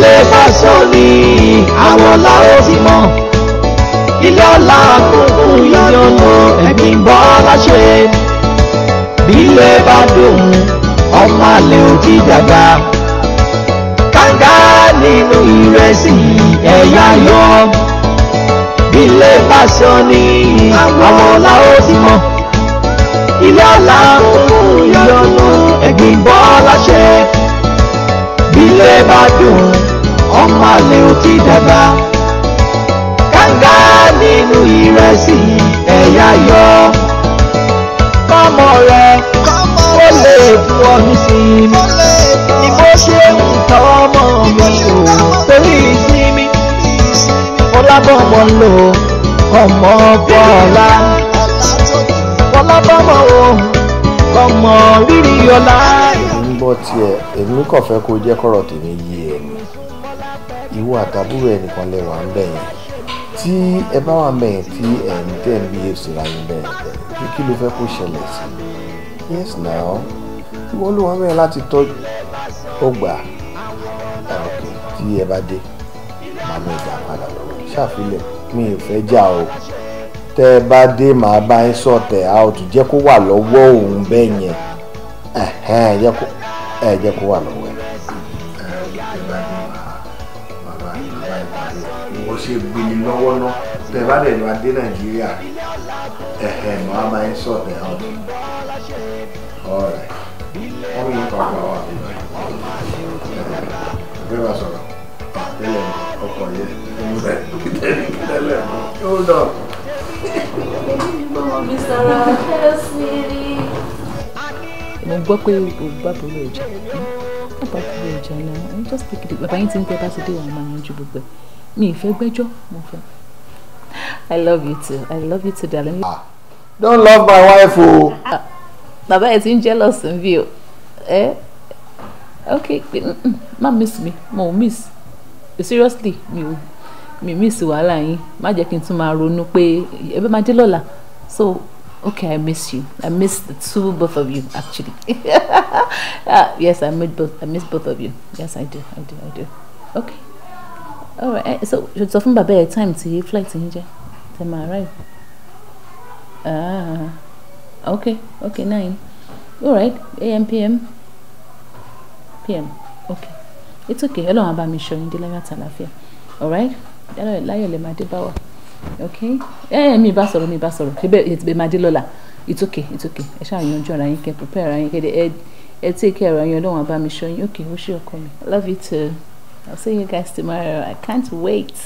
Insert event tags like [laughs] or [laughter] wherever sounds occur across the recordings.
ilé fásórí àwọn làwọn ti mọ̀ ilé ọ̀la kúkú yíyọ̀nà ẹ̀gbìn bọ́ láṣẹ bí ilé bá dùn ọmọ àlè ò ti dàgbà kàńgá nínú ìrẹsì ẹ̀yà yọ bí ilé fásórí àwọn làwọn ti mọ̀ ilé ọ̀la kúkú yíyọ̀nà ẹ̀gbìn bọ́ láṣẹ ilé bá dùn ọmọ àlè ò ti dàgbà kàńgá nínú ìrẹsì ẹ̀yà yọ kọ́mọ rẹ ó lè fún ọ nísìnyí ni mo ṣe ń tọ́ ọmọ mi lò torí ìsinmi fọlábọ̀mọ̀ lò ọmọ bọ́ọ̀lá fọlábọ̀mọ̀ o ọmọ rírì ọlá. ń gbọ́ tiẹ̀ èmi kàn fẹ́ kó jẹ́ kọ́rọ̀ tèmi yìí ìwọ àtàbúrò ẹnìkan lẹ́wà ń bẹ̀ yẹn tí ẹ bá wà mẹ́ tí ẹ̀ ń tẹ̀ ń bí èsì yín bẹ́ẹ̀ pé kí ló fẹ́ kó ṣẹlẹ̀ sí yes now ìwọ ló wà mẹ́yẹn láti tọ́jú ó gbà ọ̀kẹ́ ah, tí ẹ bá dé màá mú ìjà padà lọ́wọ́ ṣàfilẹ̀ mi ò fẹ́ jà o tẹ́ ẹ bá dé màá bá yín sọ̀tẹ̀ out jẹ́ kó wà lọ́wọ́ òun bẹ́ẹ̀ yẹn ẹ̀ jẹ́ kó wà lọ́wọ́ ṣe gbini lọ́wọ́ ná tẹ bá dẹ̀ wá dé nàìjíríà ẹ̀hẹ̀ màá máa ń sọ̀ tẹ̀ hàn ọ̀rẹ́ wọ́n mi ń kọ́ ọ̀gá wa bẹ́ẹ̀ bá sọ̀rọ̀ tẹ́lẹ̀ ọkọ̀ yẹ ẹ̀ tẹ́lẹ̀ ó dọ̀. Mo gbọ́ pé o gbàgbọ́ lè jà. just taking it. Bàbá yín ti ń tẹ́ bá ti dé wàá máa yanjú gbogbo ẹ̀ mi ì fẹ́ gbẹ́jọ́ mo fẹ́. I love you too. I love you too, darling. Ah, don't love my wife o. Ah, bàbá ẹ̀ ti ń jealous ń bí o. Ẹ okay mm, mm, má miss me mo miss seriously mi ò mi miss wàhálà yín má jẹ́ kí n tún máa ronú pé ẹ bẹ́ẹ̀ máa dé lọ́la so okay I miss you I miss the two both of you actually [laughs] ah, yes I miss both I miss both of you yes I do I do I do okay alright oh, ẹ eh, so ṣe sọ fún bàbá time tí flight yín jẹ tẹ máa arrive ah okay, okay nine All right, am pm pm Okay, it's okay. ọlọ́run abá mi ṣọ yín dé láyọ̀ àti àlàáfíà alright láyọ̀ lè máa dé bá wa ok ẹ eh, ẹ mi bá sọ̀rọ̀ mi bá sọ̀rọ̀ ṣé bẹ́ẹ̀ ètò bẹ́ẹ̀ máa dé it's okay, it's ok ẹ ṣáà yanjú ara yín kẹ́ prepare ara yín kẹ́ ẹ ẹ take care ara yín ọlọ́run abá mi ṣọ Okay, ok ó ṣe ọkọ mi love you too. I'll see you guys tomorrow. I can't wait.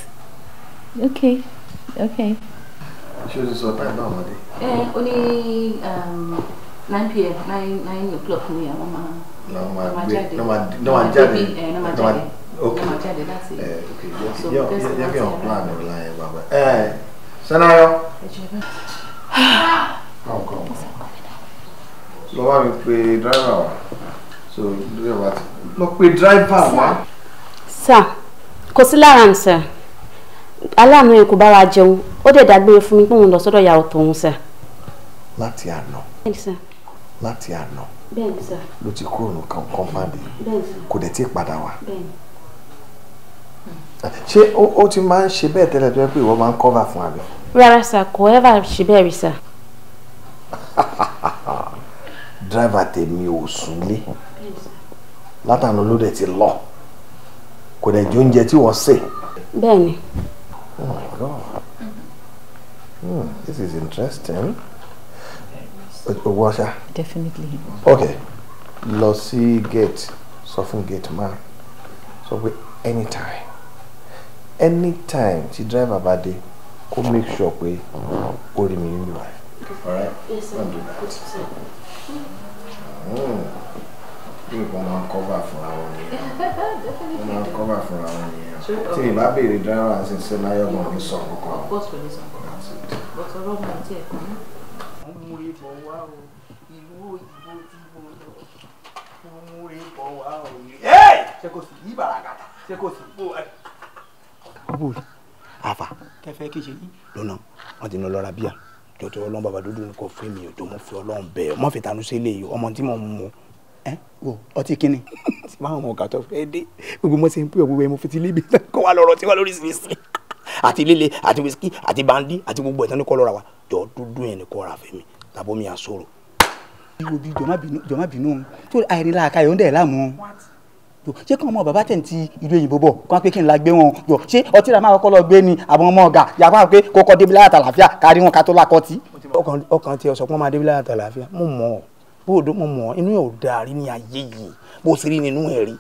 Okay. Okay. Ṣé o ti sọ táì náà Eh, only o nine pm nine nine o'clock ni àwọn máa máa jáde. Náà máa jáde. Náà máa jáde. Okay. Náà máa jáde láti. Ẹ eh, okay. Yẹ kí ọ̀n plan ẹ̀ láyé bàbá. Eh, ẹ Sẹ́náyọ́. Lọ bá mi pe dráìvà wa. So dráìvà ti. Lọ pe dráìvà wa sir, kò sí lára ń sà aláàánú yẹn kò bá wa jẹun ó dẹ̀ dágbére fún mi pé òun lọ sọ́dọ̀ ìyàwó tòun sà. láti àná láti àná ló ti kúrò ní kankan máa dé kò dẹ̀ tí ì padà wá ṣé ó ti máa ń ṣe bẹ́ẹ̀ tẹ́lẹ̀ tó yẹ pé ìwọ máa ń cover fún abẹ. rárá sà kò ẹ́fà ṣe bẹ́ẹ̀ rí sà. [laughs] dírẹ́fà tèmi ò súnlé látàánú ló dẹ̀ ti lọ kò dẹ̀ jẹ oúnjẹ tí wọ́n sè. bẹ́ẹ̀ni. oh my god hmm, this is interesting. owó ọṣà. definitely. okay lọ sí gate sọ fún gate man sọ pé anytime anytime tí driver bá dé kó make sure pé ó rí mi nínú ẹ. all right yes, sir. Mm nǹkan [laughs] máa ń cover fúnra wọn nìyẹn wọ́n máa ń cover fúnra wọn nìyẹn tí mi bá béèrè driver àti ṣe láyọ̀ gan ní sọ kankan. bọ́tọ̀ ọ̀rọ̀ mi ti ẹ̀kọ́ ní. Hey! rí bọ̀ wá o ìlú òyìnbó tí mo lọ mo rí bọ̀ wá o. ṣé kò sí ìbàràgàtà ṣé kò sí bó wà. bó àfà kẹfẹ kejì ní. lọ́nà wọ́n ti ná lọ́ra bíà jọ̀tọ̀ ọlọ́run bàbá dúdú kò fún mi ò jọ mọ́ fi ọlọ́run bẹ́ẹ̀ mọ́ fi tanú sí ilé yìí ọmọ tí mo mú un ẹ wò ọtí kínní tí báwọn ọmọ ọ̀gá tó fẹ́ dé gbogbo mọ́ ṣe ń pè ọ́ gbogbo ẹ̀ mo fi ti lébi kó wa lọ́rọ̀ tí wà lórí ìsinyìí àti líle àti wíṣíkì àti bandi àti gbogbo ẹ̀ tán ní kọ́ lọ́ra wa jọ dúdú yẹn ní kọ́ ra fẹ́mi tàbó mi àṣọrò. ìwò bíi jọ̀má bínú tó àìrìnlá àkàyọ̀ ń dẹ̀ láàmú ṣé kàn mọ bàbá tẹ̀ ń ti ìlú òyìnbó bọ̀ kàn pé kí n la gbé wọn jọ ṣé ọtí ra máa kọ́kọ́ lọ gbé ni àwọn ọmọ ọ̀gá yàrá pé kókó débílẹ̀ àtàlàfíà kárí wọn ká tó lakọ́ tí. ọkàn tí ọ̀sọ̀ pọ́n máa débílẹ̀ àtàlàfíà mo mọ̀ ọ́ bóòdó mo mọ̀ inú ẹ̀ ò dáa rí ní ayé yìí bó ṣe rí nínú ẹ̀ rí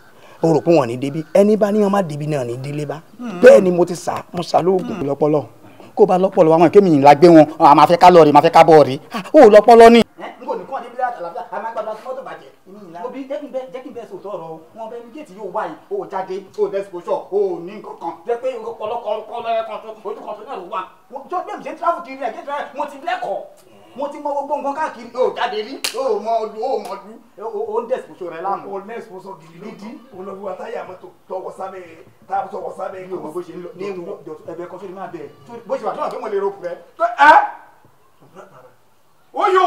o rò pé wọ́n ní débi ẹni bá ní wọ́n má débi náà ní délé bá hmm. bẹ́ẹ̀ ni mo ti sà mo sà lóògùn hmm. lọ́pọlọ kó o bá lọ́pọlọ wa mọ̀ kémi yìí la gbé wọn àmọ́ afẹ́ ká lọ rí àmọ́ afẹ́ ká bọ̀ rí o ah, ò lọ́pọlọ ni. ẹ n kò ní kọ́ ọ débi láti àlàáfíà àmọ́ agbára mọ́tò bàjẹ́ mo bí jẹ́ kí n bẹ́ jẹ́ kí n bẹ́ sòtọ́ ọ̀rọ̀ o wọn bẹ ní géètì yóò wá yìí o jáde o dẹ́sipọ́sọ̀ o ní nǹkan jẹ́ pé ọ̀pọ̀lọpọ̀ ọ̀pọ̀lọpọ̀ ojú kan tó náà ló wà. jọ bí èmi ṣe ń tíráfù kiri ẹ̀ jẹ́ tíráfù mo ti lẹ́kọ̀ọ́ mo ti mọ gbogbo nǹkan káàkiri o jáde rí o mọ ọdún o mọ ọdún o ń dẹ̀sìpọ̀sọ rẹ láàmú. o ní ẹ̀sìpọ̀sọ gidigidi olùwà táyà mọ́tò tọwọ́ sábẹ́ tá a tọwọ́ sábẹ́. mi o mọ bó ṣe ń lọ ní ewu ẹ̀bẹ̀ kan sórí máa bẹ̀ bó ṣe wà tó náà fẹ́ mọ̀ lè ro pẹ́. oyo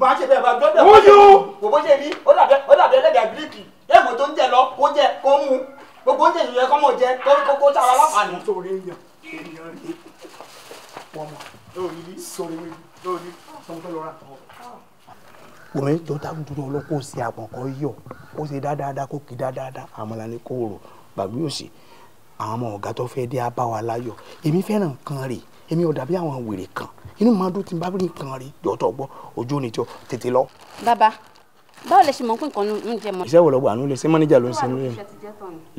máa ṣe bẹ́ẹ̀ bá gbọ́dọ̀ oyo o bó ṣe rí o dàbí ẹlẹ́dàá gíríkì ẹ̀mọ́ tó ń jẹ lọ kó jẹ kó mú gbogbo oúnjẹ yìí yẹ kọ́ mọ̀ jẹ kó kó sára láǹfààní. sórí èèyàn èèyàn rèé pọ̀ mọ́ sórí wíwí wòmí tó dákun tó lọ kó ṣe àpọ̀nkọ́ yọ ó ṣe dáadáa kó kí dáadáa àmàlà ní kóòrò gbàgbé òsì àwọn ọmọ ọ̀gá tó fẹ́ dé abá wa láyọ̀ èmi fẹ́ràn nǹkan rẹ̀ èmi ò dàbí àwọn wèrè kan inú máa dún tí n bá rí nǹkan rẹ̀ jọ̀tọ̀ gbọ́ ojú ò ní tí ó tètè lọ. bàbá báwo lẹ ṣe mọ̀ pé nǹkan ń jẹ mọ́. iṣẹ́ wo lọ́gbà àánú lè ṣe mọ́níjà ló ń ṣe nílé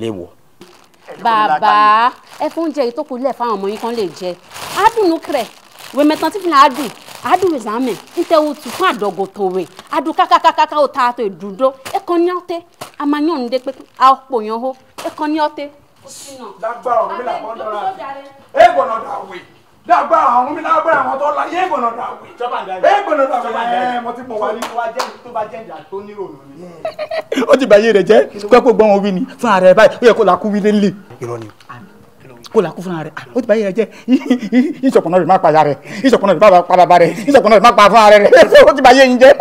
lè wọ̀. bàbá ẹ fún oúnjẹ yìí tó kù fáwọn ọmọ yín kan lè jẹ á dùnú kẹrẹ̀ wemetan tifin adu adu wezame nte utu fún adogoto we adu kakakakaka o ta to edudo ekoni ote amanyo nde pe a opo yan ho ekoni ote. lágbára ọ̀run mi là kọ́ dọ́ra ẹ gbọ́dọ̀ dà wé lágbára ọ̀run mi lágbára àwọn tó la yé gbọ́dọ̀ dà wé ẹ gbọ́dọ̀ dà wé ẹ mo ti mọ̀ wá ní. tó bá jẹ́ ìjà tó ní ìrònú ni. [laughs] ó ti bàyè rẹ̀ jẹ́ pé kó gbọ́n wọn wí ni fún ààrẹ báyìí ó yẹ kó la kú wí lé lè. irọ́ kó la kó fúnra rẹ̀ ah, ó ti bá yẹrẹ jẹ́ ìṣọ̀kùnà rẹ̀ má pa ya rẹ̀ ìṣọ̀kùnà rẹ̀ má pa bàbá rẹ̀ ìṣọ̀kùnà rẹ̀ má pa fúnra rẹ̀ [laughs] ó ti bá yẹ yín jẹ́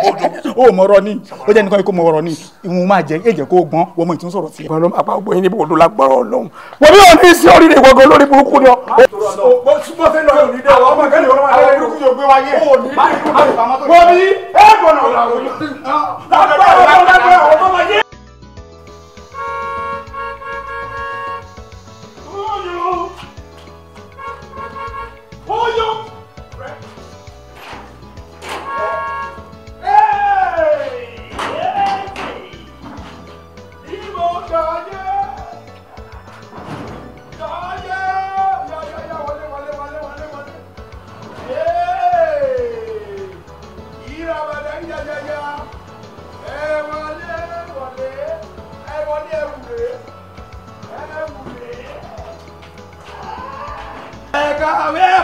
ó mọ̀ ọ̀rọ̀ ni ó jẹ́ nìkan kó mọ̀ ọ̀rọ̀ ni ìwọ̀n máa jẹ́ èjẹ̀ kó gbọ́n wọ́n mọ̀ ìtún sọ̀rọ̀ sí. ìbọn lọ́mọ àpá ògbóyin níbo ló lágbára ọlọ́run wọ́n bí wọn ní sí oríire ìwọ́gọ́ lórí burúkú ni ọ. wọ́n bí ẹ̀ẹ́dùn ọ̀nà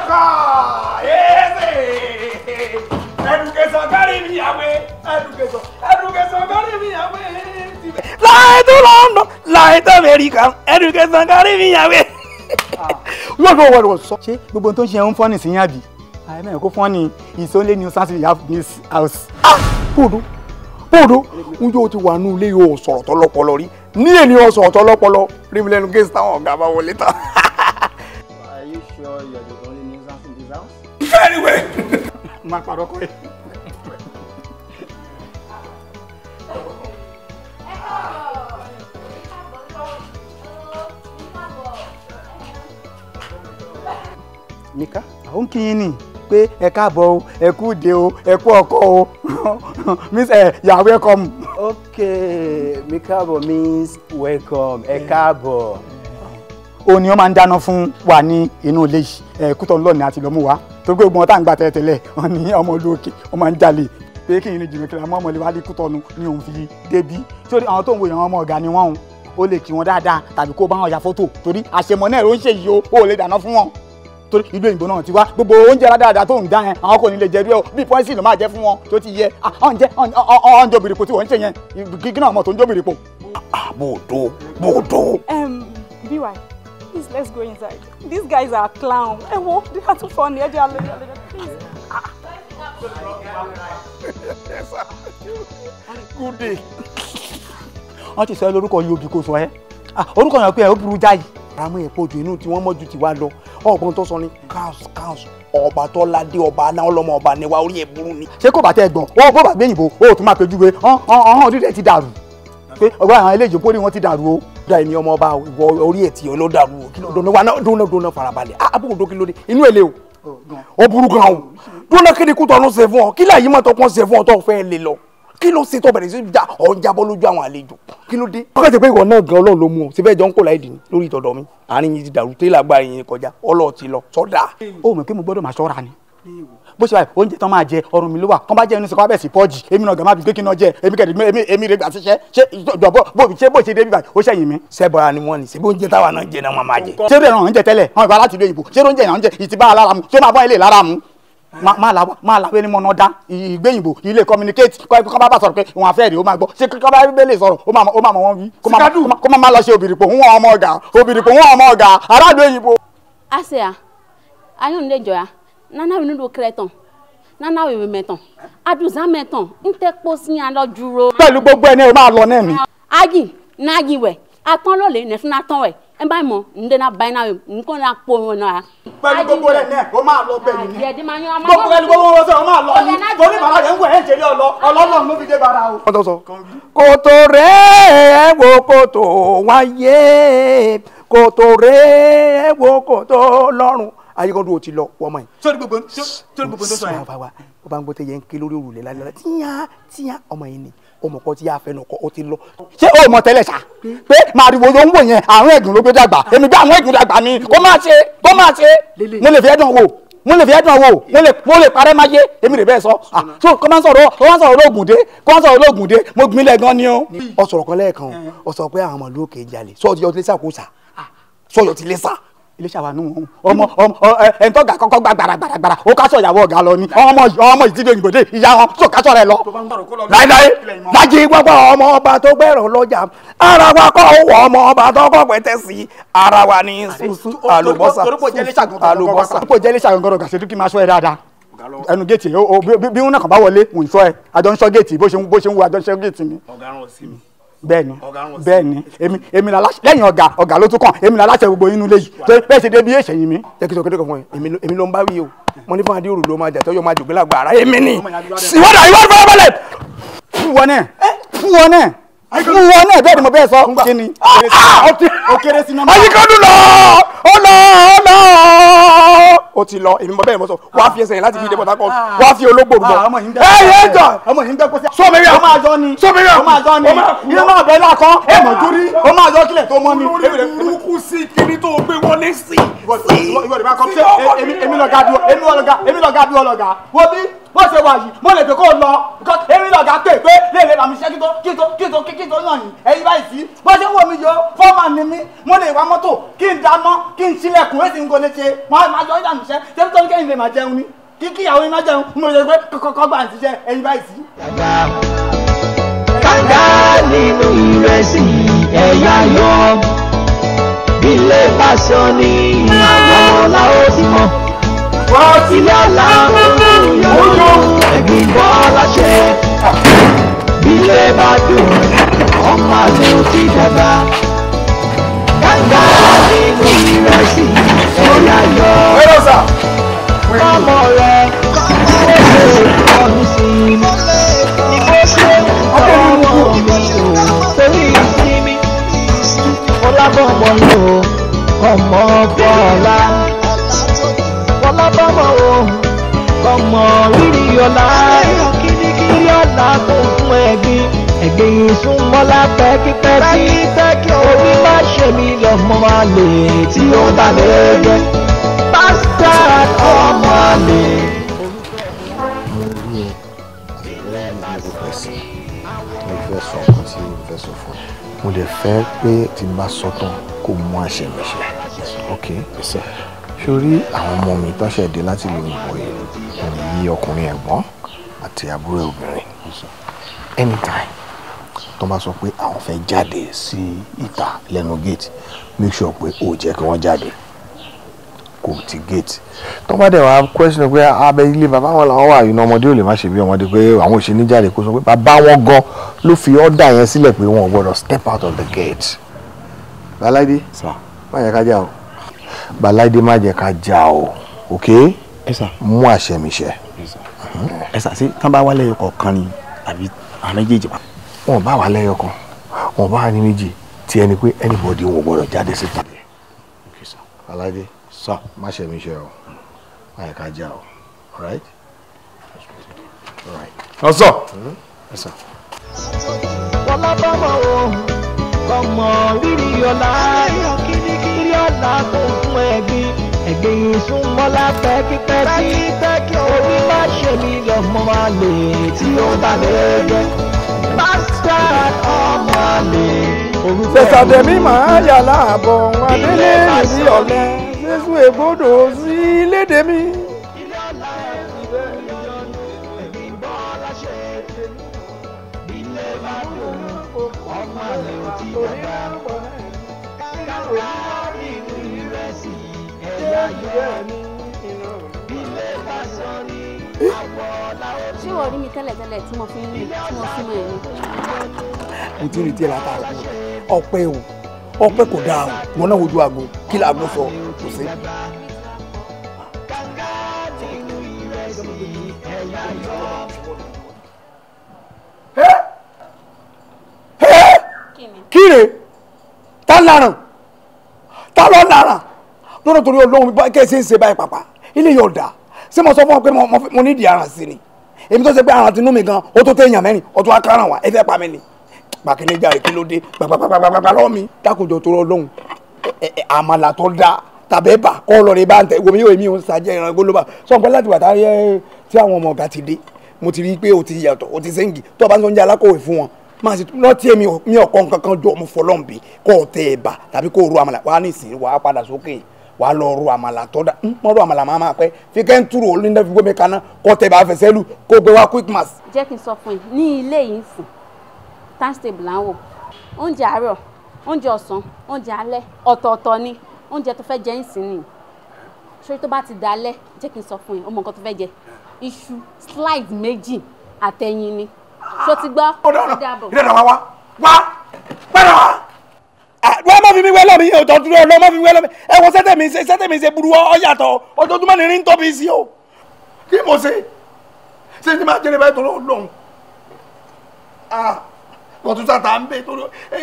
Saka! Yes! Education carry me away! Education! Education carry me away! Lie to London! Lie to America! Education carry me away! Ah. Wọ́n gbọ́ wọ́n wọ́n sọ. Ṣé gbogbo tó ń ṣe ń fọ́nì sí yàbí? Àìmọ̀ ẹ̀kọ́ fọ́nì is only new sense we have this house. Ah, Bòdó Bòdó ń yóò ti wà nínú ilé yóò sọ̀rọ̀ tọ́lọ́pọ̀lọ́ rí. Ní ènìyàn sọ̀rọ̀ tọ́lọ́pọ̀lọ́ rí mi lẹ́nu gẹ̀ẹ́sì táwọn ọ̀gá bá wọlé ta. [laughs] very well. [laughs] má parọ́ kọ́ ẹ. Mika àwọn kì í nì pé ẹ káàbọ̀ o e kú dé o ẹ kú ọkọ o [laughs] miss ẹ eh, yà welcome. Okay, mika bo means welcome ẹ káàbọ̀. Yeah òun ni wọ́n máa ń dáná fún wa ní inú ilé yìí ẹ̀ kútọ̀ ńlọ ni a ti lọ mú wa torí pé gbogbo wọn tá à ń gbà ọmọ olú òkè wọn máa jalè pé kí ni jìnnìkìlá mọ́ ọmọ ìléwálé kútọ̀nù ni òun fi débí tí àwọn tó ń wo ìyàwó ọmọ ọ̀gá ni wọ́n ń ó lè kí wọn dáadáa tàbí kó bá wọn ya fọ́tò torí àṣemọ náà ló ń ṣe yìí o ó lè dáná fún wọn torí ìlú òyìnbó náà ti wá gbogbo oúnjẹ dáadáa tó ń dá yẹn àwọn kò ní lè jẹ rí ọ bí pọ́ńsì ló máa jẹ fún wọn tó ti yẹ ọ̀n jẹ ọ̀n jọ bìrìpò tí wọ́n ń ṣe yẹn gígí náà mọ̀ tó ń jọ bìrìpò. bòdò bòdò. bí wàá Please, let's go inside. These guys are clowns. Ẹ wo, they are too funny. Ẹ jẹ́ alẹ́ alẹ́ alẹ́. Please. Ah. yes, sir. Good day. Wọ́n ti sọ ẹ lórúkọ yìí obì kò sọ ẹ́. Orúkọ yẹn pé ẹ ó burú jáì. Àmọ́ ẹ̀ pọ̀jù inú tí wọ́n mọ́jú ti oh, lọ. Ọ̀gbọ́n tó sọ ni cows cows ọba tó ládé ọba aná ọlọmọ ọba níwá orí ẹ burú ni. Ṣé kò oh, tẹ gbọ̀n? oh, bó bàgbé yìnbó. O oh, oh, oh, pejúwe. Ọ̀hún ọ̀hún ọ̀hún ọ̀hún ti dàrú. Pé ọgbà àwọn eléjò pórí wọn ti dàrú o da ẹni ọmọ ọba ìwọ orí ẹ̀ tí ó ló dàrú o kí ló dọ̀nà wàá dọ̀nà dọ̀nà farabalẹ̀ àbúkù ah, dókè inú ẹ̀ lé o ó burú gan o dọ̀nà kéde kú tọ́nu ṣe fún ọ kí láyé má tọkàn ṣe fún ọ tó fẹ́ lè lọ kí ló ṣe tó bẹ̀rẹ̀ sí da ọ̀ ń jábọ́ lójú àwọn àlejò kí ló dé. ọkọ tẹ pé ìwọ náà gan Ọlọ́run ló mú ọ síbẹ̀ jọ ń kó láì dì ní lórí ìtọ̀dọ̀ mi àárín yìí ti dàrú tẹ́lẹ̀ agbára yìí kọjá ọlọ́ọ̀ ti lọ sọ́dà. ó mọ̀ pé mo gbọ́dọ̀ máa ṣọ́ra ni bó ṣe báyìí oúnjẹ tán máa jẹ ọrùn mi ló wà kán bá jẹ inú sọkọ abẹ́sì pọ́ọ̀jì èmi náà gàmá bisíkì náà jẹ èmi kẹ̀dẹ̀ èmi èmi rẹ̀ gbà síṣẹ́ ṣé jọ̀bọ̀ bó ṣe bó ṣe dé bíbáyìí ó ṣẹ̀yìn mi. sẹ́bọ̀ra ni wọ́n ní ṣe oúnjẹ táwa náà jẹ náà máa jẹ. ṣé bẹ́ẹ̀ náà jẹ tẹ́lẹ̀ àwọn ìbára ti lo ìbò ṣé oúnjẹ náà jẹ ìtìbá alára mu ṣé máa máa làwọ máa làwọ ẹni mọ̀nà dá ìgbéyìnbó ilé communicate kọ́ bá bá sọ̀rọ̀ pé òun àfẹ́ rèé ó máa gbọ́ ṣé kọ́ bá bẹ́lẹ̀ sọ̀rọ̀ ó máa mọ̀ wọ́n wí kó máa lọ ṣe òbìrìpò ń wọ́n ọmọ ọ̀gá òbìrìpò ń wọ́n ọmọ ọ̀gá aráàlú òyìnbó. àṣẹ à ayọ̀ ń lè jọra nana wo e ni kẹrẹ tán nana mẹ tán, mẹtàn adùnsá mẹtàn ń tẹ lọ gbogbo ẹni ẹ máa lọ náà ni. ayi n'ayi wẹ̀ atán lọ́lẹ̀ nẹ̀fúnà tán wẹ̀ ẹ bá mọ̀ ń dẹ́nà báyìí náà nǹkan náà pọ̀ wọn náà. gbogbo rẹ̀ náà ó máa lọ ni. gbogbo ẹni gbogbo wọn sọ máa lọ torí bàbá ń ọlọ ló fi dé o. kòtò rẹ̀ wo kòtò wáyé kòtò rẹ̀ wo ayékọ́dún o ti lọ wọ́n mọ̀ yìí. sọ́ni gbogbo sọ́ni gbogbo tó sọ yẹn. bàbá ó bá ń gbọ́ tẹ yẹn ń ké lórí òrùlé lálẹ́ tíyà tíyà ọmọ yìí ni ọmọ kan tí yà fẹ́ ti lọ. ṣé o mọ̀ tẹ́lẹ̀ ṣá pé màrìwò ló ń wò yẹn àrùn ẹ̀gùn ló gbé dàgbà ah. èmi bí àwọn ẹ̀gùn dàgbà ni kó máa ṣe kó máa ṣe mo lè fi ẹ̀dùn wò mo lè fi ẹ̀dùn wò mo lè parẹ́ máa yé èmi lè bẹ́ẹ̀ sọ ah, so kó máa ń sọ̀rọ̀ kó máa ń sọ̀rọ̀ lóògùn dé kó máa ń sọ̀rọ̀ lóògùn dé mo gbin ilẹ̀ gan ni o. ọ̀sọ̀rọ̀ kan lẹ́ẹ̀kan ọ̀sọ̀rọ̀ eh. pé àwọn ọmọ lóòkè jalè sọ́ọ̀tì ọtí lẹ́sà kó sà ah. sọ́ọ̀tì iléeṣẹ́ wa nù ọmọ ọmọ ẹ̀ ń tọ́gà kọ́kọ́ gba gbàràgbàràgbàrà ó kásọ̀ ìyàwó ọ̀gá lọ ni ọmọ ọmọ ìdílé òyìnbóde ìyá wọn tó kásọ̀ rẹ̀ lọ. láíláí lájí gbọ́gbọ́ ọmọ ọba tó gbẹ̀rọ lọ́jà ara wa kọ́ wọ ọmọ ọba tó kọ́ pẹ́tẹ́ sí ara wa ní sunsun àlùbọ́sà àlùbọ́sà. orúkọ jẹ́ iléeṣẹ́ àgọ́ngọ́rọ̀ gàṣẹ́ dúkìá máa sọ ẹ ẹnu géètì bí wọn náà kàn bá wọlé mò ń sọ ẹ àjọ ń sọ géètì bó ṣe ń wo àjọ ń sọ géètì mi. ọ̀gá rán ọ sí mi bẹ́ẹ̀ni bẹ́ẹ̀ni Emi, emi la láṣẹ lẹ́yìn ọ̀gá ọ̀gá ló tún kàn èmi la láṣẹ gbogbo inú lẹ́yìn tó bẹ́ẹ̀ ṣe débi èṣẹ yìí mi. jẹ́ kí n sọ kékeré kan fún yín èmi ló ń bá wí o mo ní fún adé òrùlé ọmọ ajá tọ́jú ọmọ àjògbé làgbà ara èmi ni ìwọ́dà ìwọ́dà fọwọ́ balẹ̀ fún wọn náà fún wọn náà fún wọn náà bẹ́ẹ̀ ni mo bẹ́ẹ̀ sọ kí ni. ayíkọ́dún lọ ó lọ ó lọ ó ti lọ èmi mo bẹ́ẹ̀ mo sọ wá fi ẹsẹ̀ yẹn láti fi dé Port Harcourt wá fi ológbò rúbọ. ẹ yé jọ sọmẹrẹ ọmọ àjọ ni sọmẹrẹ ọmọ àjọ ni ilé náà bẹ́ẹ̀ lakọ ẹ mọ̀ jórí ọmọ àjọ kílẹ̀ tó mọ́ mi. lórí burúkú sí kiri tó gbé wọlé sí. èmi lọ́ga bí ọlọ́ga wọ́n bí wọ́n ṣe wà yìí mo lè fi kó lọ ọ̀gá pè pé léèrè làmì iṣẹ́ kí tó kí tó kí tó kí báyìí sí bó ṣe ń wò mí yó fọ́ọ̀mà ni mí mo lè wá mọ́tò kí n dáná kí n sílẹ̀kùn èsì ń gole ṣe máa jọ ìdàmú iṣẹ́ tẹ́lẹ̀ tó ní kẹ́yìn lè máa jẹun ni kí kíyàwó yín má jẹun mo lè pé kọ́kọ́ gbà ń ṣiṣẹ́ ẹ̀yin báyìí sí. kàkà nínú ìrẹsì ẹ̀yà yọ ilé pásọ ni àwọn ọlá ó ti mọ̀. Fọ́tílẹ̀ làmúyọ̀ ẹ̀gbìn bọ́lá ṣe. Ilé bá dùn, ọmọ àlè ó ti dàgbà. Kàńgá nínú ìrẹsì ẹ̀yà yọ. Ọmọ rẹ̀ ṣe ọdún sí i. Ìgbó ṣe ọmọ mi ò torí ìsinmi. Ọlábọ̀mọ̀ lò ọmọ bọ́ọ̀lá. mọ rírì ọ̀la rírì ọ̀la kò fún ẹ̀gbin ẹ̀gbin ìsúnmọ́lá pẹ́kípẹ́kí orí má ṣe mí lọ́mọ àlè tí ó bá lè jẹ pásítà ọmọ àlè. mo lè fẹ́ pé tí n bá sọ tán kó mú àṣẹ mi ṣe ok ṣorí àwọn ọmọ mi tó ṣẹ̀dé láti lè wọ̀ yìí ọkùnrin ẹ̀gbọ́n àti àbúrò obìnrin anytime tó bá sọ pé àwọn fẹ́ jáde sí ìta lẹ́nu gate make sure pé ó jẹ́ kí wọ́n jáde kò ti gate tó bá dẹ̀ wá question pé ah, abẹ ilé bàbá wọn làwọn wà iná ọmọdé ò lè má ṣe bí ọmọdé pé àwọn ò ṣe ní jáde kó sọ pé bàbá wọn gan ló fi ọ́dà yẹn sílẹ̀ pé wọn ò gbọ́dọ̀ step out of the gate. Balaide má jẹ́ ká jà o Balaide má jẹ́ ká jà o ok mú àṣẹ mi ṣe ẹ sàṣẹ tán bá wá lẹ́yọ kọ̀ọ̀kan ni àbí àwọn méjèèjì wa. wọn bá wà lẹ́yọ wọn bá ní méjì tí ẹni pé anybody wọn gbọ́dọ̀ jáde síta. aládé sọ má ṣe mi ṣe o àyè ká já o ọsọ ọsọ. wọlá bọ́mọ̀ o ọmọ rírì ọ̀la ìyọ̀ kìrìkìrì ọ̀la kò fún ẹ̀gbin ẹ̀gbẹ́ yìí súnmọ́ lápẹ́ kípẹ́ tí orí má ṣe mí lọ́mọ máa lè tí ó bá bẹ̀rẹ̀ gẹ́ pásítà ọmọ lè. sẹ̀sàdẹ̀mí màá yà láàbọ̀ wọn délé ọ̀lẹ́ jésù ègbódò sí lédè mi. Ọmọ rẹ̀ ṣé wọ́n rí mi tẹ́lẹ̀tẹ́lẹ̀ tí mo fi ń tí mo fi mọ mo ti rí tiẹ̀ látàkùn ọpẹ́ o ọpẹ́ kò dáa kí làágbó sọ kò sí. kíre tá láràn tá lọ láràn lọ́dọ̀ torí ọlọ́run bá kẹ́ ẹ ṣe ń ṣe báyìí pàpà ilé yóò dà ṣé mo sọ fún ọ pé mo ní ìdí aràn sí ni èmi tó ṣe pé aràn ti nú mi gan ó tó téèyàn mẹ́rin ọtún wá káràn wá ẹ fẹ́ pa mí ni pàkínní jàre kí ló dé gbàgbàgbàgbàgbà lọ́wọ́ mi dákòjọ torí ọlọ́run àmàlà tó dáa tàbẹ́ bà kọ́ lọ́ọ́ rẹ̀ bá ń tẹ̀ wọ́n mi yóò èmi ò ń sàjẹ́ ìran gbólóbà sọ̀npẹ́ láti wà táyé tí àwọn ọmọ ọ̀gá ti dé mo ti rí i pé o ti yàtọ̀ o ti sẹ́ǹgì tó o bá ń sọ oúnjẹ alákòwé fún wọn máa ṣe rántí èmi ọ̀kan kankan jọ ọmọ fọlọ́ǹbì kọ́ ọ tẹ ẹ̀bà tàbí kó o ru àmàlà wàá nìsín wàá padà sókè wàá lọ ro àmàlà tó dá mọ́ hm, ro àmàlà máa máa pẹ́ fi kẹ́ ń túrò olóńdá fi gbómi kaná kó tẹ̀ bá fẹsẹ̀ lù kó gbé wá quick mass. jẹ́ kí n sọ fún yín ní ilé yìí sùn times table là ń wò oúnjẹ àárọ̀ oúnjẹ ọ̀sán oúnjẹ alẹ́ ọ̀tọ̀ọ̀tọ̀ ni oúnjẹ tó fẹ́ jẹ ń sìn ni sórí tó bá ti dalẹ̀ jẹ́ kí n sọ fún yín ọmọ nǹkan tó fẹ́ jẹ iṣu slide méjì àtẹ̀yìn ni ṣó ti gbọ́ ó dàbọ̀ ìdàdà wá wá wá padà wá wọ́n má fi mi wẹ́lọ́ mi ọ̀tọ̀ dúró ọ̀lọ́ má fi mi wẹ́lọ́ mi ẹ wo sẹ́tẹ̀ mi ṣe sẹ́tẹ̀ mi ṣe burú ọ yàtọ̀ ojoojúmọ́ ni rí ń tóbi sí o kí mo ṣe ṣé ní máa jẹrẹ báyìí tó lọ́hùn kọ̀tún sàtà ń bẹ tó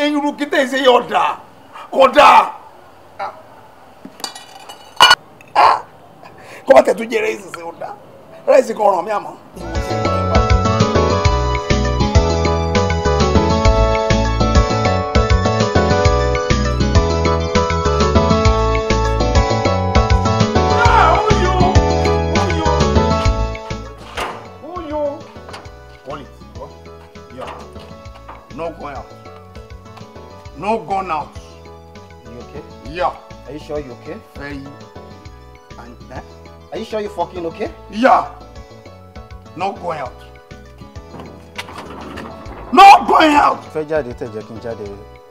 irú kíntẹ́ ṣe ọ̀dà kọ̀dà kọ́mọ̀tẹ̀ tún jẹ rẹ́ẹ̀sì sí ọ̀dà rẹ́ẹ̀sì kan ràn mí àmọ́. No gun out. You okay? Yeah. Are you sure you okay? Very. And eh? Are you sure you fucking okay? Yeah. No going out. No going out. Fẹ́ jáde tẹ̀ jẹ́ kí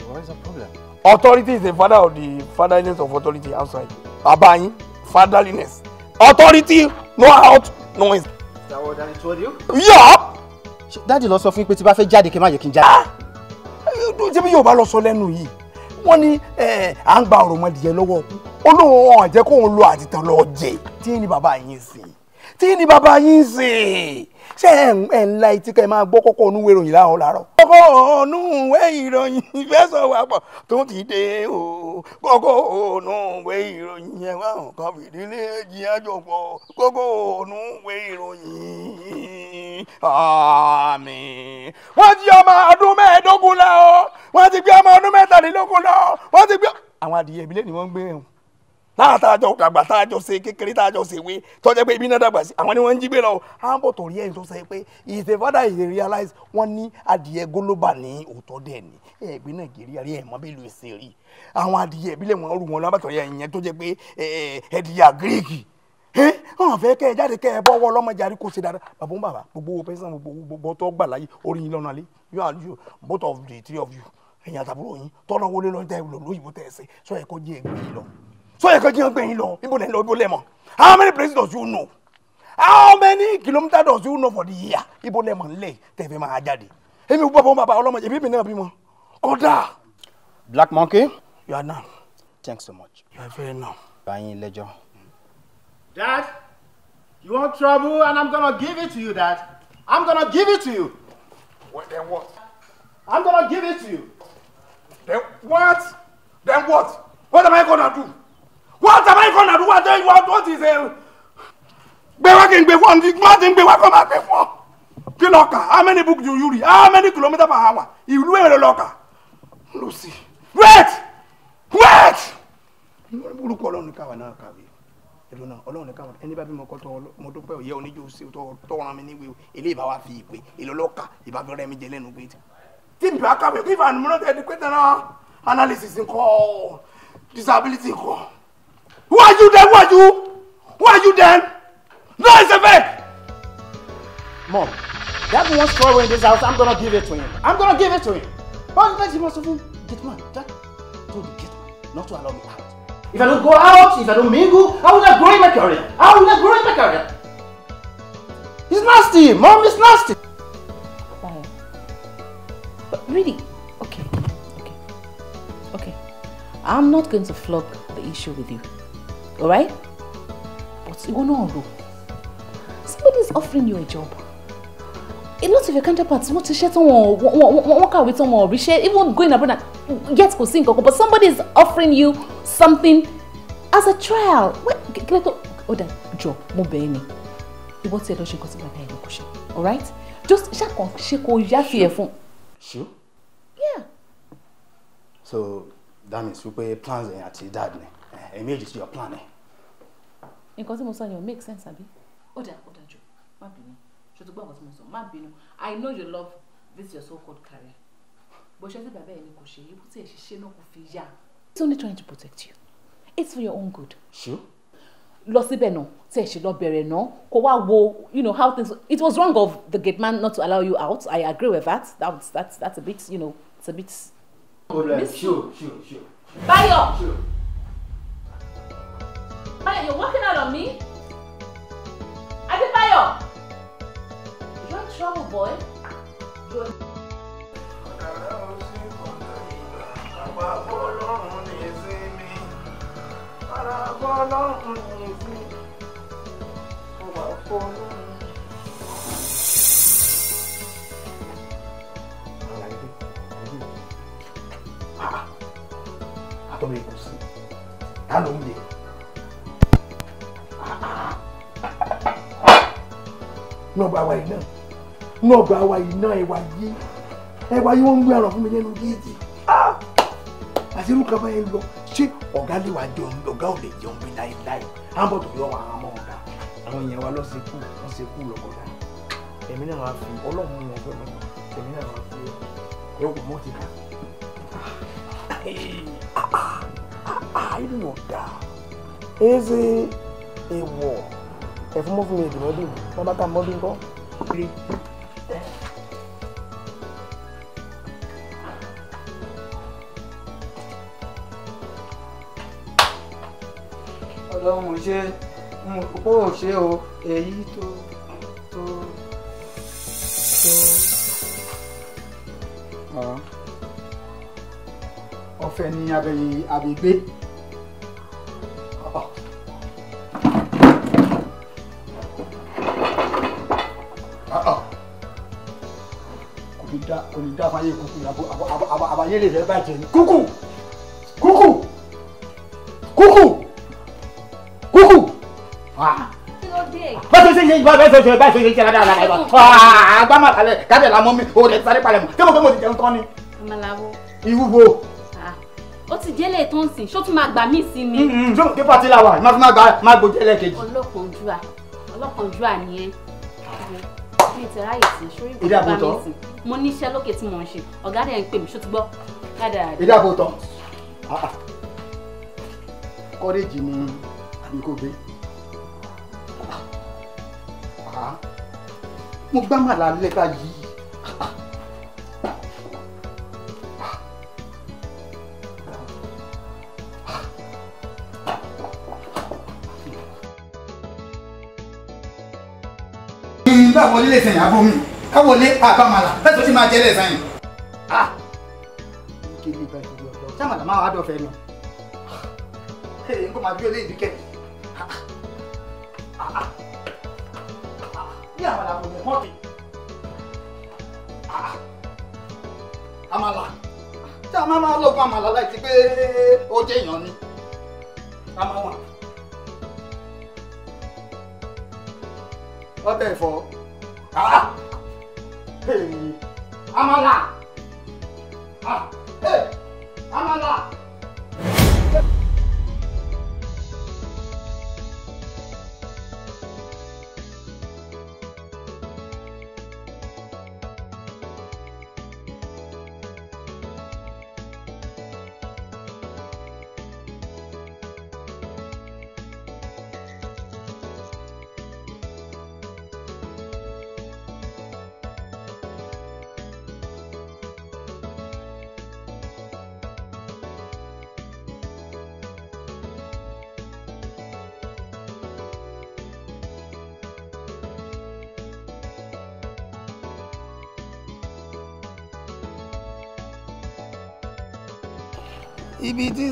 What is the problem? Authority is the father of the fatherliness of authority outside. Bàbá yín fatherliness. Authority no out no in. Is that what daddy told you? Yeah. Daddy lost sọ fún yín pé tí bá fẹ́ jáde dúdú jẹ́bi yóò bá lọ sọ lẹ́nu yìí wọ́n ní à ń gba ọ̀rọ̀mọdìyẹ lọ́wọ́ olóhùn ọ̀hún àjẹkóhùn lo àtìtàn lọ́ọ́ jẹ tí ní bàbá yín sìn tí ni bàbá yín ṣe ṣé ẹ̀ ń la etí ká ẹ máa gbọ́ kọ́kọ́ onú ìròyìn láàárọ̀ láàárọ̀. kọ́kọ́ onú ìròyìn ìfẹsọ̀ wà pọ̀ tó ti dé o kọ́kọ́ onú ìròyìn ẹ̀wá nǹkan fìdílé jíjájọ pọ̀ kọ́kọ́ onú ìròyìn àmì. wọ́n ti ọmọ ọdún mẹ́ẹ̀ẹ́dógún lọ wọ́n ti gbé ọmọ ọdún mẹ́tàlélógún lọ wọ́n ti gbé. àwọn adìyẹ ìbílẹ̀ ni wọ́n ń gbé ẹ̀hún láwọn tààjọ dàgbà tààjọ ṣe kékeré tààjọ ṣe wé tọjá pé ibi náà dàgbà sí àwọn ni wọn ń jí gbé lọ à ń bọ̀ torí ẹ̀yìn tó sọ pé if the father is realize wọ́n ní adìyẹ gólóbà ní òótọ́ dẹ̀ ní ẹ̀gbẹ́ nàìjíríà rí ẹ̀mọ́ bí lu ẹ̀sẹ̀ rí àwọn adìyẹ ìbílẹ̀ wọn rú wọn lábàtọ̀ yẹ ìyẹn tó jẹ́ pé ẹ̀dìyà gíríkì wọn fẹ́ kẹ́ ẹ jáde kẹ́ ẹ bọ́wọ́ lọ́mọdéjáde kò sí dáadáa bàbá bàbá gbogbo owó pẹ́sàn gbogbo gbogbo tó gbà láyé orí yín lọ́nà lé you and you both of the three of you ẹ̀yin àtàbúrò yín tọ́nà wọlé lọ́jọ́ ìlú òyìnbó tẹ̀ ẹ̀ sẹ́ sọ ẹ̀ kọ́ jẹ́ ẹ̀gbẹ́ yìí lọ sọyẹ kọjú yẹn gbẹ̀yìn lọ ibo lẹ lọ ibo lẹ mọ how many places does you know how many kilometers does you know for the year ibo lẹ mọ nlẹ tẹfẹ máa jáde èmi bọ́ bọ́ bàbá ọlọ́mọ ẹbí mi náà bímọ kódà. black monkey. you are now. thanks so much. you are very now. báyìí lẹ́jọ́. dad you want trouble and i'm gonna give it to you dad i'm gonna give it to you. Well, then what? i'm gonna give it to you. then what? then what? what am i gonna do? What am I going to do? What, what, what is it? Gbé wá kí n gbé fún ọ, má ti ń gbé wá kó fún ọ. Kí lọ kà? How many books do you read? How many kilometers per hour? Ìlú èrè lọ kà. Lucy. Wait! Wait! Orúkọ Ọlọ́run ní káwa náà kàwé. Ẹ̀dùn náà Ọlọ́run ní káwa ẹni bá bí mo kọ́ tọ́ mo dúpẹ́ òye oníjó sí tọ́ran mi níwèé eléyìí bá wá fi ìpè èlò lọ́kà ìbáfẹ́ rẹ̀ mi jẹ lẹ́nu gbé. Tí n bá kàwé kí ìfànùmọ́ náà tẹ̀ ẹ́ di pé tẹ̀ náà disability ńkọ́. Who are you then? Who are you? Who are you then? No, it's a fake! Mom, that one straw in this house, I'm gonna give it to him. I'm gonna give it to him. But let him also get one. That told the get one, not to allow me out. If I don't go out, if I don't mingle, I will not grow in my career. I will not grow in my career. He's nasty. Mom is nasty. Oh. But really, okay, okay, okay. I'm not going to flog the issue with you. alright? But ìwọ náà rò somebody is offering you a job a lot of your counterparts wọ́n ti ṣe tán wọ́n wọ́n kàwé tán wọ́n ríṣẹ́ even going abroad yet kò sí nǹkan kan but somebody is offering you something as a trial kílẹ̀ tó ó dà jọ mo be any. You tí ẹ lọ ṣe nǹkan tí bàbá ẹ lọ kò ṣe alright just on, ṣe on, yáfi ẹ phone. Sure. yeah. so that means pay plans ẹ̀yìn àti dad ni ẹ̀yìn méjì your planning nǹkan tí mo sọ yẹn ò make sense àbí. ó dà ó dà jù má bínú ṣe tó gbọ́ nǹkan tí mo sọ má bínú i know you love this your so called career bó ṣe ti bàbá ẹ ni kò ṣe é bó ti ẹ ṣiṣẹ́ náà kò fi yá. it's only trying to protect you it's for your own good. sure. lọ síbẹ̀ náà tí ẹ̀ ṣe lọ bẹ̀rẹ̀ náà kó wá wo you know how things it was wrong of the gate man not to allow you out i agree with that that's that's that's a bit you know it's a bit. Problem. Sure, sure, sure. ṣó. báyọ̀. Bayo, you're working out on me? Adebayo! You're in trouble, boy. You're... I don't make you nọgbà wa yìí náà nọgbà wa yìí náà ẹwà yé ẹwà yìí wọ́n ń gbé àrùn fún mi lẹ́nu géètì àti irú kan báyẹn lọ ṣé ọ̀gá lè wá jẹun ọ̀gá ò lè jẹun bí láéláé àbọ̀ tó yọ àwọn ọmọ ọ̀gá àwọn èèyàn wa lọ́ọ́ ṣekú wọ́n ṣekú lọ́kọ̀ọ́dá èmi náà máa fi ọlọ́run mi ọjọ́ mi èmi náà máa fi ẹ wò mọ́ ti kà á inú ọ̀gá ẹ ṣe èèwọ̀ ẹ fún mọ́fún mi ìdìbò dùn wọn bá ta mọ́ bí n kọ́. ọlọ́run ò ṣe kó o ṣe o èyí tó tó tó. Ah. ọ̀fẹ́ ni dá fún ayé kúkú àbáyé lè fẹ́ bàjẹ́ ni kúkú kúkú kúkú kúkú. báṣọ ṣe ṣe ìbá bẹ́ẹ̀ ṣe báṣọ ṣe ṣe dáadáa lára ìbá àgbàmọ̀ kalẹ̀ kábẹ̀ la mọ́ mi o lè sáré palẹ̀ mọ́ kí mo fẹ́ mo ti jẹun tán ni. àmàlàwo. ìwúwo. ó ti jẹ́lẹ̀ tó ń sìn ṣó tún máa gbà mí sí mi. ṣé kí pati la wà máa fi máa gbòjẹ́lẹ̀ kejì. ọlọ́kànjúà ọlọ́kànjúà ni ẹ mi ti ráyè sí sórí ìgbà mi sí mo níṣẹ́ lókè tí mo ń ṣe ọ̀gá rẹ̀ ń pè mí ṣó ti gbọ́ kádàá. ìdí àbò tán ah, ah. kọ́rẹ́jì ni àbíkóbe ah, mo gbá màlá lẹ́ka yìí ìgbà wọlé lè sẹ̀yìn abómi káwọlé àbámalà bẹ́ẹ̀ tó ti máa jẹ́lẹ̀ sáyìn. ah kìlì ìgbà ìṣòro ọ̀dọ́ sàmàlà máa wá dọ̀fẹ́ ni. ee nǹkan máa bí olè ìbí kẹ́ẹ̀. bí àmàlà kò lè mọ́ọ̀kì. àmàlà tí a máa máa lọ fún àmàlà láì ti pé ó jẹ́ èèyàn ni. àmàlà. ọbẹ̀ ẹ̀fọ́. Ah, hey, àmàlà. ibi tí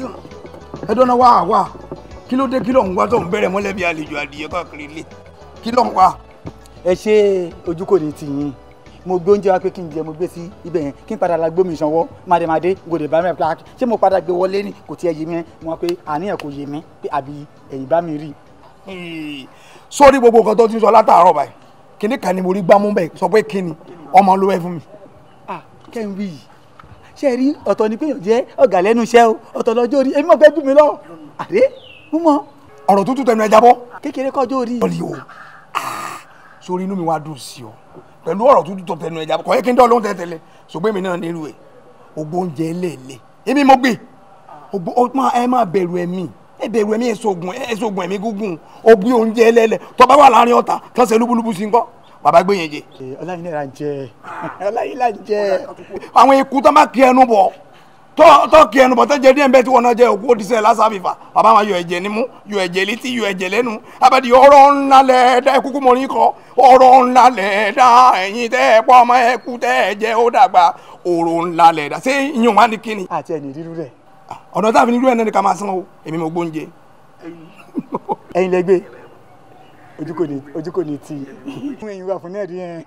ẹjọ́ náà wà wà kí ló dé kí ló ń wá tó ń bẹ̀rẹ̀ mọ́lẹ̀ bí àlejò adìyẹ káàkiri ilé kí ló ń wá. ẹ ṣe ojú kò ní tìyín mo gbé oúnjẹ wa pé kí n jẹ mo gbé sí ibẹ̀ yẹn kí n padà la gbómi ìsanwó màdèmàdé gòdè bá mi pàtàkì ṣé mo padà gbé wọlé ní kò tiẹ̀ yé mi wọn pé àníyàn kò yé mi pé àbí ẹ̀yìn bá mi rí. sórí gbogbo nǹkan tó ti sọ látàárọ̀ báyìí kíní kan ni mo rí gbámú bẹ́ẹ̀ sọ pé kíni ọmọ ló wẹ́ fún mi. Ah, kẹ́hìn wí yìí ṣe rí ọ̀tọ̀ ni pé jẹ́ ọ̀gá lẹ́nu iṣẹ́ o ọ̀tọ̀ lọ́jọ́ orí èmi mọ̀ fẹ́ dùn mí lọ àdé mú mọ́. ọ̀rọ̀ tuntun tẹnu ẹja bọ́. kékeré kọjọ́ orí. ọ̀lì o ah, sórí inú mi wá dùn sí ọ pẹ̀lú ọ̀rọ̀ tuntun tó tẹnu ẹja bọ́ kọ́ yẹ kí n dán lóhun tẹ́tẹ́lẹ̀ ṣùgbọ́n èmi náà nílùú ẹ̀ ògbó oúnjẹ ẹlẹ́ẹ̀lẹ́ èmi mo gbé ẹ máa bẹ̀rù ẹ̀mí ẹ bẹ̀rù ẹ̀mí ẹ̀ sọ̀gùn ẹ̀mí gúngùn bàbá gbẹ̀yẹ̀jẹ̀. ọláyìn náà jẹ ọláyìn náà [laughs] jẹ. àwọn ikú tó máa kí ẹnu bọ̀ tó kí ẹnu bọ̀ tó jẹ díẹ̀ bẹ́ẹ̀ tí wọ́n náà jẹ òkú òdìsẹ́ lásán fìfà bàbá máa yọ ẹ̀jẹ̀ nímú yọ ẹ̀jẹ̀ létí yọ ẹ̀jẹ̀ lẹ́nu abẹ́dì ọ̀rọ̀ ńlá lẹ́ẹ̀dá ẹ̀kú kúmọ̀ ní kọ́ ọ̀rọ̀ ńlá lẹ́ẹ̀dá ẹ̀yìn tẹ́ ẹ pọ́ ọmọ ẹ̀kú tẹ́ ẹ jẹ́ ó dàgbà ọ̀rọ̀ ńlá lẹ́ẹ̀dá ṣé iyùn wá ní kíni. àti ẹni rírú rẹ. ọ̀dọ́ táàfin rírú ẹ̀ náà ni ojú kò ní ojú kò ní tì í fún ẹ̀yin wà fún náà rí ẹ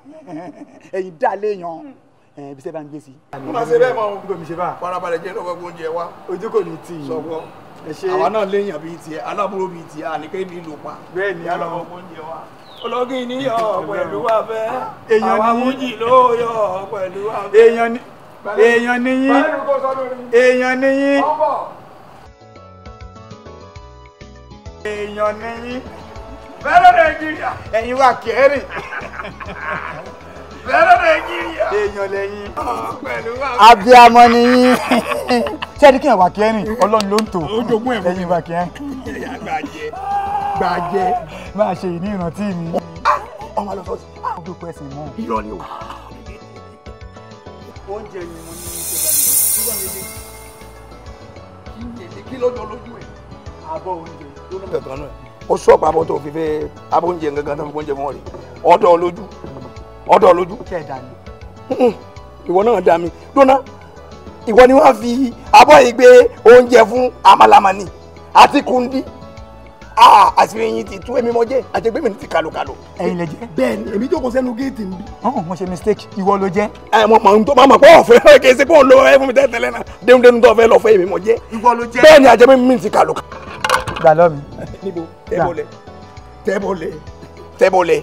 ẹ̀yin dá léèyàn ẹ bí sẹ bá ń gbé sí. mo máa ṣe bẹ́ẹ̀ mọ́ o kò mi ṣe bá. farabalẹ̀ jẹ́ lọ́wọ́ oúnjẹ wa. ojú kò ní tì í sọ̀gbọ́n àwa náà léèyàn bíi tiẹ̀ aláàbúrò bíi tiẹ̀ àníkẹ́ mi lò pa. bẹ́ẹ̀ ni alọ́wọ́ oúnjẹ wa ológin ni yọ pẹ̀lú abẹ́ àwa wújì ló yọ pẹ̀lú abẹ́. èèyàn ni yín èèyàn ni yín èèyàn ni yín. Better Nigeria. Ẹ̀yin wà kẹ́rì. Better Nigeria. Èèyàn lẹ́yìn. Abiamọ ni yín. Ṣé ẹni kí ẹ̀ wà kẹ́rì? Ọlọ́run ló ń tò. Ojoogun ẹ̀fọ́. Ẹ̀yin wà kẹ́rì. Gbàjẹ́. Gbàjẹ́. Máa ṣe ìní ìrántí mi. Ọmọ lọ sọ́ọ̀tì. Ó dúpẹ́ sí mọ́. Irọ́ ni o. Oúnjẹ ni mo ní ìjọba mi. Ṣúgbọ́n mi lè lójú ẹ̀. Àbọ̀ oúnjẹ ló lọ́mọ ó sọ̀pọ̀ abọ́ tó fi fẹ́ abọ́ oúnjẹ gangan tó fi oúnjẹ mọ́ rẹ̀ ọ̀dọ̀ lójú ọ̀dọ̀ lójú. ó tẹ̀ dà mí. ìwọ náà dà mí dóná ìwọ ni wọ́n fi abọ́ yìí gbé oúnjẹ fún amalamani àti kundi àṣírí yín ti tú èmi mọ jẹ àjẹgbé mi ti kàlòkàlò. ẹ̀yin lẹ jẹ. bẹ́ẹ̀ni èmi jókòó sẹ́nu géètì nbí. ọ̀hún mo ṣe mistake ìwọ ló jẹ. ẹ mo mọ tó máa mọ pé ọ̀fẹ́ rẹ kì í ṣe pé òun ló ẹ fún mi tẹ́tẹ́lẹ́ náà dénúdénú tó ọ̀fẹ́ lọ fẹ́ èmi mọ jẹ. ìwọ ló jẹ. bẹ́ẹ̀ni àjẹgbé mi ti kàlòkàlò gbà lọ mi. níbo tẹ́bọ̀lẹ̀ tẹ́bọ̀lẹ̀ tẹ́bọ̀lẹ̀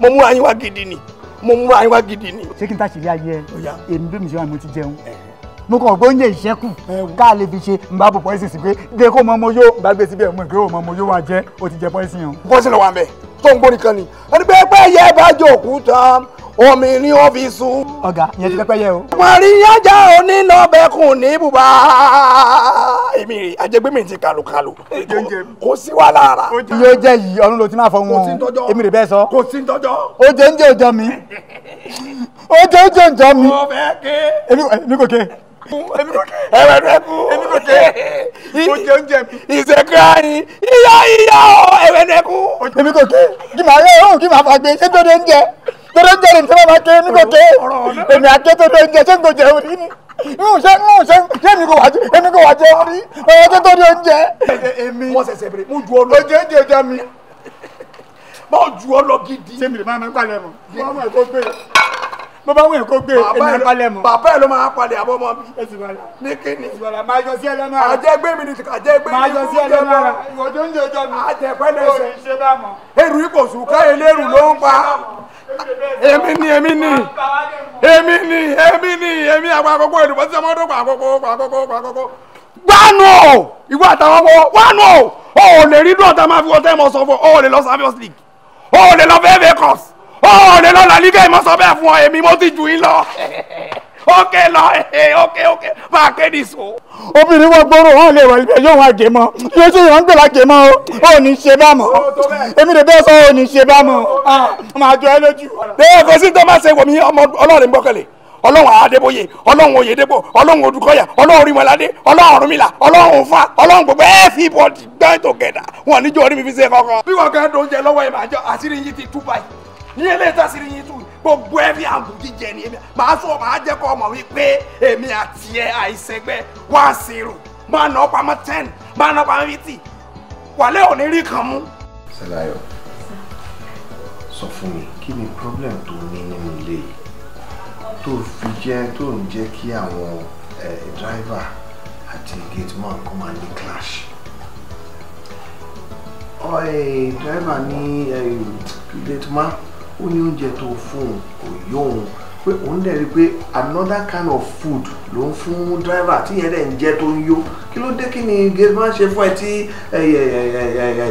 mo mú ayé wá gidi ni mo mú ayé wá gidi ni. ṣé kí n ta ṣèlú ayé ẹ èmi bí mi ṣe wà ní mo ti jẹun mo kàn gbóúnjẹ ìṣẹ́kù ká lè fi ṣe nbà bò pọ́ìsì sí pé gbé kó mọ ọmọ yóò bá gbé síbẹ̀ ọmọ ìgbé òmọ ọmọ yóò wá jẹ́ o ti jẹ pọ́ìsì yẹn. pọ́ìsì lọ mẹ́ tó ń gbóni kan ni wọ́n ti bẹ́ẹ̀ yẹ bá jòkú tán omi ní ọ́fíìsù. ọ̀gá ìyẹn ti pẹ́pẹ́ yẹ o. parí ajá òní lọ́bẹ̀kùn ní bùbá èmi ajẹgbẹ́mi ti kàlùkàlù kò sí wà lára. iye jẹ yìí ọdún ló ti máa fọ wọn o èmi rè bẹ́ẹ̀ sọ. kò sí tọ́jọ́. ó jẹ́ ń jẹ́ òjọ́ mi ó jẹ́ ń jẹ́ òjọ́ mi. mo fẹ́ ké. èmi kò ké èmi kò ké èmi kò ké ìsèkìrání ìyá ìyá ẹ̀wẹ̀nẹ̀kù. èmi kò ké kí màá yẹ ohun kí màá fàgbé ṣé gbọ́dọ̀ ń jẹ tọ́lọ́ jẹ̀rẹ̀ tí wọ́n bá ké ní kò ké èmi àké tó lóun jẹ ṣé n kò jẹ òní ni n ò ṣe n ò ṣe ṣé mi kò wá jẹ èmi kò wá jẹ òní ọ̀rọ̀ tó tó ní oúnjẹ. èmi wọ́n ṣẹ̀ṣẹ̀ bèrè mo ju ọlọ oúnjẹ oúnjẹ oúnjẹ mi mo ju ọlọ gidi. ṣé mi lè máa mẹ́kàlẹ́ mọ́ bó bá wùn kó gbé èmi palẹ̀ mọ́. bàbá ẹ ló máa palẹ̀ àbọ̀ mọ́ mi. ní kíni. máa jọ sí ẹ lọ́nà ara. àjẹgbé mi ni àjẹgbé mi. máa jọ sí ẹ lọ́nà ara. ìwòjó ń jẹjọ mi. àjẹpẹ́lẹ̀ ṣe. èrù ìkòsù káyé lérù ló ń pa. èmi ni èmi ni èmi ni èmi ni èmi àwọn àkókò èdùbọ̀ tí ọmọdún pa àkókò pa àkókò pa àkókò. wánú o àtàwọn ó lè lọ́la la kẹ́hìn mọ́ sọ bẹ́ẹ̀ fún ọ èmi mo ti jù yín lọ ókè lọ ókè ókè máa ké ní so. obìnrin wọn gbọ́rọ̀ wọn lè wà ibẹ̀ yóò wọn àgè mọ́ yóò sì yàn ń gbèlà àgè mọ́ o ò ní ṣe bá mọ́ èmi lè bẹ́ẹ̀ sọ ò ní ṣe bá mọ́ ah. Ah, máa jọ ẹ lójú. bẹ́ẹ̀ eh, kò sí tó máa ṣe wọ̀mí ọmọ ọlọ́rin gbọ́kẹ̀lẹ̀ ọlọ́run àádébóyè ọlọ́run òyedèbò ori odùkọ́yà ọlọ́run orímọ̀ládé ọlọ́run ọ̀rúnmìlà ọlọ́run òfa ọlọ́run gbogbo ẹ̀ eh, fi bọ́ọ̀dì gbẹ́ tògẹ̀dà wọn níjọ́ orí mi fi ṣe kankan. bí wọn kàn dóúnjẹ lọ́wọ́ ẹ̀ máa jọ àṣírí yìí ti tú báyìí ní eléyìí tó àṣírí yín tú gbogbo ẹ̀mí àgùn jíjẹ ni èmi màá sọ màá jẹ́ kó ọmọ wípé èmi àti ẹ àìsẹgbẹ́ wá zero máa nà ọ́ pamọ́ ten máa nà ọ́ pamọ́ fifty wàlẹ́ ò rí kan mú. sẹ́láyọ̀ sọ fún mi kí ni problem tó ní nínú ilé yìí tó fi jẹ́ tó ń jẹ́ kí àwọn driver àti gate man kó máa ní clash driver ní gate man ó ní oúnjẹ tó fún kò yó pé òun dẹ̀ rí pé another kind of food ló ń fún driver tí dẹ̀ ń jẹ́ tó ń yó kí ló dé kí ni gate man ṣe fún ẹ tí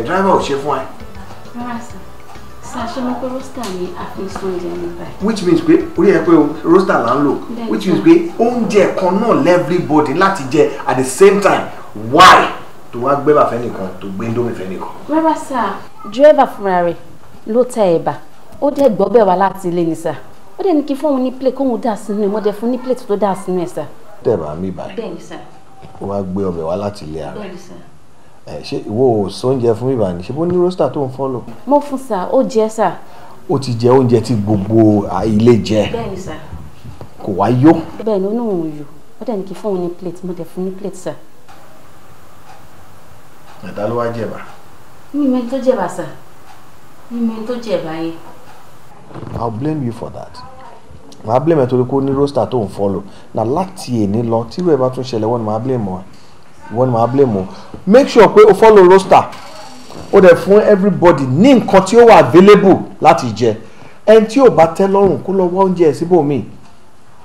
driver ò ṣe fún ẹ. rárá ṣe mọ pé roaster ni a fi ń oúnjẹ ní báyìí. which means pé orí ẹ pé roaster là ń lò which means pé oúnjẹ kan náà everybody láti jẹ at the same time why tó wá gbé bàfẹ́ nìkan tó gbé ń dómi fẹ́ nìkan. rárá sá dírẹ́bà fúnra rẹ̀ ló tẹ ẹ̀bà ó dẹ̀ gbọ́ bẹ́ẹ̀ wá láti ilé ni sà ó dẹ̀ ní kí fóun ní plate kóun dà sínú ẹ̀ mọ́dẹ fún ní plate tó dà sínú ẹ̀ sà. tẹ̀ bá mi báyìí bẹ́ẹ̀ ni sà. ó wá gbé ọbẹ̀ wá láti ilé ara bẹ́ẹ̀ ni sà ẹ ṣe ìwọ ò sóúnjẹ fún ìbà ní ṣe bó ní rosta tó ń fọlọ. mo fún sà ó jẹ sà. ó ti jẹ oúnjẹ tí gbogbo ilé jẹ kò wá yó. bẹ́ẹ̀ ni ó náà ń yò ó dẹ̀ ní kí fóun ní plate mo fún ní plate sà. ẹ̀dá ló wá jẹ̀bà. mímẹ́ tó jẹ̀bà sà mímẹ́ tó jẹ̀bà yẹn. I'll blame you for that màá blame ẹ torí kó ní roster tó ń follow na láti èní lọ tí ìwé bá tún ṣẹlẹ̀ wọ́n ni màá blame ọ wọ́n ni màá blame ọ make sure pé o follow roster ó dẹ̀ fún everybody ní nǹkan tí ó wà available láti jẹ ẹni tí ò bá tẹ́ lọ́rùn kó lọ wá oúnjẹ síbòmíì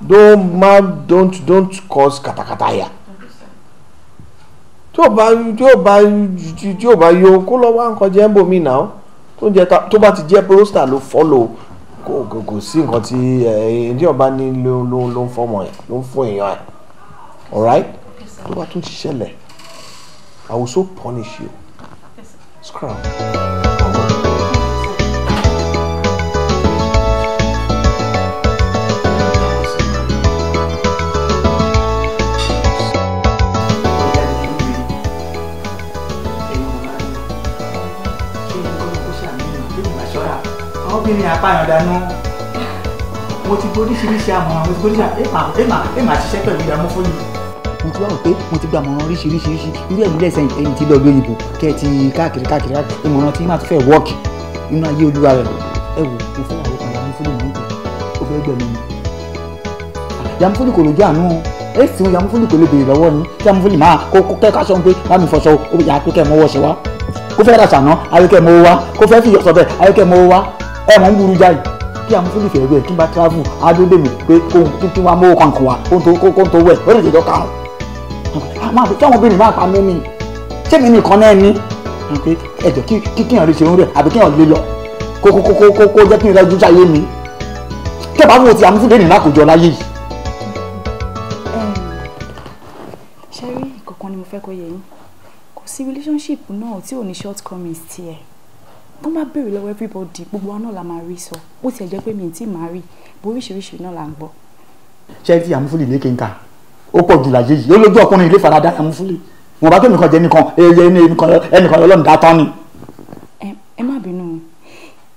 don't ma don't don't cause katakata yà tí ò bá tí ò bá tí ò bá yọ kó lọ wá nǹkan jẹ ń bòmíì náà tó bá ti jẹ́ roster ló follow kò kò kò sí nǹkan tí ẹ̀ẹ́dí ọba ní ló ló ń fọmọ yẹn ló ń fún èèyàn ẹ̀ alright tó bá tún ṣẹlẹ̀ I will so punish you scram. obìnrin apáyàn dáná mo ti gbóríṣiríṣi àmọ̀ràn mo ti gbóríṣiríṣi èèmà èèmà èèmà ṣiṣẹ́ pẹ̀lú ìdààmú fún mi. mo ti wá wò pé mo ti gba àmọ̀ràn oríṣiríṣiríṣi irú ẹ̀mí lẹ́sẹ̀ ẹ̀yìn tí lọ́ọ́ lóyìnbó kẹ́ ti káàkiri káàkiri ìmọ̀ràn tí má tún fẹ́ wọ́ọ̀kì nínú ayé olúwa rẹ̀ ẹ wò mo fẹ́ àwọn kan yàmú fúlù mú ó fẹ́ gbẹ̀mí mi. yàmú fúlù kò lójú àánú èsì wọn yàmú fúlù kò lè béèrè lọ́wọ́ ni yàmú fúlù máa kó kẹ́kọ̀ọ́ aṣọ ń pé má mi fọṣọ ó yà á pé kẹ́ ẹ mọ́wọ́ ṣe wá kó fẹ́ ràṣà ná ayé mọ́wọ́ wá kó fẹ́ fi yọ̀sọ̀ bẹ́ẹ̀ ayé mọ́wọ́ wá ẹ mọ̀ ń burú jáì kí àwọn fúlì fẹ̀rẹ̀ rẹ̀ tí n bá travel adúlé mi pé ohun tuntun wa mọ́ ọkàn kan wa ohun tó kó tó wẹ̀ ó lè jẹjọ́ karùn. máa fi táwọn obìnrin máa pa mí mi sẹ́mi nìkan náà ní pé ẹ̀jọ̀ kí kíyàn rí ṣeun rẹ̀ àbí kíyàn lé lọ kó kó kó kó kó jẹ́ kí n rẹ́jú sáyé mi kẹ́bàá wo ti àwọn fúlì fẹ̀rẹ̀ lákòjọ láyé yìí. ṣe rí ìkọ̀kan ni mo fẹ́ kó yẹ yín kò sí relationship náà tí ò ní shortcomings tiẹ̀ tó máa béèrè lọ́wọ́ everybody gbogbo wa náà la máa rí sọ bó tiẹ̀ jẹ́ pé mi ì tí màá rí bó oríṣiríṣi náà la ń gbọ́. ṣé ti àmúfúlì ní kínkà ó pọ̀ jù láyé yìí ó lójú ọkùnrin ilé farada àmúfúlì wọn bá kẹ́mi kan jẹ́ nìkan ẹnìkan ọlọ́run dá tán ni. ẹ má bínú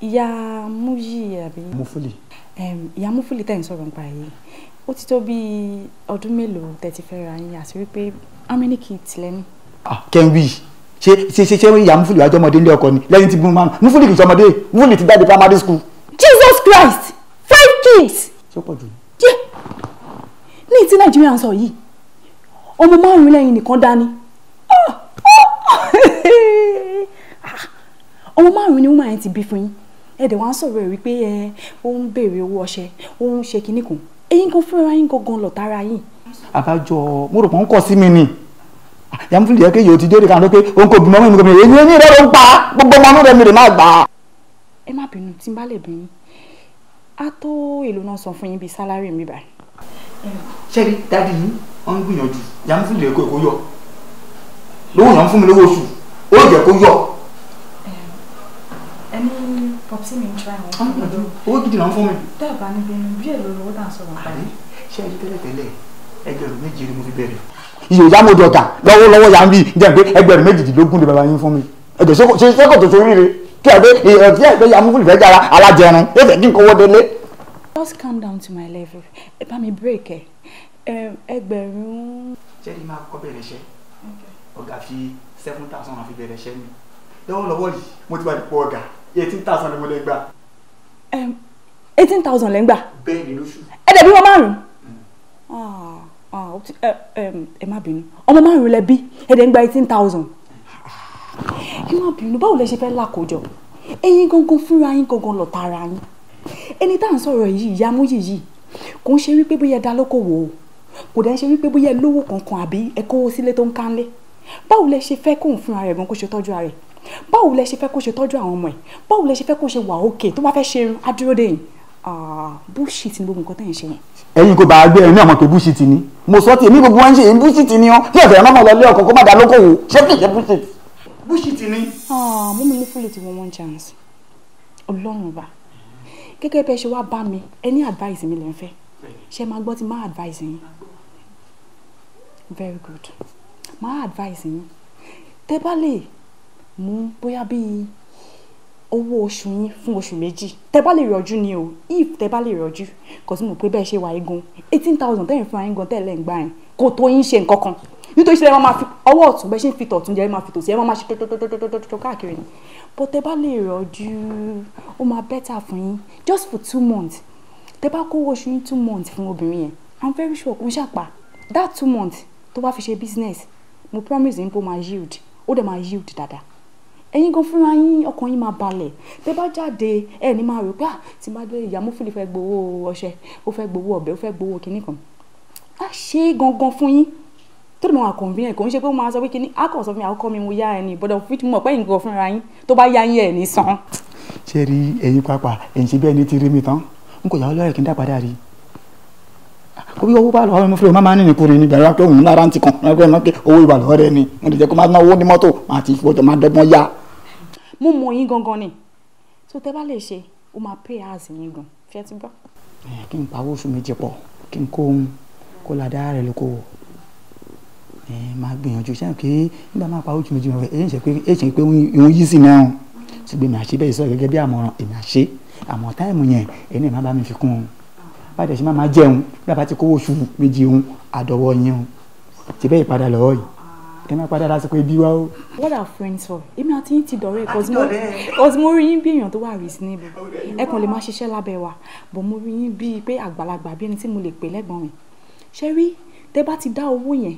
ìyá múyì àbí. àmúfúlì. ìyá múfúlì tẹ̀ ń sọ̀rọ̀ nípa yìí ó ti tó bíi ọdún mélòó tẹ̀ ti fẹ́ ra yín àti wípé how many kids lẹ́ni. ah kẹ́ńwì ṣe ṣe ṣe ṣe ìyá múfúlì wájú ọmọdé ilé ọkọ ni lẹ́yìn tí bùnmọ́ múfúlì kì í ṣọmọdé múfúlì ti jáde primary school. Jesus Christ five kids. ṣé pọ̀ jù. jẹ́ ní ti Nàìjíríà ń sọ yìí ọmọ márùn-ún lẹ́yìn nìkan dání ah, ah, ah. ọmọ márùn-ún ni woman yẹn ti bí fún yín ẹ̀dẹ̀ wá ń sọ̀rọ̀ ẹ̀ wípé ẹ ó ń béèrè owó ọṣẹ ó ń ṣe kinní kan ẹ̀yin kan fúnra yín gangan lọ̀tara yín. àbájọ mo rò pé ń kọ sí mi ni yamufili yẹ kéye òtijọ́ de kan ló pé o ń kó bímọ mímu kòmìnira èyí ẹni rẹ ló ń pa gbogbo ọmọ rẹ mi rè má gbà. ẹ má bínú tí n bá lè bínú á tó èlò náà san fún yín bíi sálárì mi báyìí. sẹ́ẹ̀rì dáàdi yìí wọ́n ń gbìyànjú yamufili yẹ kó èkó yọ lówó yàn fún mi lówó oṣù ó yẹ kó yọ. ẹni pọpsi mi ń tra àwọn ọmọ ọdún owó gidi náà ń fún mi. dábàá níbi ẹni bí èlò lówó dà ń sọ̀rọ̀ iye ìyámọ̀dé ọ̀tà lọ́wọ́lọ́wọ́ ya ń bí jẹ́ pé ẹgbẹ̀rún méjìdínlógún ni bàbá yín fún mi ẹ̀jẹ̀ ṣe sẹ́kọ̀ tó torí rẹ̀ kí ẹ̀ pé ẹ̀fí ẹ̀ pé yamúfúlù fẹ́ jára alájẹrun ẹ̀ fẹ́ kí n kówó délé. just calm down to my level ẹ bá mi break ẹ ẹgbẹ̀rún. ṣé máa kọ́ bẹ̀rẹ̀ iṣẹ́ ọ̀gá fi seven thousand àfi bẹ̀rẹ̀ iṣẹ́ mi lọ́wọ́lọ́wọ́ yìí mo ti wà nípò ọ̀gá eighteen thousand ni mo lè gbà. eighteen thousand lẹ́ ń gbà. bẹ́ẹ̀ ni lóṣù. ẹ̀ẹ́dẹ̀ bí wọ́n márùn-ún. Mm. Ah. Ah, eh, ẹ má bínú ọmọ márùn lẹ bí ẹ̀dẹ̀ ń gba eighteen thousand ẹ má bínú báwo lẹ ṣe fẹ́ làkójọ ẹ̀yin gangan fúnra yín gangan lọ̀tá ara yín ẹni tá à ń sọ̀rọ̀ yìí ìyámúyì yìí kò ń ṣe wípé bóyá ẹ dá lókòwò o kò dẹ̀ ń ṣe wípé bóyá ẹ lówó kankan àbí ẹ kówó sílé tó ń kánlé báwo lẹ ṣe fẹ́ kóun fúnra rẹ̀ gan kó ṣe tọ́jú ara rẹ̀ báwo lẹ ṣe fẹ́ kó ṣe tọ́jú àwọn ọmọ ẹ̀ báwo lẹ ṣe fẹ́ kó ṣe wà ókè tó bá fẹ́ ṣe irun adúró dé yìí ah, bullshit gbogbo nǹkan tẹ̀ ṣe yẹn ẹ̀yin kò bá gbé ẹ̀mí àwọn tó búṣìtì ni mo sọ ti èmi gbogbo wọn ń ṣe èyí búṣìtì ni ọ kí ẹ̀fẹ̀ ọmọ lọ lé ọkọ̀ kó má dá lókòwò ṣé kì í ṣe búṣìtì. búṣìtì ni. mú mi mú fúlẹ̀ tí wọ́n wọ́n chance ọlọ́run bá gẹ́gẹ́ bẹ́ẹ̀ ṣe wá bá mi ẹni advice mi lẹ́ ń fẹ́ ṣe máa gbọ́ ti máa advice yín very good máa advice yín tẹ́ bá lè mú bóyá bíi owó oṣù yín fún oṣù méjì tẹ bá lè rọjú ni o if tẹ bá lè rọjú kò sí mo pé bẹ́ẹ̀ ṣe wà yín gan eighteen thousand tẹ́yìn fún ayín gan tẹ́lẹ̀ ń gbà yín kò tó yín ṣe nǹkan kan nítorí ṣe ẹ máa fi ọwọ́ ọ̀tún bẹ́ẹ̀ ṣe ń fi tọ̀tún jẹ́ ẹ máa fi tòsí ẹ máa ṣe tótótótótótó káàkiri ni bó tẹ bá lè rọjú ó máa bẹ́tà fún yín just for two months tẹ bá kó oṣù yín two months fún obìnrin yẹn i'm very sure kò ń ṣàpá that two months tó bá fi ṣe business mo promise yín pé ó máa yield ó dẹ̀ máa yield dáadáa ẹ̀yin gan fúnra yín ọkàn yín máa balẹ̀ tẹ́ bá jáde ẹ̀ ní máa rò pé ah tí bá dé ìyá Mọ́fúlì fẹ́ gbowó ọṣẹ ó fẹ́ gbowó ọbẹ̀ ó fẹ́ gbowó kinní kan á ṣe é gangan fún yín tó lè mọ àkànbíyàn kò ń ṣe pé mo máa sọ pé kinní á kàn sọ fún mi àkọ́kọ́ mi mo yá ẹni ìbọ̀dọ̀ fún mi mọ̀ pé ẹ̀yin gan fúnra yín tó bá yá yín ẹ̀ ní san. ṣé rí ẹ̀yin pápá ẹ̀yin ṣe bí ẹni ti rí mi tán n kò yà ọ́ lọ́rẹ̀ kí n dá padà orí owó bá lọ́wọ́ fúlẹ̀ máa ní nìkú ni nígbà tó ń lára ti kàn lọ́gbẹ́ náà pé owó ìwà lọ́wọ́ rẹ ni mo lè jẹ́ kó máa náwó ní mọ́tò máa ti fọ́tò máa dọ́gbọ́n yá. mo mọ yín gangan ni tó tẹ bá lè ṣe ó máa pay as yín gan fẹ́ ti gbọ́. kí n pawó oṣù méjì pọ̀ kí n kó ohun kó ládàá rẹ̀ lóko wò máa gbìyànjú sẹ́yìn pé nígbà máa pawó oṣù méjì mẹ́fẹ́ èyí ṣe pé òun yí sí náà ṣùgbọ́n èmi àṣe bẹ́ẹ̀ sọ gẹ́gẹ́ bí àmọ̀ràn èmi àṣe àmọ̀ táìmù yẹn èyí ni màá bá mi fi kún un bàtẹ̀ ṣe máa jẹun dábàá ti kówó oṣù méjì òun àdọ̀wọ́ yẹn o ti bẹ́ẹ̀ padà lọ́wọ́ yìí ẹ má padà lásìkò ibi wa o. what are friends for èmi àti yín ti dọ̀rẹ́ cause mo rí yín bí èèyàn tó wà reasonable ẹ kàn lè má ṣiṣẹ́ lábẹ́ wa but mo rí yín bíi pé àgbàlagbà bí ẹni tí mo lè pè lẹ́gbọ̀n mi ṣé rí tẹ bá ti dá owó yẹn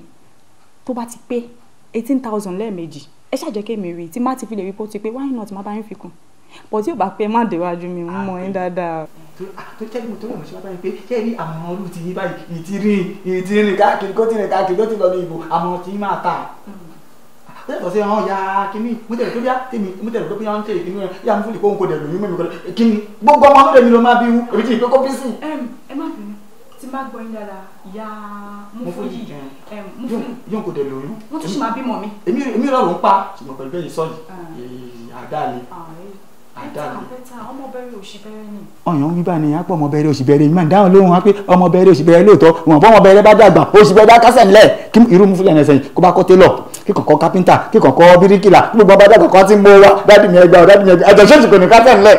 tó bá ti pé eighteen thousand lẹ́ẹ̀mejì ẹ ṣàjẹ́ kí èmi rí tí má ti fi lè rí pé ó ti pé why not má bá yín fi kún but tí ò bá pé má déwájú mi mú mọ́ yín dáadáa. Ah, tó jẹ́ mo torí mo ṣe wá báyìí pé ṣé rí àwọn ọmọ olùtí yín báyìí ìtìrìn ìtìrìn káàkiri kó tìrìn káàkiri tó ti lọ ní ìbò àmọ́ tí máa ta ah, ó yàtọ̀ sí ọ̀hún ya kínní mo tẹ̀lé tó bí á tèmi mo tẹ̀lé tó bí á ń tẹ̀lé kínní yà ń fúnlẹ̀ kó ń kó dẹ̀lú yín mọ̀ nìkan eh, kínní gbogbo ọmọ lóde mi ló máa bí wú èmi ti ìkókó bí sí. ẹ má bínú tí má gbọ́ yín dára ya mo fún yìí mo fún yóò kó dẹ̀lú yín. wọ́n tún ṣì máa bímọ mi. pa ṣùgbọ́n pẹ̀lú bẹ́ẹ̀ yìí sọ́ọ̀yì ah. àdá ni ọyàn wíwá ni apọ̀ ọmọbẹ̀rẹ̀ òṣìbẹ̀rẹ̀ yìí máa ń lóhùn wá pé ọmọbẹ̀rẹ̀ òṣìbẹ̀rẹ̀ lóòótọ́ wọn bọ́ ọmọbẹ̀rẹ̀ bá dàgbà òṣìbẹ̀rẹ̀ akásẹ̀ nílẹ̀ kí irú mú fúlẹ̀ ẹ̀sẹ̀ kó bá kọ́ télọ̀ kí kọ̀kọ́ kápẹ́ńtà kí kọ̀kọ́ bíríkìlà gbogbo ọba dàgbà ti mú wa dádì mi ẹgbà dádì mi ẹgbà ẹ̀jọ̀ ṣèṣì ní kásẹ̀ nílẹ̀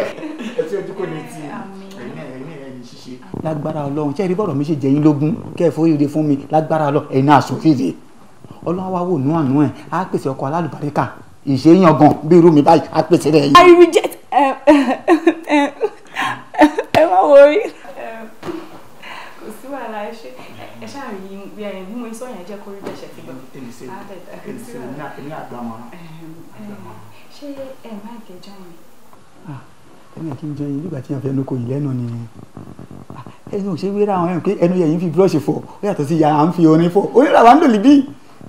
lágbára Ọlọ́run ṣe rí bọ́rọ̀ mi ṣe jẹyìn lógún kẹ́ ẹ foríire ìṣe yan gan bí irú mi báyìí á pèsè rẹ̀ yìí. I reject ẹ má wọrí kò sí wàhálà ẹ ṣe ẹ ṣáà rí bí ẹ mú iṣọ yẹn jẹ kórìí bẹsẹ ti gbọ. èmi ṣe ah, èmi ṣe èmi àgbàmọ̀ràn. ṣé ẹ má gẹjọ ah, mi. ẹnì kí n jẹ yín nígbà tí yẹn fẹ́ ẹnu kò yìí lẹ́nu ni ah, ẹnu ò ṣe wéra àwọn ẹnu pé ẹnu yẹn yín fi búrọ́ọ̀ṣì fọ ó yàtọ̀ sí ya à ń fi orin fọ oníràwá ń dòlì bí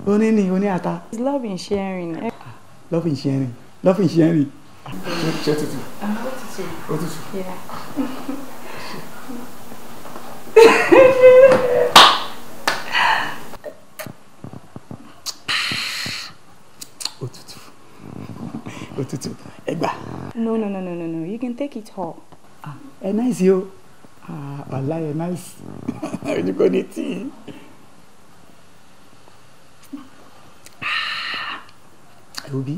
oní ni oní ata. love in sharing. love in sharing love in sharing ṣe tutù. ó tutù. ó tutù. ó tutù. ẹ gbà. no no no no no no you can take it all. Ah, ẹ náìsì o wàhálà ah, ẹ náìsì oníkó [laughs] ní tíì. Ah, ẹ wo bí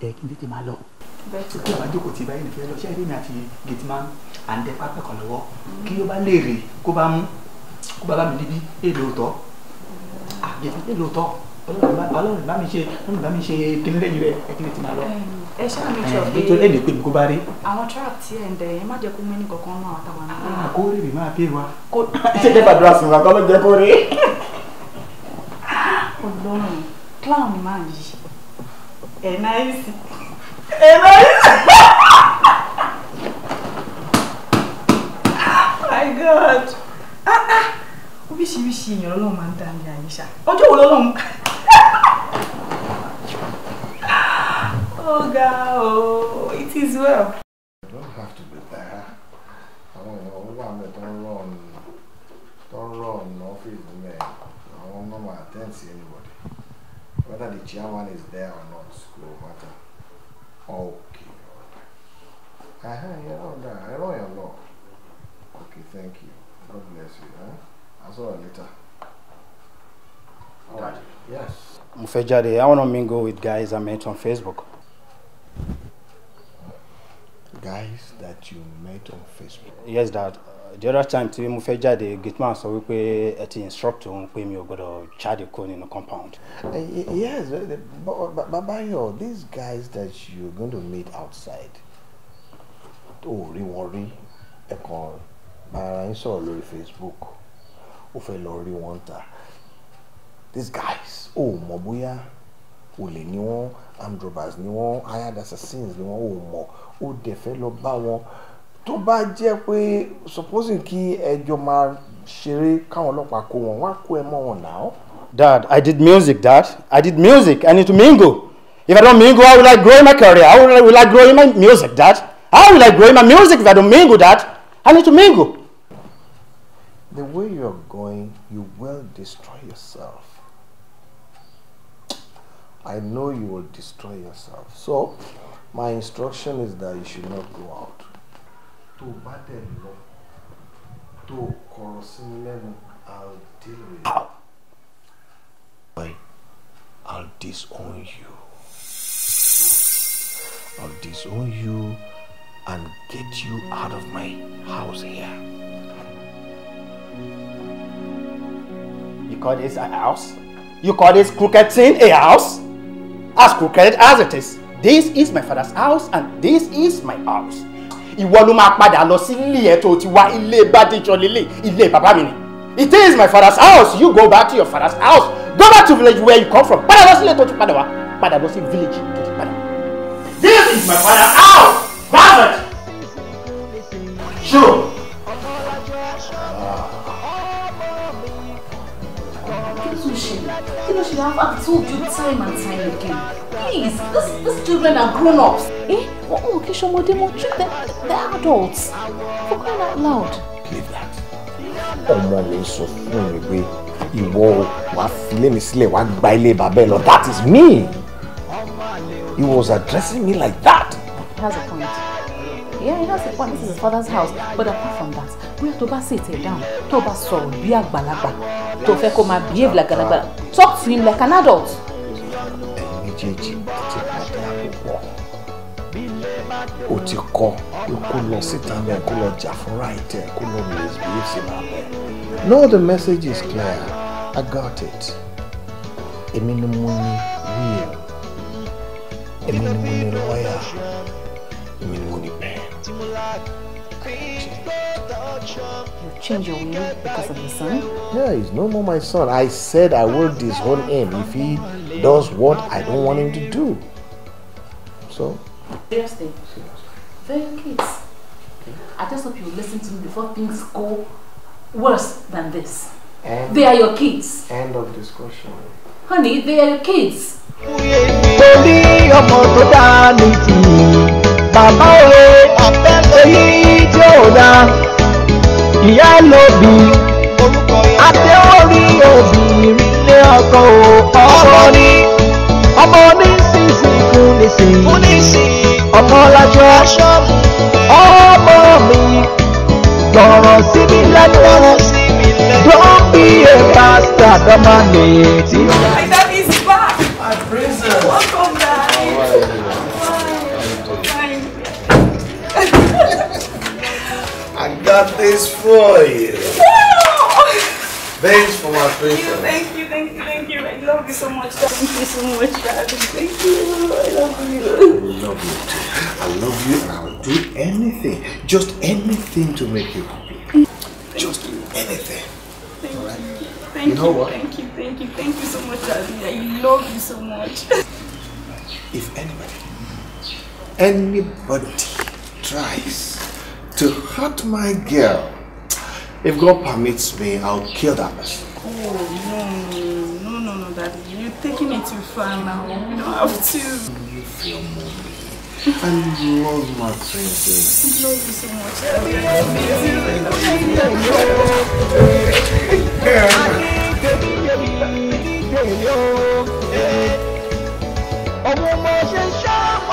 ẹ kí n tètè máa lọ tí kò bá jókòó tí báyìí nìfẹ́ lọ ṣé ẹ̀rí mi àti gateman à ń dẹ pápẹ́ kan lọ́wọ́ kí ó bá léèrè kó bá mú kó bá bá mi níbí èlò tọ́ àgẹ̀tì èlò tọ́ ọlọ́run bá mi ṣe ọlọ́run bá mi ṣe kíní lẹ́yìn rẹ̀ ẹ kí ni ti máa lọ. ẹ ṣáà mi jọ pé nítorí ẹni pé mi kó bá rí. àwọn trap tí ẹ ń dẹ yẹn má jẹ kó mẹ́ni kankan náà àtàwọn náà. kó rí mi máa pè wá. ṣé jẹ́ gbàdúrà sí wa kọ́ ló jẹ́ kó rí. ọlọ́run clown máa yí ẹ̀ náà yìí sí. Eva [laughs] My God. Ah ah. Oríṣiríṣi èèyàn lọ́lọ́run máa ń dá mi àyè ṣá. Ọjọ́ wo lọ́lọ́run? [laughs] Oh, God. it is well. You don't have to be there. Àwọn èèyàn ó wà mẹ́ tó ń rọ̀ tó ń rọ̀ ọ́fíìsì mẹ́. Àwọn ọmọ máa attend anybody. Whether the chairman is there or not. Okay. Aha, huh, you oh, know that. I know your law. Okay, thank you. God bless you. Huh? I'll saw you later. Daddy. Yes. Mufejade, I want to mingle with guys I met on Facebook. Guys that you met on Facebook? Yes, Dad. the other time tí mo fẹ́ jáde gateman sọ wípé ẹ ti instruct òun pé mi ò gbọ́dọ̀ jáde kó nínú compound. Eh, eh, yes eh, babayo these guys that you going to meet outside tó rí wọn rí ẹ̀kan bára ń sọ̀rọ̀ lórí facebook ó fẹ́ lọ rí wọn ta these guys ó mọ̀ bóyá olè ni wọ́n armed robbers ni wọ́n hired assassins ni wọ́n ó mọ̀ ó dẹ̀ fẹ́ lọ bá wọn tó bá jẹ́ pé supposing kí ẹjọ́ máa ṣeré káwọn ọlọ́pàá kó wọn wá kó ẹ mọ́ wọn náà. Dad, I did music, Dad. I did music. I need to mingle. If I don't mingle, how will I grow my career? How will I, will I grow my music, Dad? How will I grow my music if I don't mingle, Dad? I need to mingle. The way you are going, you will destroy yourself. I know you will destroy yourself. So, my instruction is that you should not go out. tó battle bá tó o kọ̀rọ̀ i I'll deal with you. Boy, I'll disown you. I'll disown you and get you out of my house here. You call this a house? You call this crooked thing a house? As crooked as it is, this is my father's house and this is my house. ìwọ ló máa padà lọ sí ilé ẹ̀ tó ti wá ilé Bádéjọ lélẹ̀ ilé bàbá mi ni it is my father's house you go back to your father's house go back to village where you come from padà lọ sí ilé tó ti padà wá padà lọ sí village tó ti padà. this is my father's house. Robert! Sure. know she have I've told you time and time again. Please, this, these children are grown-ups. Eh? Oh, oh Kishomode, treat them, they're adults. For crying out loud. Believe that. Oh my, sọ fún mi pé ìwọ wàá filé mi sílẹ̀ wàá gba ilé that is me. He was addressing me like that. He has a point. Yeah, he has a point. This is his father's house. But apart from that, bóyá tó bá ṣètẹ̀ dáhùn tó bá sọ̀rọ̀ bí àgbàlagbà tó fẹ́ kó máa behave like talk to him like an adult. ẹ̀yin méjèèjì ti pàdé àpòpọ̀ o ti kọ pé kó lọ síta náà kó lọ jà fúnra ẹ̀ tẹ̀ kó lọ misbehave sí máa bẹ̀. no the message is clear i got it èmi ni mo ní real èmi ni mo ní lọ́ọ̀yà èmi ni mo ní bẹ́ẹ̀. You change your will because of the son? Yeah, he's no more my son. I said I will disown him if he does what I don't want him to do. So? Seriously. Very kids. I just hope you listen to me before things go worse than this. End they are your kids. End of discussion. Honey, they are your kids. bàbá tí ò dá ìyá lóbi àti orí obìnrin lé ọkọ o ọmọ ní ọmọ ní sísìn kún nísìn ọmọ lájọ ọmọ mi gbọ̀rọ̀ sí mi lẹ́nu don't be a bastard ọmọ mi tí This for you. Thanks for my paper. Thank you, thank you, thank you. I love you so much. Thank you so much, Travis. Thank you. I love you. I love you too. I love you and I will do anything, just anything to make you happy. Just you. anything. Thank you. Thank you, know What? Thank you, thank you, thank you so much, Travis. I love you so much. If anybody, anybody tries to hurt my girl. If God permits me, I'll kill that person. Oh, no, no, no, no, Daddy. You're taking it too far now. You don't have to. You feel mommy. I love my princess. I love you so much. Daddy, I love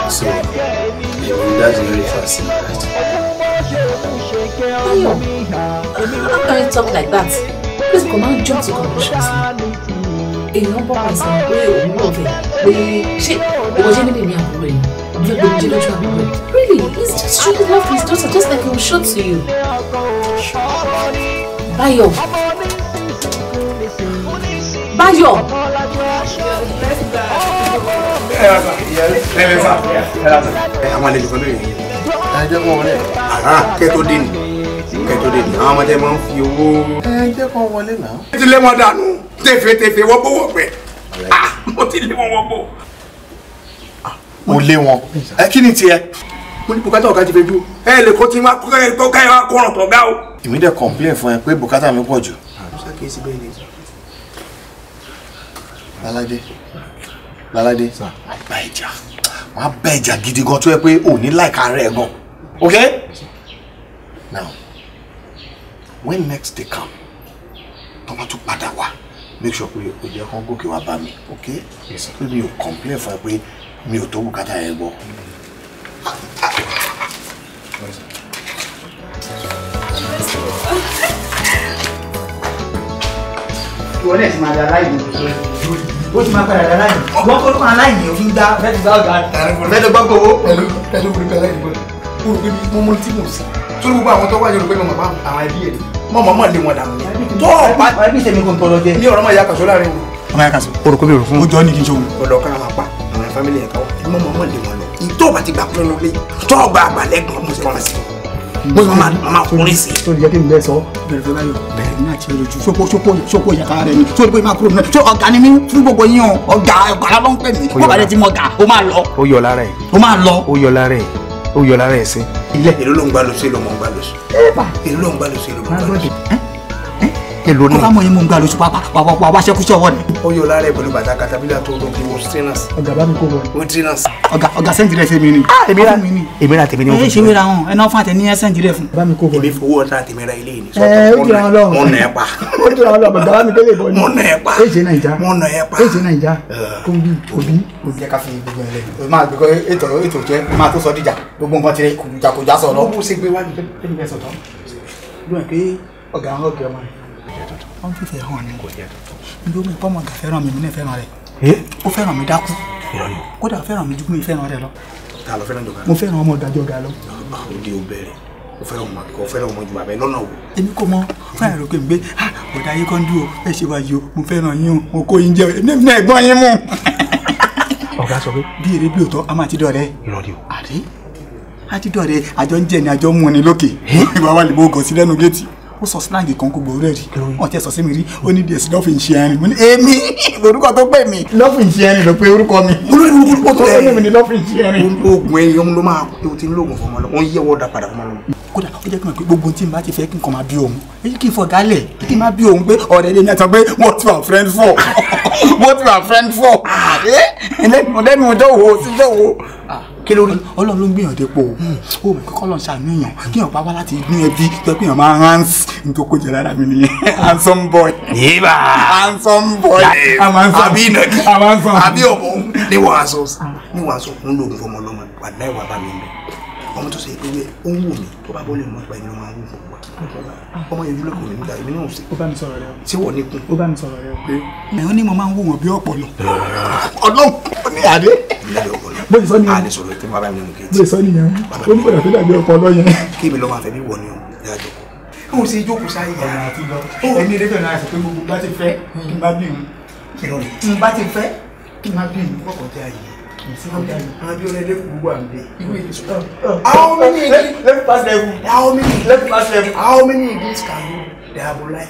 you. So, that's very fascinating how can you talk like that. Please come and jump to conclusions. A number pa ìsàn pé òun lọ fẹ̀ pé ṣé even in your mi You yìí ọ̀bí ọ̀bí ọ̀bí lọ́jọ́ àbúrò yìí. Really, he's just shooting off his daughter just like he was shot to you. Báyọ̀. Báyọ̀. Ẹ ẹ ẹ ẹ ẹ ẹ ẹ ẹ ẹ ẹ ẹ jẹ́ kó wọlé. àrà kẹ́tó dé ni kẹ́tó dé ni àwọn ọmọdé máa ń fi owó. ẹ jẹ́ kó wọlé náà. ẹ ti lé wọn dànù tẹfẹtẹfẹ wọ́pọ̀ wọ̀pẹ̀ ah, mo ti lé wọn wọ́pọ̀. Ah, mo lé wọn ẹ kí ni tiẹ̀. mo ní bùkátà ọ̀gá ti fẹ́ ju. ẹ lè kó tí wá kó káyọ̀ kó káyọ̀ wá kọ̀ràn tọ̀gá o. èmi dẹ̀ kọ̀ǹpilẹ̀ fún ẹ pé bùkátà mi pọ̀ jù. Láládé Láládé máa bá ìjà máa bá ìjà gidi gan tó yẹ pé òní láìka rẹ̀ gan. Okay? Now, when next they come, tó bá tún make sure pé o jẹ́ kán go wá bá okay? Yes, sir. Pé mi ò complain fún ẹ pé mi ò tó bùkátà ẹ gbọ́. Ìwọ náà line? máa da aláìní òkè. Ó ti máa padà da aláìní. Wọ́n kọ́ ló máa aláìní òfin gbá. Bẹ́ẹ̀ni gbá ọ̀gá. Bẹ́ẹ̀ni gbá gbowó pẹ̀lú pẹ̀lú pẹ̀lú pẹ̀lú kó rò pé mo mọ tí mo sì tó gbogbo àwọn tó wà yóò rò pé mo mọ̀ bá àwọn ẹbí ẹ̀ mọ̀ mọ̀ mọ̀ lé wọn dànù ni. tó o bá ẹbí sẹ́mi kò ń tọ́ lọ jẹ́. ní ọ̀rọ̀ mọ̀ ìyá kàṣọ láàrin o. ọmọ ìyá kàṣọ o rò pé mi rò fún. ó jọ ní kí n ṣe òun. ọ̀dọ̀ kan máa pa àwọn fámìlì ẹ̀ka wa mọ̀ mọ̀ mọ̀ lé wọn lọ. tó o bá ti gbà pé ló lé tó o gba àgbàlẹ̀ gan mo sì kọ́ mo sọ ma ma kúrin sí. tó lè jẹ́ kí n bẹ́ẹ̀ sọ bẹ̀rẹ̀ fẹ́ báyọ̀ bẹ̀rẹ̀ ní àti ẹ̀rọ ju sọ́kò sọ́kò sọ́kò yàrá rẹ̀ ni tó lè pé máa kúrò náà tó ọ̀gá ni mí fún gbogbo yín o ọ̀gá ọ̀gá ló ń pè mí bọ́ọ̀bà rẹ̀ ti mọ̀ o máa lọ. ó yọ lára ẹ̀. o máa lọ. ó yọ lára ẹ̀. O yo la veces y le tiro lo el se lo El ngbalo se. Ah, eh el lo ngbalo se lo ¿eh? èlò ni. kọ́mọ yín mú un gbà lóṣù pápá wà wá ṣẹ́kúṣẹ́ ọwọ́ ni. ó yọ lára ẹ̀ pẹ̀lú bàtà katapila tó lọ wo trainers. ọ̀gá bá mi kó wọ. wo trainers. ọ̀gá ọ̀gá sẹ́ǹtì rẹ̀ ṣe ah, mi ni. èmi ra èmi ra tèmi ni mo fi ṣe. ẹ ṣe wéra hàn ẹná fún àtẹni ẹ sẹ́ǹtì rẹ̀ fún. bá mi kó wọ. èmi fowó ọ̀tá tèmi ra ilé ìní. ẹ ó dira wọn lọ́rùn. mo nà ẹ pa. ó dira wọn lọ́rùn bàbá mi kélé ìbọn ni. mo nà ẹ pa. ẹ ṣe nàìjà. mo nà ẹ pa. ẹ ṣe nàìjà. kòbí o jẹ ká fi gbogbo ẹ ti kùjà kùjà lọ tuntun. wọ́n ti fẹ́ hàn ni. kò jẹ́ tuntun. ǹjẹ́ o mi fẹ́ràn mi mi náà fẹ́ràn rẹ̀. ó fẹ́ràn mi dákú. kódà fẹ́ràn mi ju fẹ́ràn rẹ̀ lọ. mo fẹ́ràn ọmọ ìdájọ́ ga lọ. èmi kò mọ fúnra rẹ pé gbé bọ̀dá yín kan dúró ẹ ṣe wáyé o mo fẹ́ràn yín o mo kó yín jẹ èmi náà gbọ́n yín mú. ọ̀gá sọ pé. bí èrè bí òótọ́ a máa ti dọ̀rẹ́. ìrọ̀lẹ́ o. àdé àti dọ̀rẹ́ àjọ ń jẹ ni àjọ ń mu ni lókè. ìbáwá lè bó gàn sí lẹ́nu géètì ó sọ slang kan kó gbòòrò rí wọn ti sọ sí mi rí ó ní bíẹ̀sì lọ́ọ̀fì ń ṣe ẹrin mo ní èmi orúkọ tó pè mí lọ́ọ̀fì ń ṣe ẹrin ló pe orúkọ mi orúkọ tó pè mí ni lọ́ọ̀fì ń ṣe ẹrin. oògùn ẹyin ọmọ ló máa tó ti ń lóògùn fún ọmọ lọ wọn yẹ wọ́n dá padà fún ọmọ lọ. kódà ó jẹ́ kí n mọ̀ pé gbogbo tí n bá ti fẹ́ kí n kàn máa bí òun èyí kì í fọ gálẹ̀ kí n máa bí òun pé ọ̀rẹ́ ilé mi àti pé what you are friend for what you are friend for ah. eh? lẹ́nu ọjọ́ wo síjọ́ wo. Ah kí lórí. ọlọ́run ló ń gbìyànjú epo o mọ̀ kọ́kọ́ lọ́n ṣàánú èèyàn kí èèyàn bá wá láti inú ẹbí tó pé èèyàn máa hans nítorí kò jẹ́ lára mi nìyẹn [laughs] handsome boy. yéèbà handsome boy àbí ìnàkí àbí ọ̀bọ ní wàásù ní wàásù ń lò fún ọmọ ọlọ́mọ wà láì wà bá mi lọ ọmọ tó ṣe pé ó ń wù mí tó bá bọ́ lè mọ ìgbà ìlú máa ń wù mí ọmọ yẹn dúró kò ní da èmi náà ṣe. ó bá mi sọ̀rọ̀ rẹ o. ṣé wọ́n ní kun. ó bá mi sọ̀rọ̀ rẹ o. pé ni mo máa ń wò wọ́n bí ọ̀pọ̀lọ. ọlọ́run ó ní àdé. bó ti sọ nìyẹn. àdé sọ̀rọ̀ tí bàbá mi nù kéèjì. bó ti sọ nìyẹn. ó ní bọ̀dà tó dàbí ọ̀pọ̀lọ yẹn. kí èmi lọ́ máa fẹ́ bí wọ ni o ìdájọ́. ó ṣe ìjókòó sáyé yàrá àti lọ. ẹni rẹ́fẹ̀ náà sọ pé gbogbo bá ti fẹ́ How many let, me pass them. How many let me pass them. How many English can you diabolize?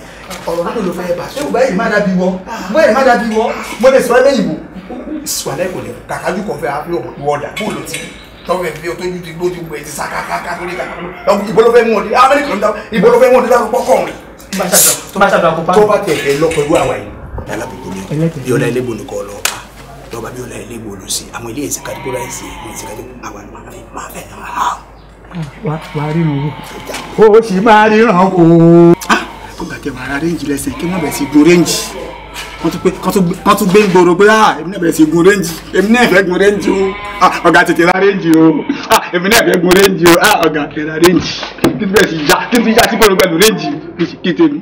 Ọ̀rọ̀ náà ló fẹ́ bá ṣe. Ṣé báyìí má dàbí wọ́n? Báyìí má dàbí wọ́n? Mo lè sọ ẹ́ lẹ́yìnbó. Ìsìwálẹ̀ kò lè kàkájú kan fẹ́ àfi ọ̀pọ̀ ọ̀dà kó lọ sí. Tọ́wọ́ ẹ̀ fi ojú ti gbójú gbé ti sàkàkàkà lórí kàkà. Ìbò ló fẹ́ mú ọdí. Amẹ́lí kò ń dá ìbò ló fẹ́ mú ọdí lákòókò kọ̀ọ̀rin. Tó bá tẹ̀ ẹ̀ lọ pẹ̀lú àwa yìí. Yọ̀lá ẹlẹ́bùn nìkan lọ lọ́ba bí ọlá ilé ìwòlò sí àwọn ilé ìsìn categorize ìwé ìsìn categorize àwọn máa fẹ́ máa fẹ́ wà á ríran o ó sì máa ríran o. tó gbà kí wọn ara rẹ́ǹjì lẹ́sẹ̀ kí wọ́n bẹ̀rẹ̀ sí gun rẹ́ǹjì wọ́n tún gbé gbòòrò pé ah, èmi náà bẹ̀rẹ̀ sí gun rẹ́ǹjì èmi náà fẹ́ gun rẹ́ǹjì o ah, ọ̀gá tètè ra rẹ́ǹjì o ah, èmi náà fẹ́ gun rẹ́ǹjì o ọ̀gá tètè ra rẹ́ǹjì kí tún bẹ̀rẹ̀ sí ya kí tún ya sí pẹ̀lú pẹ̀lú rẹ́ǹjì kí tèmi.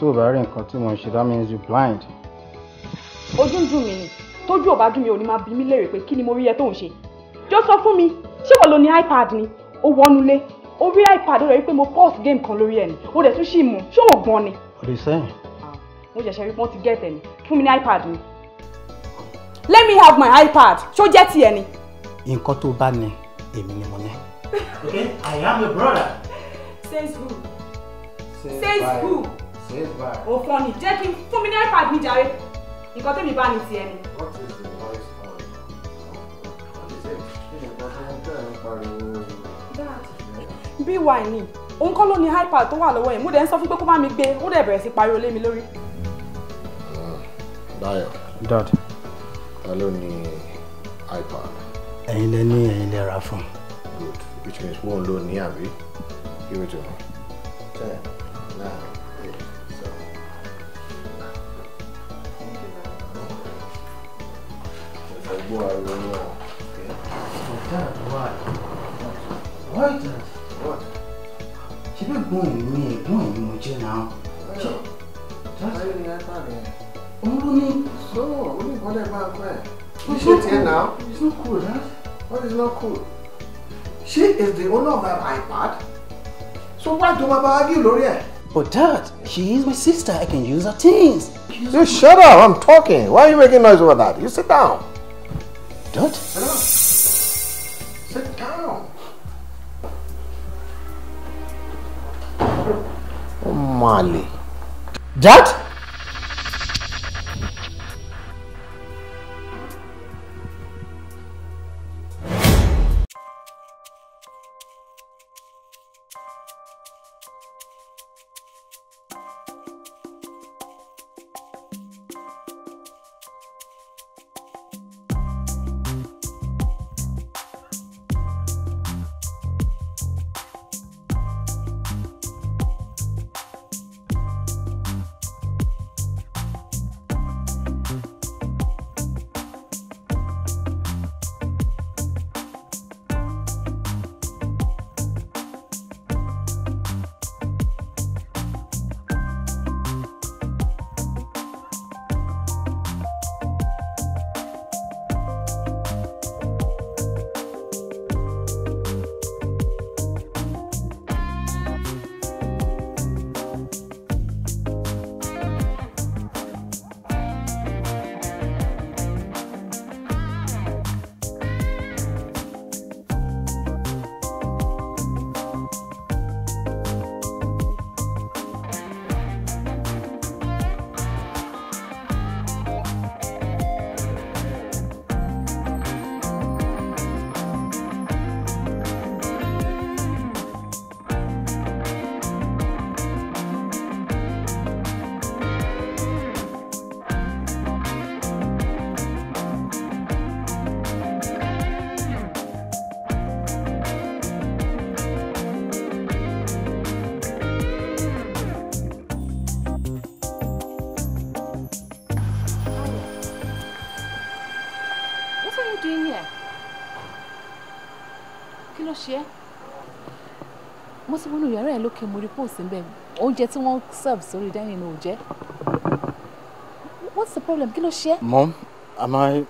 tó o bá rí nǹkan tí mo ń ṣe that means you blind. ojú ń dùn mí ni tójú ò bá dùn mí ò ní máa bi mí léèrè pé kí ni mo rí ẹ tó ń ṣe jọ sọ fún mi ṣé wọ́n lo ní ipad ni ó wọnúlé ó rí ipad rẹ̀ pé mo pause game kan lórí ẹ̀ ni ó dẹ̀ tún ṣì mú ṣé wọ́n gbọ́n ni. ó lè sẹ́yìn. Ah, mo ṣẹ̀ṣẹ̀ rí pọ́n ti gẹ̀ẹ́tẹ̀ ni fún mi ní ipad mi. let me have my ipad ṣó jẹ́ tiẹ̀ ni. nǹkan tó bá ní èmi ni mo ní. Okay? I am your brother. Says who? Says, Says who? Says why? Oh funny! jẹ́ kí n fún mi ní iPad mi You got to be ní tiẹ̀ ni. What is the noise called? What is it? Kí ni nǹkan tó ń tẹ̀lé pariwo? Dad, BY ni òun kọ́ ló ní iPad tó wà lọ́wọ́ yẹn mo dẹ̀ ń sọ fún mi gbé e, ó dẹ̀ ah, Dad. Ta ló ní iPad? Ẹ̀yin lẹ ní ẹ̀yin lẹ Good which means wọ́n ló ní àbí yóò jọ. ten nine eight seven. ẹ̀gbọ́n ariwo ni ọ̀. Dad, why? Why Dad? Oh, what? Ṣé bí ẹ̀gbọ́n mi ẹ̀gbọ́n mi mo jẹ́ náà? Ṣé báyìí ni ẹ bá rẹ̀? Òun ló ní. So, ó ní ìkọ́lẹ̀ máa pẹ́. Kí ṣe tiẹ̀ náà? It's not cool, Dad. What is not cool? She is the owner of that iPad. So why do Baba argue lórí ẹ̀? But Dad, she is my sister. I can use her things. you shut up. I'm talking. Why are you making noise over that? You sit down. Dad? Sit down. Oh, Mali. Dad? ẹ̀ lókè mo rí póòsì ń bẹ̀ oúnjẹ tí wọ́n serve sórí dining ò jẹ́ what's the problem kí ló ṣe. mom am I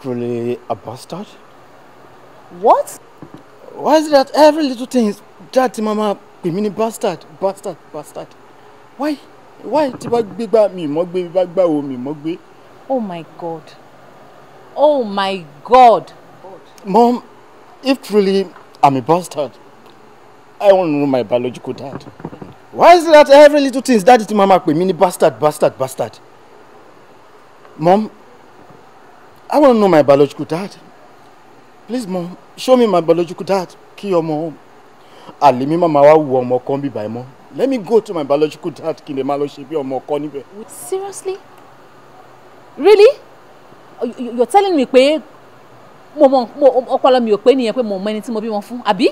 truly a bastard. what. why is it that every little thing is dad ti mama pè mí ní bastard bastard bastard why why tí bá gbé gbá mi mọ́ gbé bá gbá wo mi mọ́ gbé. oh my god oh my god. mom if truly I'm a bastard I want to know my biological dad. Why is it that every little thing is daddy to mama pè mí bastard bastard bastard? Mom, I want to know my biological dad. Please mom, show me my biological dad. Kí ọmọ àlè mi máa wá wu ọmọ kan bíbá ẹ mọ́. Let me go to my biological dad kí n lè máa lọ ṣe bí ọmọ kan níbẹ̀. Seriously? Really? Oh, you're telling me pé mom, mom, ọpọlọ mi ò pé nìyẹn mom mo mọ ẹni tí mo bímọ fún àbí?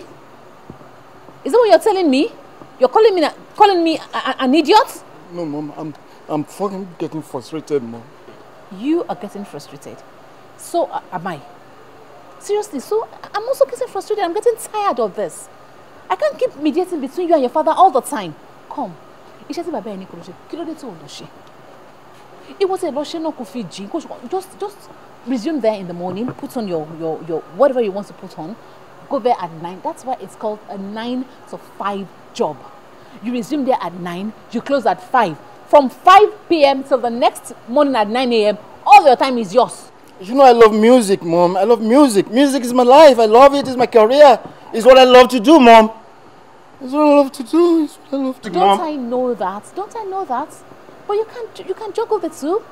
Is that what you're telling me? You're calling me, calling me an idiot? No, mom, I'm, I'm fucking getting frustrated, mom. You are getting frustrated. So uh, am I. Seriously, so I'm also getting frustrated. I'm getting tired of this. I can't keep mediating between you and your father all the time. Come, iṣẹ́ tí a ẹni kò lọ ṣe kí ló dé tí ò lọ ṣe? Ìwọ tí ẹ lọ ṣe náà just just resume there in the morning put on your your your whatever you want to put on go there at nine. That's why it's called a nine to five job. You resume there at nine. you close at five. From 5 p.m. till the next morning at 9 a.m., all your time is yours. You know, I love music, Mom. I love music. Music is my life. I love it. It's my career. It's what I love to do, Mom. It's what I love to do. It's what I love to do. Don't Mom. I know that? Don't I know that? But you can't, you can juggle the two.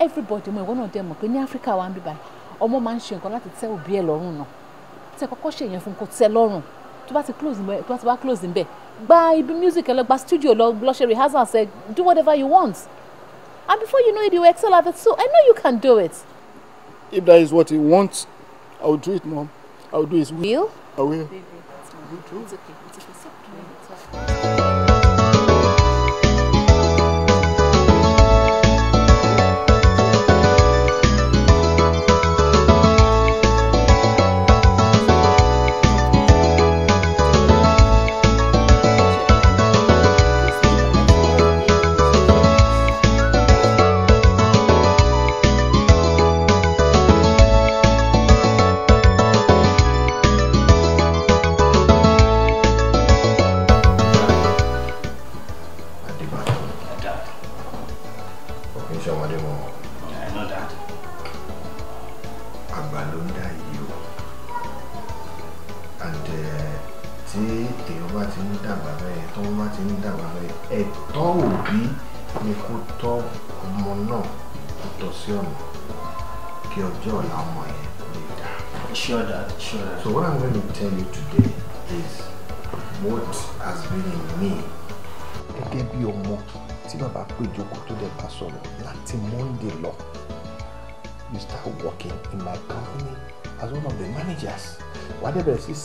Everybody, one of them, in Africa, one by. Ọmọ máa ń ṣe nǹkan to tẹ́ òbí ẹ̀ tẹ kọ́kọ́ ṣe yẹn fún kò tẹ́ lọ́rùn tó bá ti close nbẹ tó bá ti wá close nbẹ gba ibi music ẹ lọ gba studio lọ lọ ṣe rehearsal ṣe do whatever you want and before you know it you will excel at it so I know you can do it. If that is what he wants I will do it mom I will do his will. I will. Baby, okay.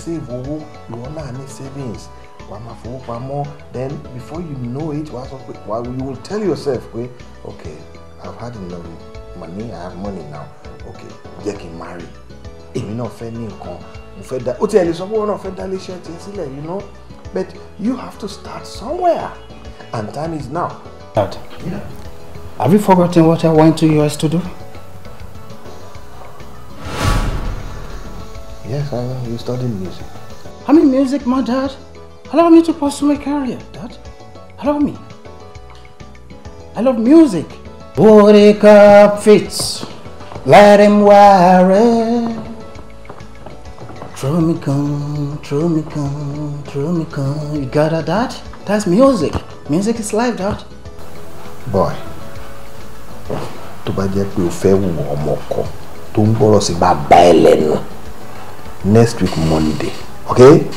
save owó ìwọ náà ní savings wà á máa fowó pamọ́ then before you know it wà á sọ pé wà you will tell yourself pé okay i have had enough money i have money now okay jẹ́ kí n marry èmi náà fẹ́ ní nǹkan mo fẹ́ dá ó ti ẹ̀ lè sọ pé wọn náà fẹ́ dá iléeṣẹ́ tiẹ̀ sílẹ̀ you know but you have to start somewhere and time is now. Dad, yeah. have you forgotten what I went to US to do? I, you study music. I mean music, my dad. Allow me to pursue my career, dad. Allow me. I love music. Booty cup fits, let him wear it. Throw me come, throw me come, throw me come. You got that? Dad? That's music. Music is life, dad. Boy, to bá jẹ́ pé o fẹ́ wù ọmọ ọkọ tó ń gbọ́rọ̀ next week Monday. Okay?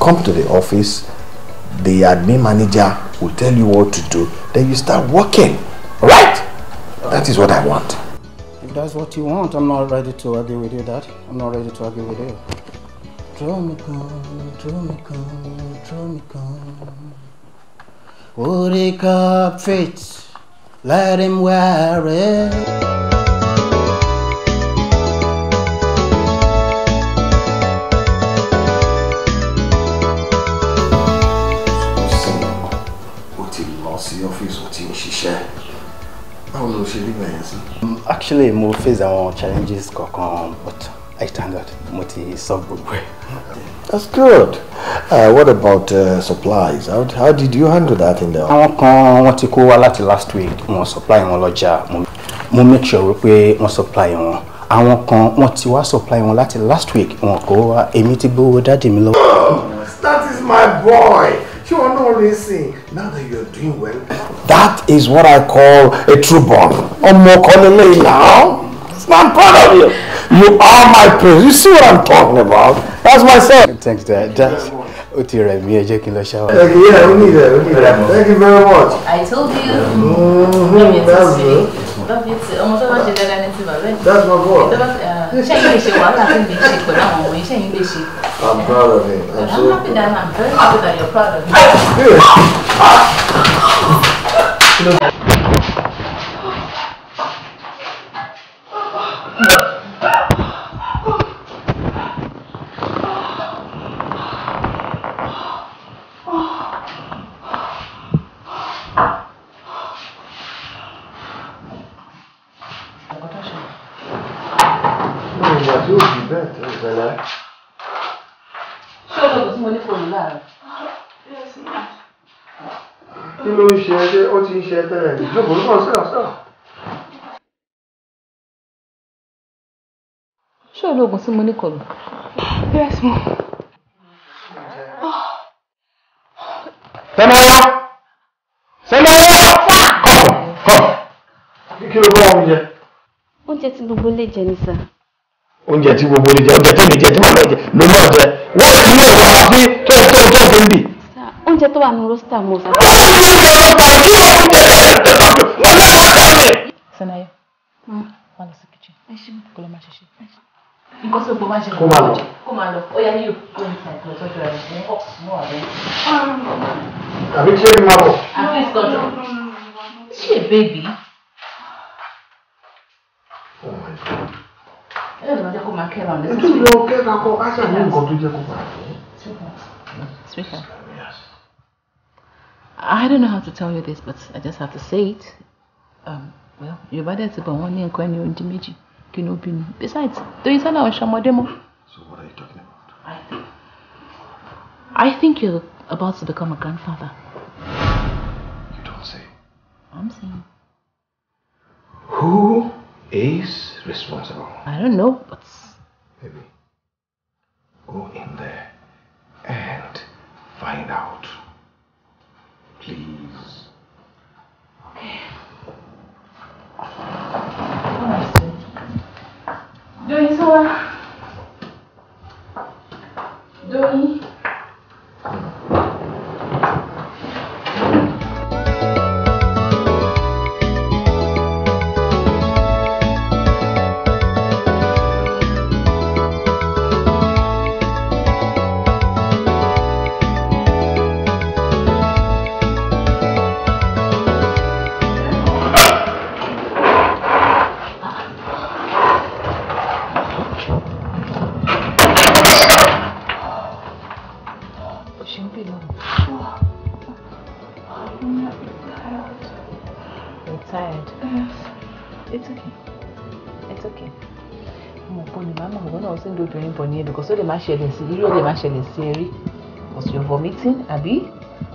Come to the office. The admin manager will tell you what to do. Then you start working. Right? That is what I want. If that's what you want, I'm not ready to argue with you, Dad. I'm not ready to argue with you. Draw me come, draw me come, draw me come. Would he cup fit? Let him wear it. báwo ló ṣe nígbà yẹn sí. actually mo face àwọn challenges kankan but i stand out mo ti solve gbogbo ẹ. that's good uh, what about uh, supplies how, how did you handle that in there. àwọn kan wọ́n ti kó wá láti last week wọ́n supply wọn lọ́jà mo make sure wípé wọ́n supply wọn àwọn kan wọ́n ti wá supply wọn láti last week wọ́n kó wá èmi ti gbówó dáàdì mi lọ. that is my boy ṣé wọn náà racing. now that you are doing well. that is what I call a true born calling me now I'm proud of you you are my prince you see what I'm talking about that's my son. thanks dad dad o ti rẹ̀ mí ẹ jẹ́ kí n lọ ṣáwá. ẹ kì í yẹ o ní ìrẹ̀ o ní ìrẹ̀ thank you very much. I told you. Mm-hmm. love you too love you too ọmọ tó bá ṣe dáadáa ní ti bàbá ẹ. that's my boy. Uh, ṣé yín lè ṣe wàhálà tí mi ṣe pẹ̀lú àwọn ọmọ yín ṣé yín lè ṣe. I'm proud of him. I'm, I'm happy that I'm very happy that you're proud of him. [laughs] ṣe ẹ ó ti ń ṣe tẹ́lẹ̀ jókòó náà sáà sáà. ṣé olóògùn tí mo ní kọlù. yes mo. sẹ́mẹ́rẹ́ sẹ́mẹ́rẹ́ kọ̀ kọ̀ kí ló bá oúnjẹ. oúnjẹ tí gbogbo lè jẹ ní sà. oúnjẹ tí gbogbo lè jẹ oúnjẹ tẹ̀lé jẹ tí wọ́n lọ jẹ ló náà jẹ wọ́n lè fi náà wọ́n fi tó tó tó fi oúnjẹ tó wà ní rosta mo sá. sanayo hmm. wà lọ sí kitchen kó lọ máa ṣiṣẹ́. nǹkan tí gbogbo máa ń ṣe kó máa lọ kó máa lọ ó yá ní yóò kó ní sàìtì ọjọ́ ìrìn àjò ní ọ̀pọ̀ náà rẹ̀. àbí kí ẹni máa bọ̀. àbí ìsọjọ ṣe bèbí. ẹ lọ́ọ́ jẹ́ kó máa kẹ́ra ọ̀nà. ètò ìlọ kẹ́ra kọ aṣáájú nǹkan tó jẹ́ kó padà. Sweetheart. I don't know how to tell you this, but I just have to say it. Um, well, you've added to but one and Kwenye and Dimiji. Can you open? Besides, there is an hour So, what are you talking about? I, I think you're about to become a grandfather. You don't say. I'm saying. Who is responsible? I don't know, but. Maybe. Go in there and find out please. Okay. Doing so. Doing. tired. [sighs] It's okay. It's okay. Mo pọ̀ ní màmá ọ̀gbọ́n náà sì ń dodo yín bọ̀ ní ẹ̀ because ó lè ṣẹlẹ̀ sí irú ó lè ṣẹlẹ̀ sí eré because you're vomiting àbí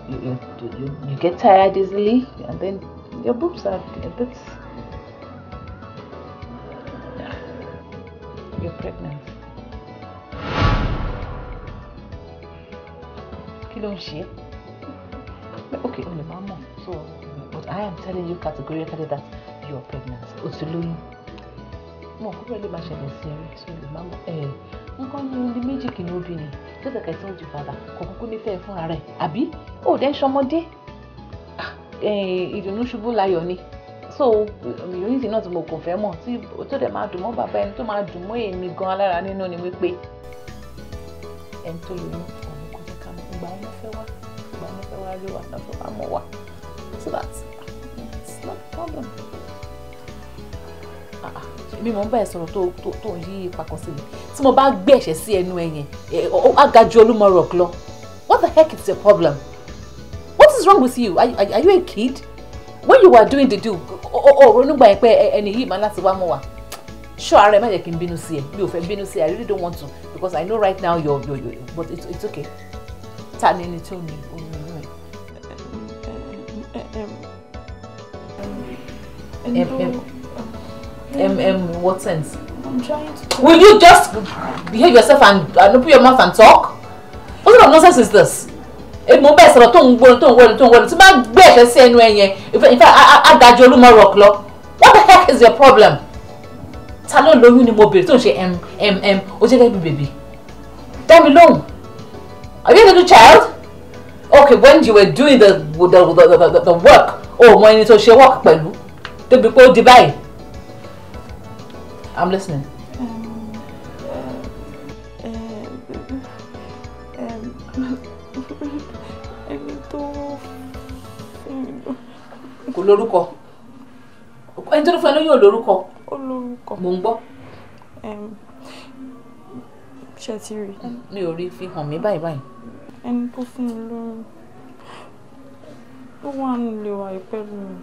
you, you, you, you get tired easily and then your boobs are a bit. [sighs] You're pregnant. Kí ló ń ṣe Okay, ó lè mọ̀ so. I am telling you categorically that you are pregnant o mo kúrò lè máa ṣẹlẹ̀ sí ẹrí sí olùmọ̀ ẹ̀ nǹkan ní ní méjì kìíní obìnrin tó tẹ̀kẹ́ tí wọ́n ti padà kò kúkú nífẹ̀ẹ́ fúnra rẹ̀ àbí ó dẹ́ sọmọdé ah, ìdùnnú ṣubú layọ̀ ni so um, ìròyìn tí náà tí mo kàn fẹ́ mọ̀ tí tó dẹ̀ máa dùn mọ́ bàbá ẹni tó máa dùn mọ́ èmi gan alára nínú ni wípé ẹni tó lóyún òun kò fẹ́ ká mọ̀ ìgbà wọn fẹ́ wá ìgbà wọn fẹ́ wá lé wa náà fẹ́ wá mọ̀ wá so that's problem. Ah, ah, mi mò ń bá sọ̀rọ̀ tó yí ipa kan sí mi tí mo bá gbé sí ẹnu ẹ yẹn ju olúmọ rock lọ what the heck is your problem what is wrong with you are, are, you a kid when you were doing the do ronúgbà yẹn pé ẹni yìí máa láti wá mọ́ wa sure ara ẹ má jẹ́ kí n bínú sí ẹ mi ò fẹ́ bínú sí ẹ i really don't want to because i know right now you're you're you're but it's it's okay ta ni ẹni tó ní omi inú ẹ. M M M M. what sense? I'm trying to. Will you just behave yourself and, and open your mouth and talk? What sort of nonsense is this? mo bẹ́ẹ̀ sọ̀rọ̀ tó ń gbóná tó ń wọlé tó ń wọlé tí máa gbé ẹ̀fẹ́ sí ẹnu ẹ̀yẹ I adájọ́ olúmọ rock lọ what the heck is your problem? ta ló lóyún ni mo bèrè tó ń ṣe ẹm ẹm ẹm ó jẹ́ gẹ́gẹ́ bí bèbí dá lóhùn are you a little child? okay when you were doing the the the the, the work o mọ ẹni tó ṣe work pẹ̀lú débi pé ó di báyìí. I'm listening. Um, uh, um, ẹni tó kò lórúkọ ẹni tó fún ẹ lóyún ò lórúkọ. ó lórúkọ. mò ń gbọ́. ṣé ti rí. mi ò rí fi hàn mí báyìí báyìí. ẹni tó fún mi lóyún ó wà nílé wa ìpẹ́ lóyún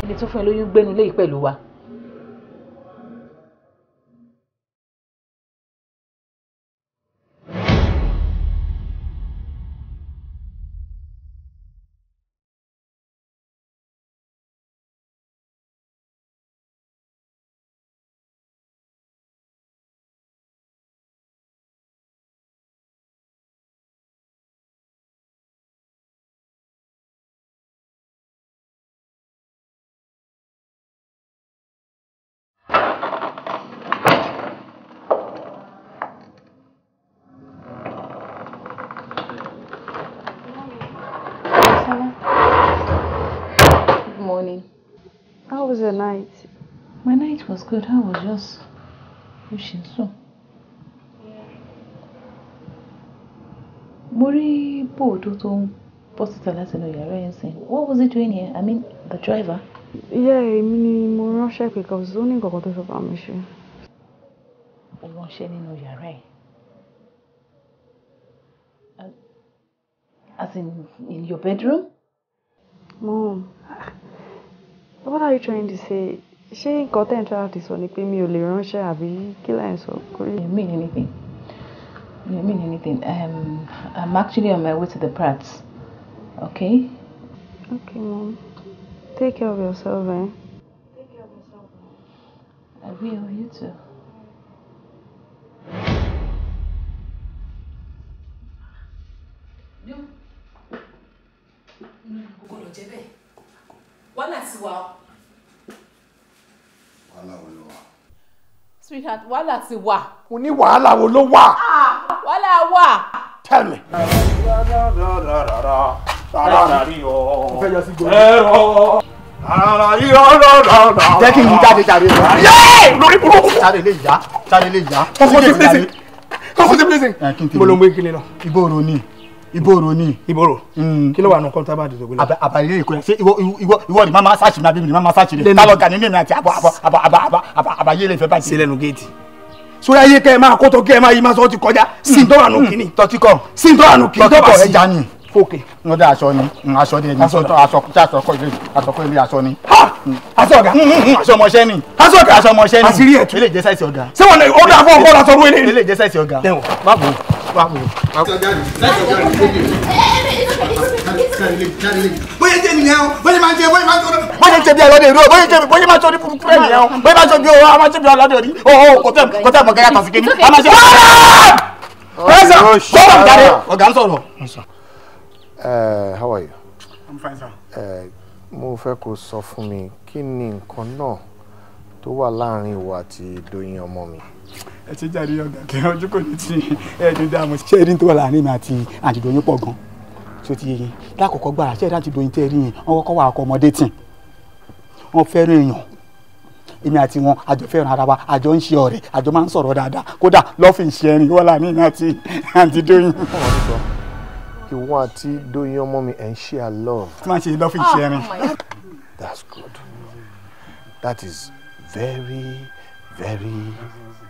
ẹni tó fún ẹ lóyún gbénu léyìí pẹ̀lú wa How was your night? My night was good. I was just Wishing so. Mo rí bòódù tó ń bọ́ síta láti lọ yàrá What was he doing here? I mean the driver. Yeah, I mean, mo ránṣẹ́ pé kò sí ó ní nǹkan kan tó fẹ́ bá mi ṣe. Ó ránṣẹ́ nínú yàrá As in in your bedroom? Mom. What are you trying to say? Ṣé nǹkan tẹ̀ ń try láti sọ ni pé mi ò lè ránṣẹ́ àbí kí láì sọ? You mean anything? You mean anything? Um, I'm actually on my way to the Pratt. Okay? Okay, mom. Take care of yourself, eh? Take care of yourself. I will, you too. No. No, no, no, no, no, no, no, no, no, no, no, no, wàhálà ti wà. wàhálà wo ló wà. sweetheart wàhálà ti wà. mo ní wàhálà wo ló Ah, wàhálà wà. tell me. mo fẹ́ yọ sí gbòòrò jẹ́ kí n jáde jáde lọ. lórí burúkú. jáde lè yá jáde lè yá. kọ́kọ́ ti pèsè kọ́kọ́ ti pèsè. Eh, mo ló ń gbé kiri lọ. igbó ro ni ìbòrò ni. ìbòrò mm. kí ló wà nù kọ́ńtà bá dùdú gbélé. àbàlẹ́ ìkọ́ ẹ̀ ṣé ìwọ ìwọ ìwọ ni màmá sáàsì mi àbí mi ni màmá sáàsì rẹ̀ tá lọ gà nínú èmi àti àbọ̀ àbọ̀ àbọ̀ àbọ̀ àbọ̀ àbọ̀ àbàyè lè fẹ́ bá ti. sílẹ̀nu géètì. sórí ayé kẹ́ ẹ máa kó tó kẹ́ ẹ máa yí máa sọ ọ́ ti kọjá sí mm. tó wà nù kínní. tọ́tíkọ̀ sí tó wà nù kínní tó bá sí. tọ́tíkọ̀ ẹ já ni. fòkè. wọ́n dá aṣọ ni mm, aṣọ ni ẹni tó aṣọ aṣọ kọ ilé báwo. bóyá jẹ́ nìyẹn o bóyá máa jẹ bóyá máa tọ́ bóyá jẹ bí ọlọ́dẹ ìró bóyá jẹ bóyá máa tọ́ ní kúkú rẹ̀ bóyá máa tọ́ bí o a máa jẹ bí ọlọ́dẹ rí o o kò tẹ̀ kò tẹ̀ a máa jẹ. ẹ̀sán kọ́lọ̀ gàdé ọ̀gá sọ̀rọ̀. Eh, how are you? I'm fine sir. Eh, mo fẹ́ kó sọ fún mi kí ni nǹkan náà tó wà láàrin ìwà àti ìdóyin ọmọ mi ẹ ṣe jáde ọgá kí ọjọ́ kò ní tí ẹ ní dààmú. ṣé erin tó wà láàrin mi àti àjùdòyìn pọ̀ gan tó ti yẹyẹ lákòókò gbàrà ṣé erin àjùdòyìn tẹ́ rí yẹn kọ́kọ́ wà ọkọ ọmọdé tì wọ́n fẹ́ràn èèyàn èmi àti wọn àjọ fẹ́ràn ara wa àjọ ń ṣe ọ̀rẹ́ àjọ máa ń sọ̀rọ̀ dáadáa kódà lọ́ọ̀fì ṣe ẹrin wọ́n láàrin mi àti àjùdòyìn. ìwọ àti dóyin ọmọ mi ẹ̀ ń ṣe àlọ́. tí wọ́n ṣe lọ́ọ̀fì ṣe ẹrin. Oh That's good. That is very, very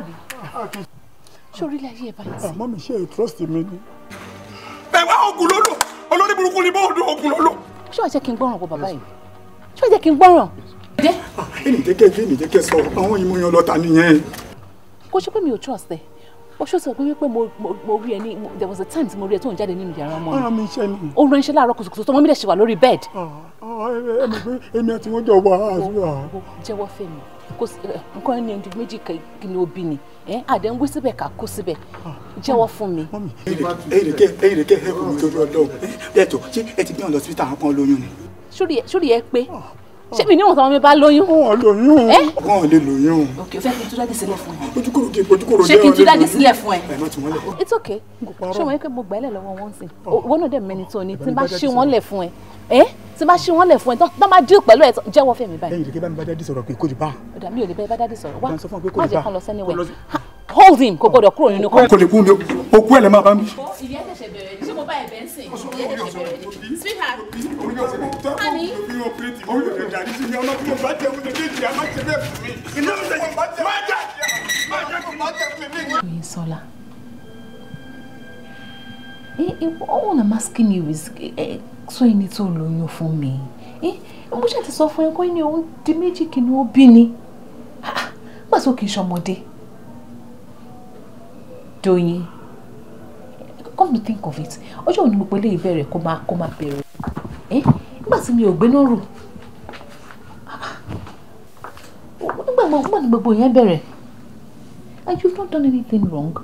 àbí ṣé orílẹ̀ ayé ẹ̀ bá yẹn sí. ṣe é trust mi ni. ẹ wá oògùn lọ́lọ́ olórí burúkú ni bóòdù oògùn lọ́lọ́. ṣé wàá jẹ́ kí n gbọ́ràn bọ bàbá yìí ṣé wàá jẹ́ kí n gbọ́ràn. jẹ́. ẹnìjẹ́kẹ́ jẹ́ ẹnìjẹ́kẹ́ sọ àwọn ìmúyan lọ́ta nìyẹn. kò ṣe pé mi ò trust ẹ ó ṣó sọ pé wípé mo rí ẹ ní there was a time tí mo rí ẹ tó ń jáde nínú yàrá ọmọ mi ó rán iṣẹ́ láàárọ̀ kùtùkùtù tó wọ́n mi lè ṣe wà lórí bẹ́ẹ̀dì. Ah, ah, èmi kó eh, nǹkan ẹni ẹni méjì kìíní obì ni àdé ń wí síbẹ̀ ká kó síbẹ̀ jẹ́wọ́ fún mi. eyìnrèké eyìnrèké ẹ kò ní torí ọlọ́run ẹ jọ ṣé ẹ ti gbé wọn lọ sí ìta àwọn kan lóyún ni. sórí ẹ pé ah ṣé mi níwọ̀n táwọn mi bá lóyún. wọn ò lóyún o wọn ò lè lóyún ok fẹ́ kí n tú dáàdì sílẹ̀ fún ẹ. ojúkòrò kí ojúkòrò jẹ́ ọ̀lẹ́ lóyún. ṣé kí n tú dáàdì sílẹ̀ fún ẹ. it's okay ṣé wọn yẹ kí mo gbà ẹ lẹ lọ́wọ́ wọn sìn owó náà dẹ̀ mẹ́ni tó ni tí n bá ṣí wọn lẹ̀ fún ẹ ẹ tí n bá ṣí wọn lẹ̀ fún ẹ tán máa dín pẹ̀lú ẹ jẹ́wọ́ fẹ́mi báyìí. ẹ̀yin lè hold him bí òun yóò all I'm asking you is sọ ẹni tó lóyún fún mi mo ṣe ti sọ fún ẹ pé ní òun di méjì kìíní ó bí ni pàṣẹ kìí ṣọmọdé Doyin come to think of it ọjọ́ òní gbogbo eléyìí bẹ̀rẹ̀ kó máa kó máa nígbà tí mi ò gbé náà rò nígbà gbogbo ní gbogbo yẹn bẹ̀rẹ̀ and you have not done anything wrong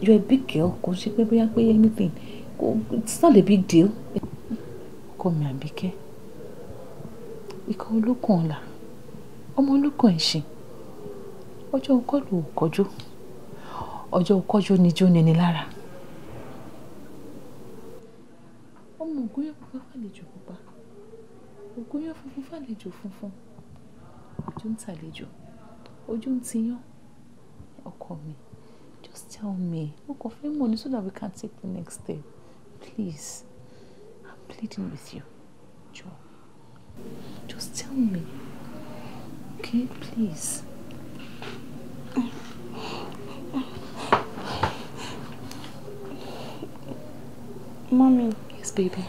you are a big girl kò ṣe pé bóyá pé anything it's not a big deal. ọkọ mi àbíkẹ́ ikọ̀ olókùn ọ̀la ọmọ olókùn ẹ̀sìn ọjọ́ kọlù kọjú ọjọ́ kọjú níjó ni ni lára mọ ògúnyán funfun fàlejò pupa ògúnyán funfun fàlejò funfun ojú ń tàlejò ojú ń tiyán ọkọ mi just tell me mo kàn fẹ́ mọ̀ ní so that we can take the next step please i'm pleading with you jọ just tell me okay please. Mommy. Yes, baby.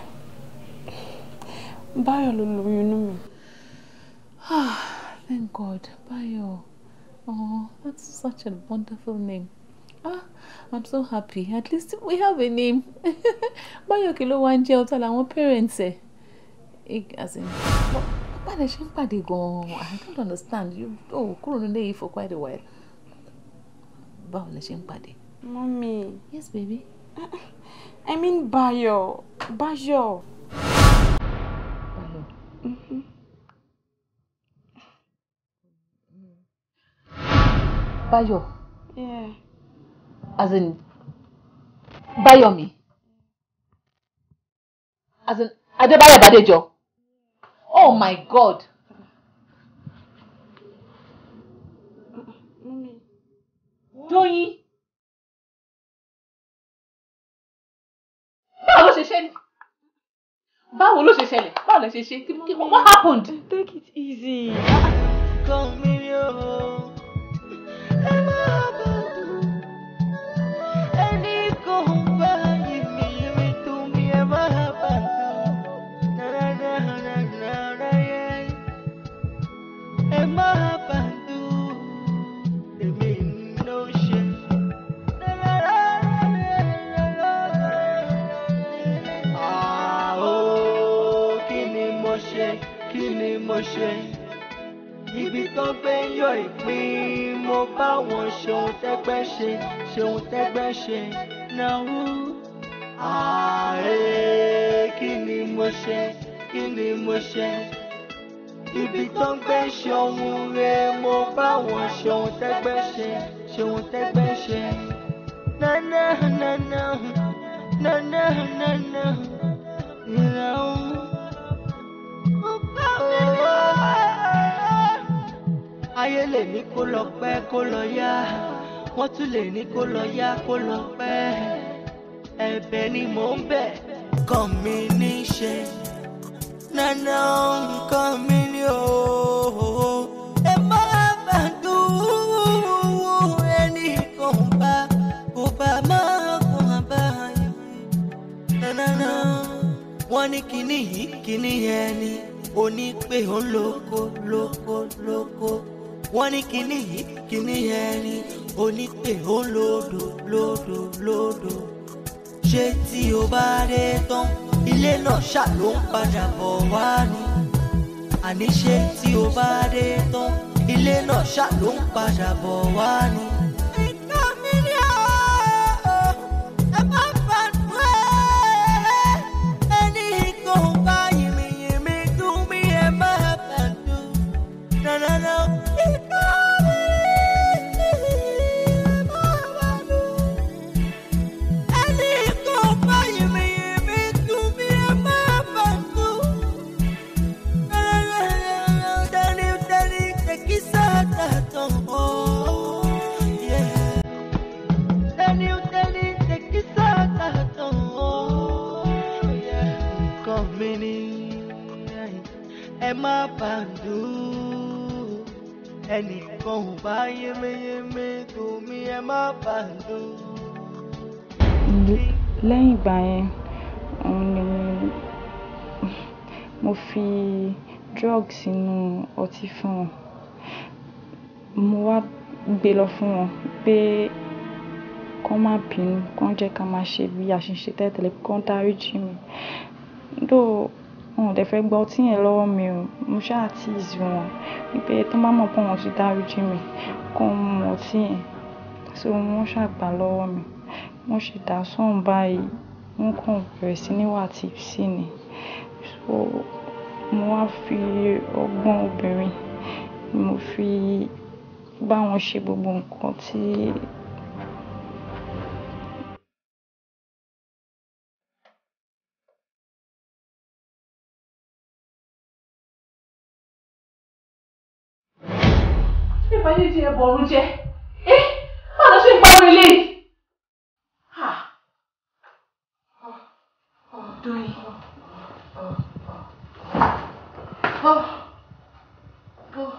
Báyọ̀ ló lóyún inú mi. Ah, thank God, Báyọ̀. Oh, that's such a wonderful name. Ah, I'm so happy. At least we have a name. [laughs] Báyọ̀ kilo ló wá ń jẹ́ ọ̀tá làwọn parents ẹ̀. As in, báyọ̀ ṣe ń pàdé gan-an. I don't understand. You oh, kuro nílé yìí for quite a while. Báwo lẹ ṣe ń pàdé? Mommy. Yes, baby. [laughs] I mean Báyọ̀. Bajo. Mm-hmm. Báyọ̀. Yeah. As in, me. As in, Adébáyọ̀ Bádéjọ. Oh my God. Dóyin. báwo ló ṣe ṣẹlẹ̀ báwo ló ṣe ṣẹlẹ̀ báwo ló ṣe ṣe what happened. take it easy. kàn mo ṣe ibi tó gbé yọ ìpín mo bá wọn ṣeun tẹ́gbẹ́ ṣe ṣeun tẹ́gbẹ́ ṣe náwó ààrẹ kí ni mo ṣe kí ni mo ṣe ibi tó ń gbé ṣeun rẹ mo bá wọn ṣeun tẹ́gbẹ́ ṣe ṣeun tẹ́gbẹ́ ṣe nánánáná nánánáná ìlà òun. táyé lè ní kó lọ pẹ́ kó lọ yá wọ́n tún lè ní kó lọ yá kó lọ pẹ́ ẹ̀bẹ̀ ni mò ń bẹ̀ kàn mí níṣe nana nǹkan mi ni o ẹ má bàdúrà ẹnì kan bá kò nana wọ́n ní kinní yìí kinní yẹn ni oní pé ó ń lóko lóko lóko wọ́n ní kinní yìí kinní ẹni onípè ó ń lòdò lòdò lòdò ṣé tí o bá dé tán ilé náà ṣà ló ń padà bọ̀ wá ni àní ṣé tí o bá dé tán ilé náà ṣà ló ń padà bọ̀ wá ni. má bàǹdù ẹnìkan ò bá yéméyémé tòmí ẹ má bàǹdù. lẹ́yìn ìgbà yẹn òun ni mo fi drug sínú ọtí fún wọn mo wá gbé lọ fún wọn pé kán má bínú kán jẹ́ ká máa ṣe bí a ṣe kán dáríjì mi wọn ò dẹ̀ fẹ́ gba ọtí yẹn lọ́wọ́ mi o mo ṣáà tease wọn wípé tó má mọ̀ pé wọn ti dáríjì mi kàn mu ọtí yẹn so wọ́n ṣàgbà lọ́wọ́ mi wọ́n ṣe dà sọ́hùn báyìí wọ́n kàn bẹ̀rẹ̀ sí ní wà tipsy ni so mo wá fi ọgbọ́n obìnrin mo fi bá wọn ṣe gbogbo nǹkan tí fàyè jẹ ẹbọrún jẹ ẹ má lọ sí ìpamọ́ ilé yìí. Doyin. Oh. Oh. Oh.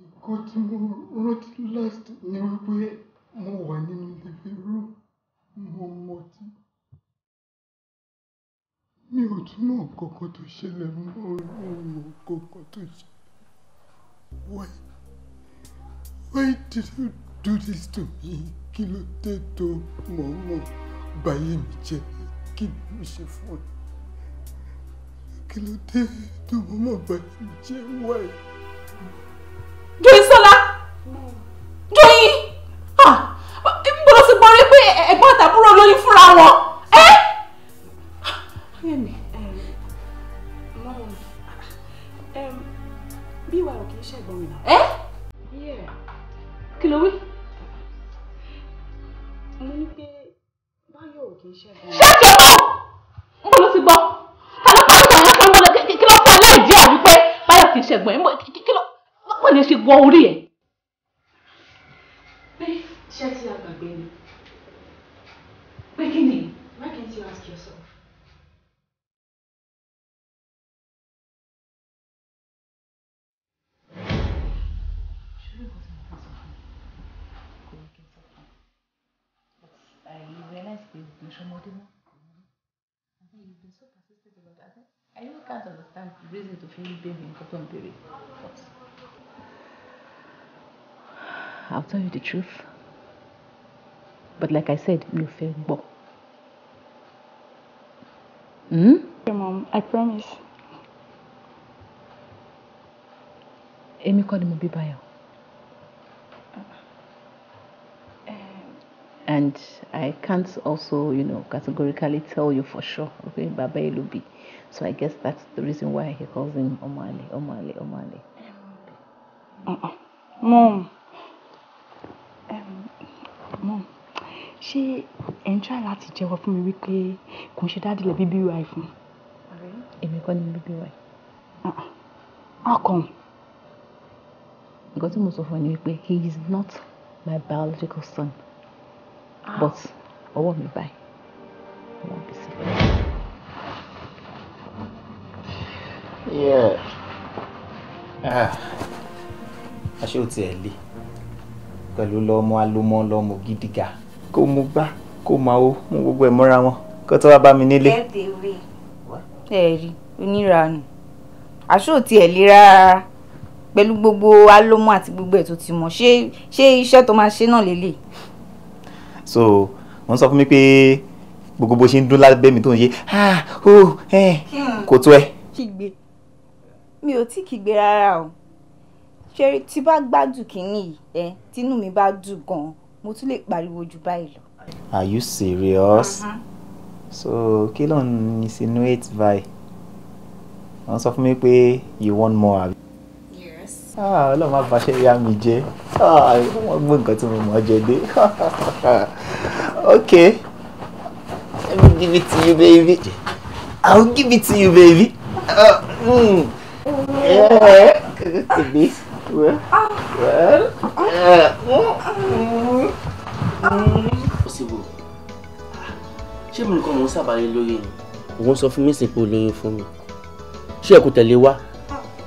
Nǹkan tí mo rántí last ni wípé mo wà nínú living room mo mọtí mi ò tún mọ tó ṣẹlẹ̀ mọ́ ọlọ́run nǹkan kan tó ṣẹlẹ̀ why did you do this to me kí ló dé tó mọ̀ọ́mọ̀ báyé mi jẹ́ kí ni mo ṣe fún ẹ kí ló dé tó mọ̀ọ́mọ̀ báyé mi jẹ́ why. Dúísọ́lá. Mm. shut up n bolo ti gbọ́ tàbí pàṣẹ àwọn ọmọ ọmọ kí ló fẹ́ láì jẹ́ àbí pé báyọ̀ kì í ṣẹ̀gbọ́n kí ló wọ́n lè ṣe gbọ́ orí ẹ̀. I'll tell you the truth. But like I said, you feel more. Hmm? Okay, Mom, I promise. Èmi called ni mo bí Báyọ̀. And I can't also, you know, categorically tell you for sure, okay, Baba Elubi. So I guess that's the reason why he calls him Omale, Omale, Omale. Uh-uh. Mom. Um, Mom. she enjoy ń try láti jẹ́wọ́ fún mi wípé kò daddy le dáàdì wife bíbí wa fún. èmi kọ́ ni bíbí wa. Uh-uh. how come. nǹkan tí mo sọ fún ẹ he is not my biological son but ọwọ́ mi báyìí wọ́n bí sílẹ̀. aṣé ò tiẹ̀ le pẹ̀lú lọ́mọ alómọ lọ́mọ gídígà kó mu gbá kó máa ó mú gbogbo ẹ̀ mọ́ra wọn kó tó wá bá mi nílé. ẹ rí oníranù aṣó ò tiẹ̀ le rárá pẹ̀lú gbogbo alómọ àti gbogbo ẹ̀ tó ti mọ̀ ṣé ṣé iṣẹ́ tó máa ṣe náà lélẹ̀ so wọ́n sọ fún mi pé gbogbo bó ṣe ń dún lábẹ́ mi tó ń ṣe ah oh eh hmm. kò tó ẹ. kígbe mi ò tí kígbe rárá o ṣe tí bá gbádùn kínní yìí ẹ tínú mi bá dùn gan mo tún lè pariwo jù báyìí lọ. are you serious? Uh-huh. so kí ló ń insinuate by wọ́n sọ fún mi pé you want more Ah, ọlọ́run má bàṣẹ ìyá mi jẹ́ wọ́n ah, gbé nǹkan tí mo mọ̀ jẹ dé [laughs] okay let me give it to you baby i will give it to you baby. Uh, mm. yeah. Good to be. Well, well, uh, mm. possible. ṣé mi nìkan mò ń sábà lé lórí ni. òun sọ fún mi sèpò lóyún fún mi ṣé ẹ kò tẹ̀lé wa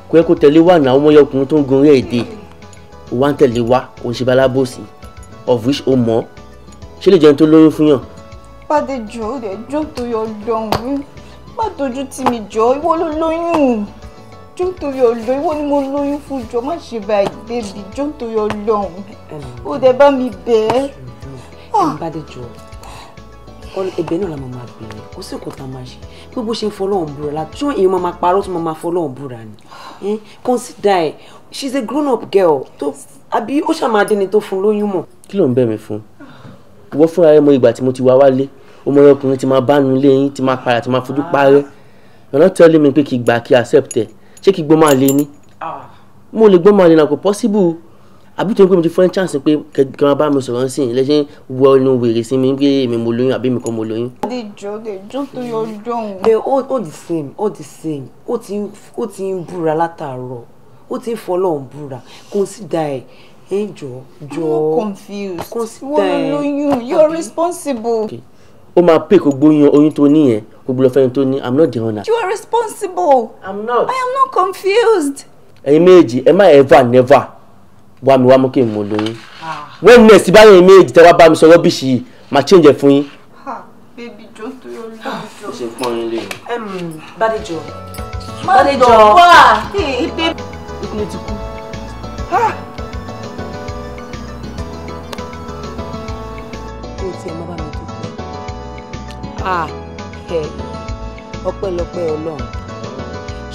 kò yẹ kó tẹ̀lé wà náà ọmọ yọkùnrin tó ń gun orí ẹ̀ ń tẹ̀lé wá o of which o mọ̀ ṣé lè jẹun tó lóyún fún yàn. pàdé jọ ò dé jọ torí Ọlọ́run má dojú tì mí jọ ìwọ ló lóyún jọ torí Ọlọ́run ìwọ ni mo lóyún fún jọ má ṣe báyìí bébì jọ torí Ọlọ́run ó dé bá mi bẹ́ẹ̀. pàdé jọ ẹ̀bẹ̀ náà la máa máa bẹ̀rẹ̀ kó sì kó tá a máa ṣe bí bó ṣe ń fọlọ́hún búra la tí èèyàn máa máa parọ́ tó máa máa fọlọ́hún búra ni consider ẹ̀ she is a grown up girl tó àbí ó ṣàmàdínni tó fún lóyún mọ̀. kí ló ń bẹ̀ mí fún wọ́n fúnra rẹ̀ mọ ìgbà tí mo ti wá wálé ọmọ ọkùnrin ti máa bá nu ilé yín ti máa para ti máa fojú ah. parẹ́ you're not telling me pé kí gbà kí accept ẹ̀ ṣé kí gbọ́ máa lé ní ah. mo lè gbọ́ máa lé náà possible àbí tó ń pè mí ti fún ẹ chance pé kẹkẹ máa bá mi sọ̀rọ̀ sí ilé ṣe wọ inú wèrè sí mi pé èmi mo lóyún àbí èmi kan mo lóyún. they joke they joke to your john. they all all the same all the same ó ti ó ti ń búra látàárọ̀ ó ti ń fọlọ́ ń búra consider ẹ̀ ẹ̀ jọ jọ. i'm confused consider ẹ̀ wọ́n lóyún you're responsible. Okay ó máa pè kó gbóyún oyún tó ní yẹn kó gbọ́dọ̀ tó ní i'm not the owner. you are responsible. i'm not. i am not confused. ẹ̀yin méjì ẹ má ever never wá mi wá mú kí n mú lóyún ah. wọ́n ní ẹ̀sìn báyìí méjì tẹ́ wá bá mi sọ rọ́bìṣì yìí máa change ẹ̀ fún yín. bébí ah, jọ ah, ṣé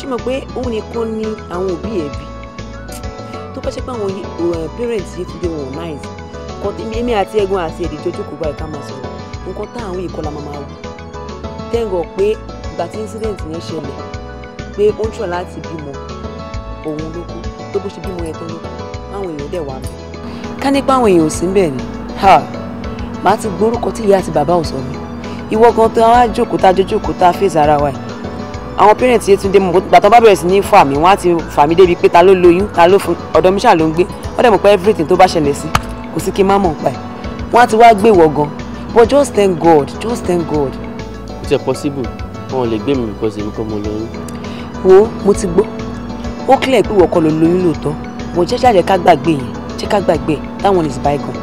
mo pé òun nìkan ni àwọn òbí ẹ̀ tó bá ṣe pé àwọn eh, parents yìí ti dé wọn nice èmi àti ẹ̀gbọ́n àti èdè jọjú kò bá ẹ̀ka máa sọ̀rọ̀ nǹkan táwọn ìkọlà máa wù tẹ́ǹgọ̀ pé ìgbà tí incident yẹn ṣẹlẹ̀ pé ó ń ṣọ̀ láti bímọ òun ló kú tó bó ṣe bímọ yẹn tó ló kú àwọn èèyàn dẹ̀ wà mí. ká nípa àwọn èèyàn ò sí bẹ́ẹ̀ ni màá ti gbórúkọ tí ìyá àti bàbá ò sọ mi ìwọ gan tó wá jókòó tá jókòó tá fèsì ara wa yìí àwọn parents Yétúndé mọ̀ gbàtọ́ bá bẹ̀rẹ̀ sí ní fà mí wọ́n á ti fà mí débi pé ta ló lóyún ta ló fún ọ̀dọ̀ mi ṣáà ló ń gbé wọ́n dẹ̀ mọ̀ pé everything tó bá ṣẹlẹ̀ sí kò sí kí n má mọ̀ pa ẹ̀ wọ́n á ti wá gbé ìwọ gan but just thank God just thank God. ó ti ẹ̀ possible wọn ò lè gbé mi because èmi kọ́ mo lóyún. wo mo ti gbọ́ ó clear pé ìwọ kọ́ ló lóyún lóòótọ́ mo jẹ́ ṣáà jẹ́ ká gbàgbé yẹn jẹ́ ká gbàgbé that one is bygone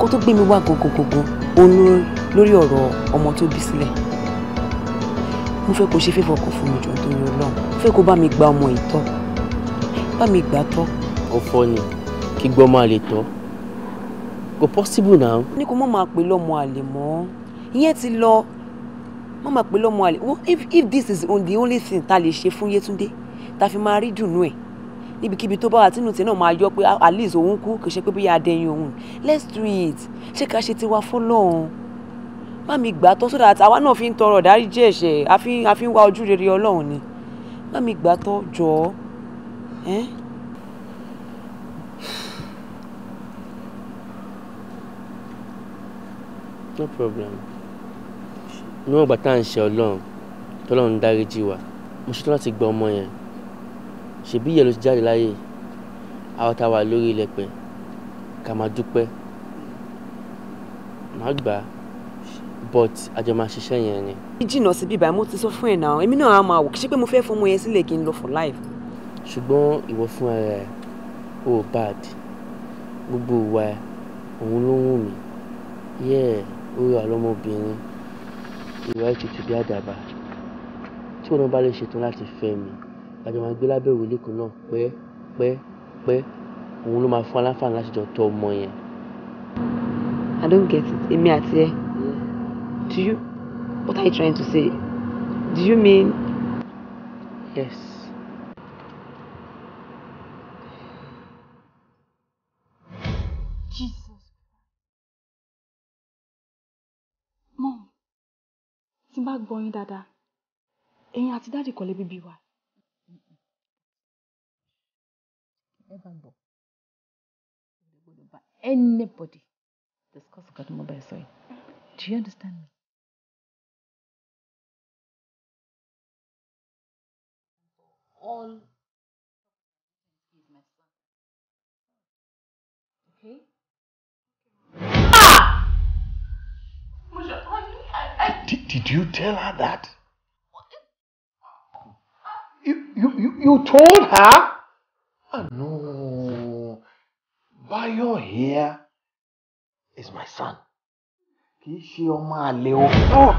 kó tó gbé mi wá gangan gangan òun lórí ọ̀rọ̀ ọmọ tó bí sílẹ̀ mo fẹ́ kó ṣe fífọ̀ kan fún mi jọ nítorí ọlọ́run mo fẹ́ kó bá mi gba ọmọ ìtọ́ bá mi gbà tọ́. ọ̀fọ̀ ni kí gbọ́ máa lè tọ́ kò possible now. ní kò mọ̀ máa pè lọ́mọ àlè mọ́ ìyẹn ti lọ mọ̀ máa pè lọ́mọ àlè well if if this is the only thing ta lè ṣe fún Yétúndé ta fi máa rí dùnú ẹ̀ níbikíbi tó bá wà tínú tí náà máa yọ pé ah, at least òun kú kì í ṣe pé bí adẹ́yìn òun let's do it ṣé ká ṣe tiwa fọlọ́run má mi gbà tọ́ sódà àwa náà fi ń tọrọ ìdáríjì ẹ̀ṣẹ̀ a fi ń wá ojú rere ọlọ́run ni má mi gbà tọ́ jọ̀ọ́. no problem níwọ̀n ìgbà tá à ń ṣe ọlọ́run tọ́lọ́run dáríjì wa mo ṣetán láti gba ọmọ yẹn ṣèbí ìyẹn ló ti jáde láyé àwọn tá a wà lórí ká máa dúpẹ́ má gbà á but àjọ máa ṣiṣẹ́ yẹn ni. jìnnà síbí báyìí mo ti sọ fún ẹ náà èmi náà á máa wò kí ṣe pé mo fẹ́ fún ọmọ yẹn sílẹ̀ kí n lọ for life. ṣùgbọ́n ìwọ fún ẹ ò bad gbogbo ìwà òun ló wù mí yẹ ó rà lọ́mọbìnrin ìwà ètùtù bí àdàbà tí wọn bá lè ṣetán láti fẹ́ mi àjọ máa gbé lábẹ́ òwe lẹ́kọ̀ọ́ náà pẹ́ pẹ́ pẹ́ òun ló máa fún aláǹfààní láti jọ tọ́ ọmọ yẹn. I don't get it èmi àti ẹ. Do you. What are you trying to say? Do you mean. Yes. Jesus. Mom, tí n bá gbọ́ yín dáadáa, ẹ̀yin àti dáàdì kọ́lé bíbí wa. Ẹ bá anybody discuss nǹkan tó mọ bẹ́ẹ̀ sọ Do you understand me? all okay did, did you tell her that you, you, you, you told her oh, no by your hair is my son She i àṣepọ̀ náà naa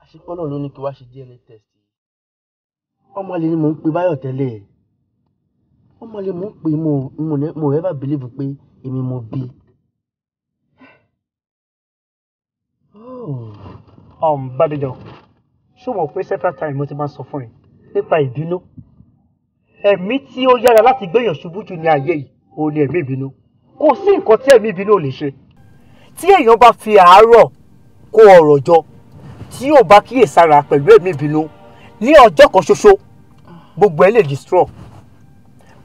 i should naa wá ṣe DNA test ọmọlé ni mò ń pe Báyọ̀ tẹ́lẹ̀ ọmọlé mò ń pe mo mo ever believe pé èmi mo bí. Oh, um, Bádéjọ ṣó mọ̀ pé several times mo ti máa ń sọ fún ẹ nípa ìbínú ẹ̀mí tí ó yára láti gbéyàn ṣubú jù ní ayé yìí òun ni ẹ̀mí ìbínú kò sí nǹkan tí ẹ̀mí ìbínú ò lè ṣe tí èèyàn bá fi àárọ̀ kó ọ̀rọ̀ jọ tí yóò bá kíyèsára pẹ̀lú ẹ̀mí ìbínú ní ọjọ́ kan ṣoṣo gbogbo ẹ lè destroy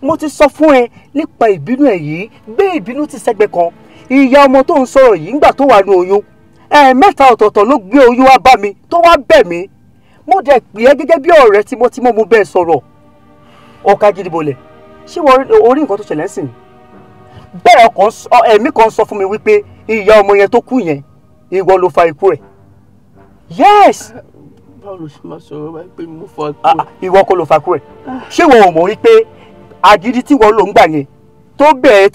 mo ti sọ fún ẹ nípa ìbínú ẹ yìí gbé ìbínú ti sẹ́gbẹ̀ kan ìyá ọmọ tó ń sọ̀rọ̀ yìí ńgbà tó wà ní oyún ẹ̀ẹ̀mẹ́ta ọ̀tọ̀ọ̀tọ̀ ló gbé oyún wá bá mi tó wá bẹ̀ mí mo dẹ̀ pè é gẹ́gẹ́ bí ọ̀rẹ́ tímọ́tímọ́ mo bẹ́ẹ̀ sọ̀rọ̀ ọ̀ka gidibolẹ̀ ṣé wọ́n orí nǹkan tó ṣẹlẹ̀ sìn bẹ́ẹ̀ ẹ̀mí kan sọ fún mi wípé ìyá ọmọ yẹn tó kú yẹn ìwọ ló fa ikú rẹ̀ yes báwo ló ṣe máa sọ̀rọ̀ báyìí pé mo fa ah, kú ẹ̀. Ah, ìwọ kọ́ ló fa kú ẹ̀ ah. ṣé wọn ò mọ̀ wípé agídí tí wọ́n lò ń gbà yẹn tó bẹ̀ẹ́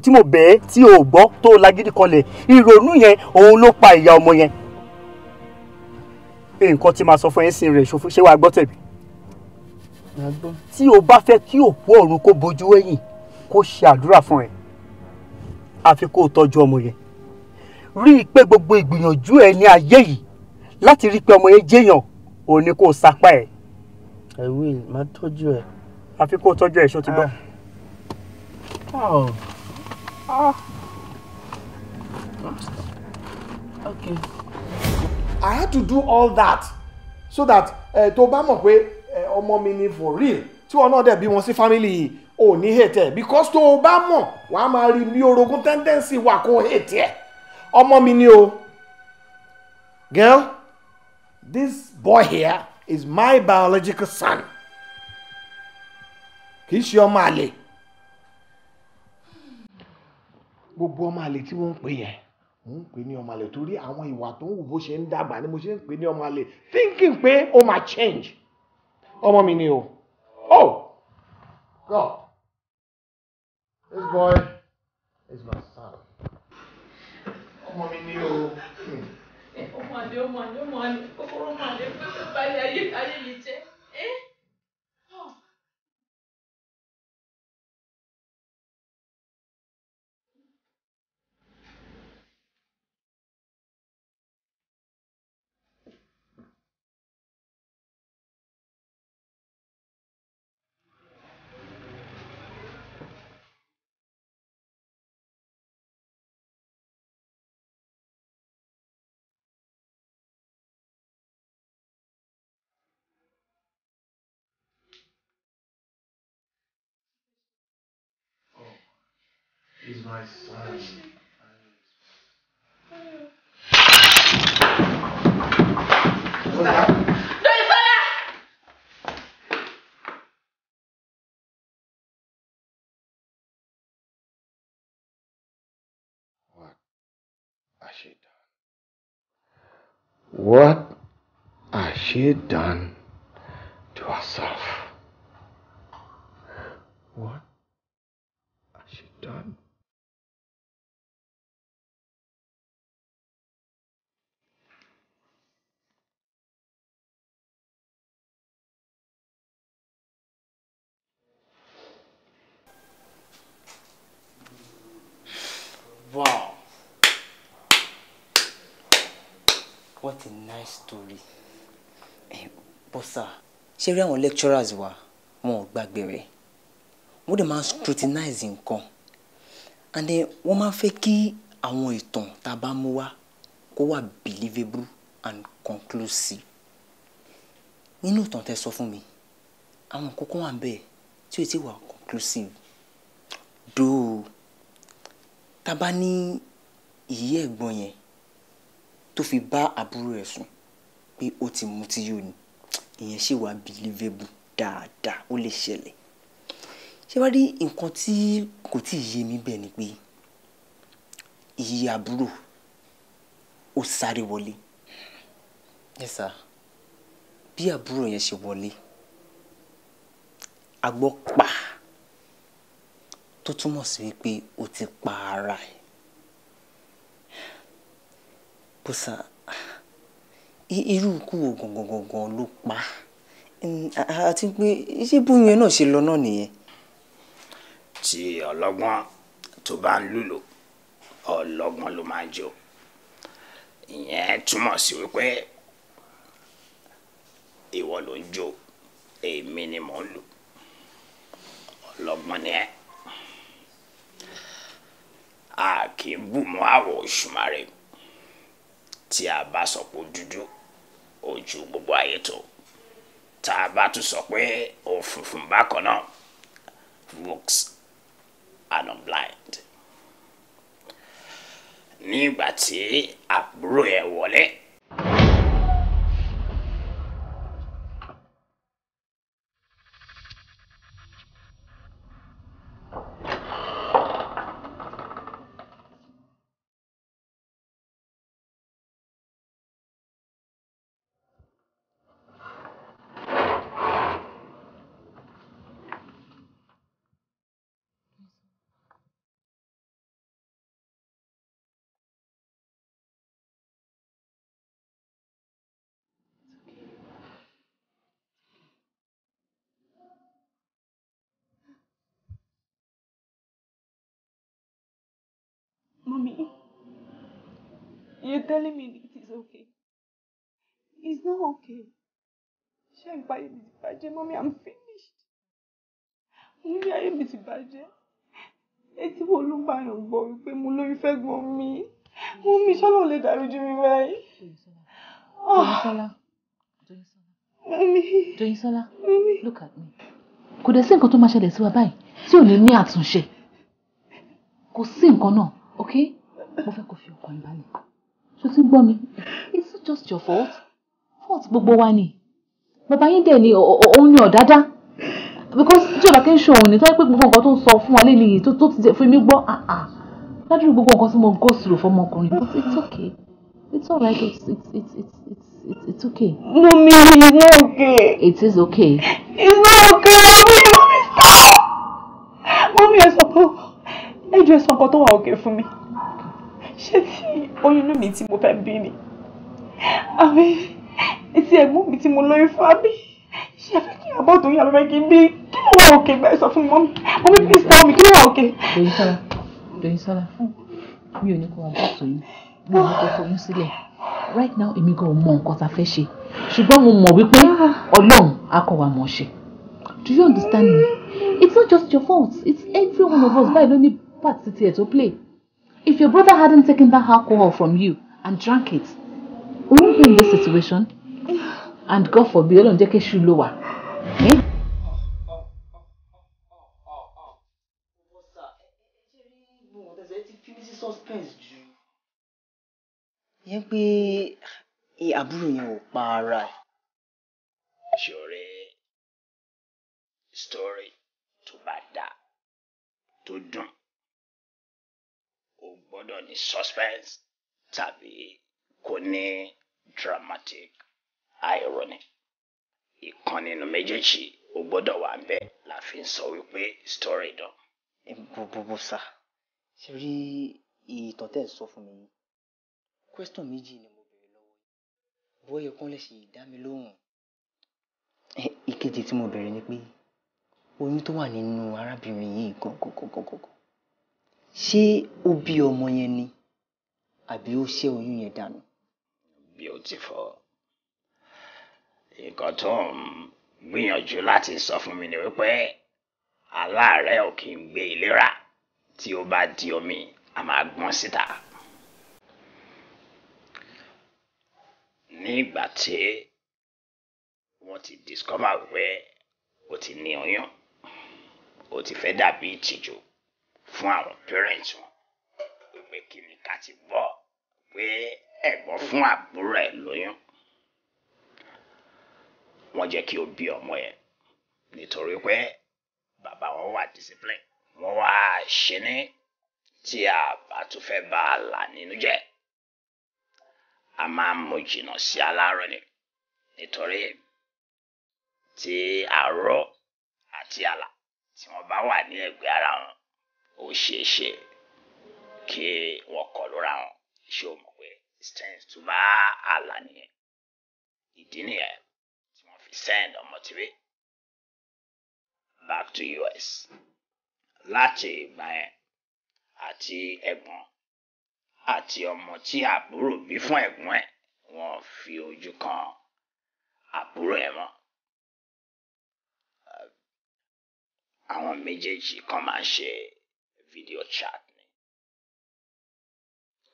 tí mo bẹ̀ẹ́ tí o gbọ́ tó lagídí kanlẹ̀ ìrònú yẹn òun ló pa ìyá ọmọ yẹn. nǹkan tí màá sọ fún ẹ̀ ń sin ṣé wàá gbọ́ tẹ̀mí. tí o bá fẹ́ kí òkú ọ̀run kó bojú ẹ̀yìn kó ṣe àdúrà fún ẹ̀ àfi kó o tọ́jú ọmọ yẹn rí i pé gbogbo ìgbìyànjú ẹ ní ayé yìí láti rí i pé ọmọ yẹn jẹ́yàn òun ni kò sapá ẹ̀. I máa tọ́jú ẹ̀. àfi kó o tọ́jú ṣó ti gbọ́. Ah. Oh. Ah. I had to do all that so that eh, tó bá mọ̀ pé eh, ọmọ mi ni for real tí wọn náà dẹ̀ bí wọn sí family yìí ò ní hate because tó o bá mọ̀ wàá máa rí ní orogún tendency wà kó hate ẹ̀ ọmọ mi ni o girl this boy here is my biological son kì í ṣe ọmọ àlè gbogbo ọmọ àlè tí wọ́n ń pè yẹn mo ń pè ní ọmọ àlè torí àwọn ìwà tó ń wù bó ṣe ń dàgbà ni mo ṣe ń pè ní ọmọ àlè thinking pé ó máa change ọmọ mi ni o oh god this boy is my son ọmọ mi ni o. Hmm ọmọ àlè ọmọ àlè ọmọ àlè kòkòrò ọmọ àlè pé pé báyìí ayé ayé my son. What has she done to herself? What has she done? Wow. What a nice story. Eh, Bọ́sà, ṣé rí àwọn lecturers wa, wọn ò gbàgbé rẹ̀. Wọ́n dẹ̀ máa ń scrutinize nǹkan. And then wọ́n máa ń fẹ́ kí àwọn ìtàn tá a bá mú wá kó wà believable and conclusive. Nínú ìtàn tẹ sọ fún mi, àwọn kókó wà ń bẹ̀ tí ò tí wà conclusive. Dóò tá a bá ní ìyí ẹ̀gbọ́n yẹn tó fi bá àbúrò ẹ̀ sùn pé ó ti mutí yó ni ìyẹn ṣì wà believable dáadáa ó lè ṣẹlẹ̀ ṣé wàá rí nǹkan tí kò tí ì yé mi bẹ́ẹ̀ ni pé ìyí àbúrò ó sáré wọlé. Yes sir. bí àbúrò yẹn ṣe wọlé a gbọ́ tó túmọ̀ sí wípé o ti pa ara ẹ̀ bùsà irú ikú wo gangan ló pa àti pé ṣé bóyá náà ṣe lọ náà nìyẹn. tí ọlọ́gbọ́n tó bá ń lùlò ọlọ́gbọ́n ló máa jọ ìyẹn túmọ̀ sí wípé ìwọ ló ń jó èmi ni mò ń lù ọlọ́gbọ́n ni ẹ́ a kì í bù mọ́ tí a bá sọ pé dúdú ojú gbogbo ayé tó tá a bá tún sọ pé òfunfun bákan náà looks and I'm blind. nígbà tí àbúrò ẹ̀ wọlé. Mommy, you're telling me it is okay. It's not okay. Ṣé ayé mi ti Mommy, I'm finished. Mommy, ayé mi ti bàjẹ́. Etí wo ló bá yàn gbọ́ wípé mo lórí fẹ́ gbọ́n mi? Mommy, ṣọ́nà lè dáríjì mi báyìí. Doyinsola, ah. Doyinsola. Mommy. Doyinsola, Mommy. Look at me. Kò dẹ̀ sí nǹkan tó máa ṣẹlẹ̀ sí wa báyìí tí ò ní ní àtúnṣe. Kò sí nǹkan náà ok mo fẹ́ kó fi ọkàn ìbálẹ̀ ṣó ti gbọ́ mi it's not just your fault fault gbogbo wa ni bàbá yín dẹ̀ ni òun ni ọ̀dádá because tí ọ̀dà kí n ṣe òun ni tó yẹ pé gbogbo nǹkan tó ń sọ fún wa lé nìyí tó ti fún mi gbọ́ ládùúgbò ah, ah. gbogbo nǹkan tí mo go through fọmọkùnrin but it's okay it's all right. it's it's it's it's it's, it's okay. mo mi it's not okay. it is okay. it's not okay mo mi ò sọ ẹjọ́ ẹ̀sán kan tó wà òkè fún mi ṣé tí oyún inú mi tí mo fẹ́ bí ni àbí etí ẹ̀gbọ́n mi tí mo lóyún fún àbí ṣe fẹ́ kí àbọ̀ tó yà lọ́fẹ́ kí n bí kí ló wà òkè gbẹ́ sọ fún mọ́mí mọ́mí please tell me kí ló wà òkè. Doyin Sọ́lá Doyin Sọ́lá mi ò ní kó àbọ̀ tó yín mi ò ní kó foyún sílẹ̀ right now èmi gan mọ nǹkan tá a fẹ́ ṣe ṣùgbọ́n mo mọ̀ wípé ah. Ọlọ́run á kọ́ wa mọ̀ ṣe do you understand me it's not just your fault it's everyone of us báyìí ló ní part ti tiẹ̀ play if your brother hadn't taken that alcohol from you and drank it we wouldn't be in this situation and God forbid Ọlọ́run jẹ́ kí ṣù ló wà. Eh? yẹn pé àbúrò yẹn ò pa ara ẹ̀. ṣọ̀rẹ́ story tó bá dáa tó dùn gbọ́dọ̀ ní suspense tàbí kò ní dramatic irony. ìkan nínú méjèèjì ó gbọ́dọ̀ wà ń bẹ̀ la fi ń sọ wípé story dán. ẹ bọ bọ bọ sá ṣe rí ìtàn tẹ́ ẹ̀ sọ fún mi yìí question méjì ni mo béèrè lọ́wọ́ yìí bóyá kán lè ṣe dá mi lóhùn. ìkejì tí mo béèrè ni pé oyún tó wà nínú arábìnrin yìí gọ̀gọ̀gọ̀gọ̀gọ̀ ṣé ó bí ọmọ yẹn ni àbí ó ṣẹ́ oyún yẹn dànù. beautiful nǹkan tó ń gbìyànjú láti sọ fún mi ni wípé aláàárẹ̀ ò kì í gbé ìlera tí ó bá di omi a máa gbọ́n síta. ní tí wọ́n ti discover wípé o ti ní oyún o ti fẹ́ dàbí ìtìjú fún àwọn parents wọn pé kí ni ká ti gbọ́ pé ẹ̀gbọ́n fún àbúrò ẹ̀ lóyún wọ́n jẹ́ kí o bí ọmọ yẹn nítorí pé bàbá wọn wà discipline wọ́n wá ṣe ní tí a bá tún fẹ́ bá a là nínú jẹ́ a máa mú jìnnà sí alárò ni nítorí tí àárọ̀ àti àlà tí wọ́n bá wà ní ẹ̀gbẹ́ ara wọn ó ṣeé ṣe kí wọ́n kọ lóra wọn ṣé o mọ̀ pé strength tó bá àlà nìyẹn ìdí nìyẹn tí wọ́n fi send ọmọ tìrẹ back to US láti ìgbà yẹn àti ẹ̀gbọ́n àti ọmọ tí àbúrò bí fún ẹ̀gbọ́n ẹ̀ wọ́n fi ojú kan àbúrò ẹ̀ mọ́. àwọn méjèèjì kan máa ń ṣe fídíò-chatting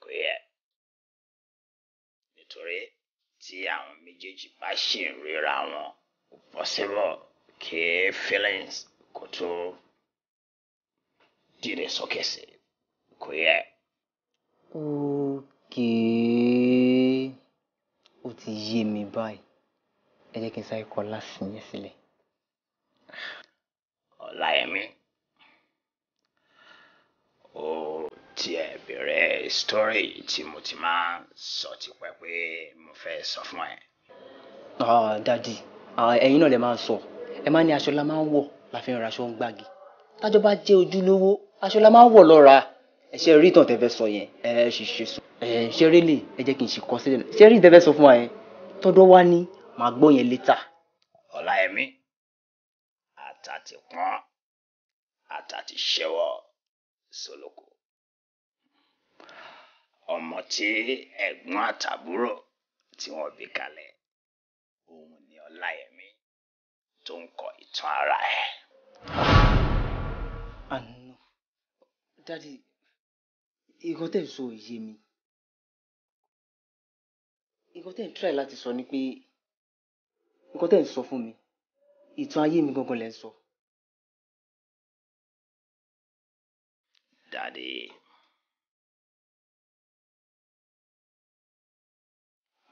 kò yẹ nítorí tí àwọn méjèèjì bá ṣì ń ríra wọn kò possible kí feelings kò tó dìde sókè sí kò yẹ. ókèé ó ti yé mi báyìí ẹ jẹ́ kí n sáré kọ lásìyẹn sílẹ̀. ọ̀la ẹ̀mí ó tiẹ̀ bẹ̀rẹ̀ sítórì tí mo ti máa ń sọ tipẹ́ pé mo fẹ́ sọ fún ẹ. Ah, dadi ah, ẹ̀yin náà lè máa sọ ẹ máa ní aṣọ la máa ń wọ̀ la fi ń ra aṣọ ń gbági tájọ bá jẹ́ ojúlówó aṣọ la máa ń wọ̀ lọ́ra ẹ ṣe rí ìtàn tẹ́fẹ́ sọ yẹn ẹ ṣì ṣe sọ ẹ ṣe rí lè ẹ jẹ́ kí n ṣe kọ sílẹ̀ ṣe rí ìtẹ́fẹ́ sọ fún wa yẹn tọ́dọ̀ wá ní màá gbọ́ yẹn létà. ọ̀la ẹ̀mí àtàtì pọ́n àtàtì ṣẹ́wọ̀ sólókò. ọmọ tí ẹ̀gbọ́n àtàbúrò tí wọ́n bí kalẹ̀ òun ni ọláyẹmí tó ń kọ ìtàn ara ẹ̀. àná dáàdi ìkan tẹ̀ ń sọ òye mi ìkan tẹ̀ ń try láti sọ ni pé ìkan tẹ̀ ń sọ fún mi ìtàn ayé mi gangan lẹ ń sọ. So jáde.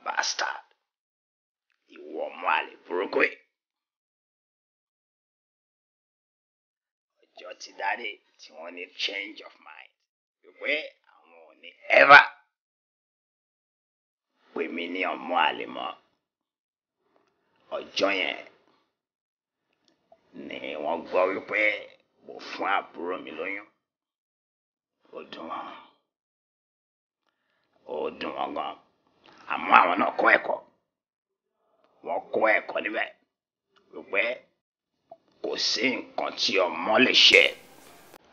bastard You want àlè burúkú yìí. ọjọ́ ti dáre tí wọ́n ní change of mind You àwọn I'm only ever pè mí ní ọmọ àlè mọ́ ọjọ́ yẹn ni wọ́n gbọ́ wípé mo fún àbúrò mi lóyún ó dùn wọn ó dùn wọn gan àmọ́ àwọn náà kọ́ ẹ̀kọ́ wọ́n kọ́ ẹ̀kọ́ níbẹ̀ wípé kò sí nǹkan tí ọmọ lè ṣe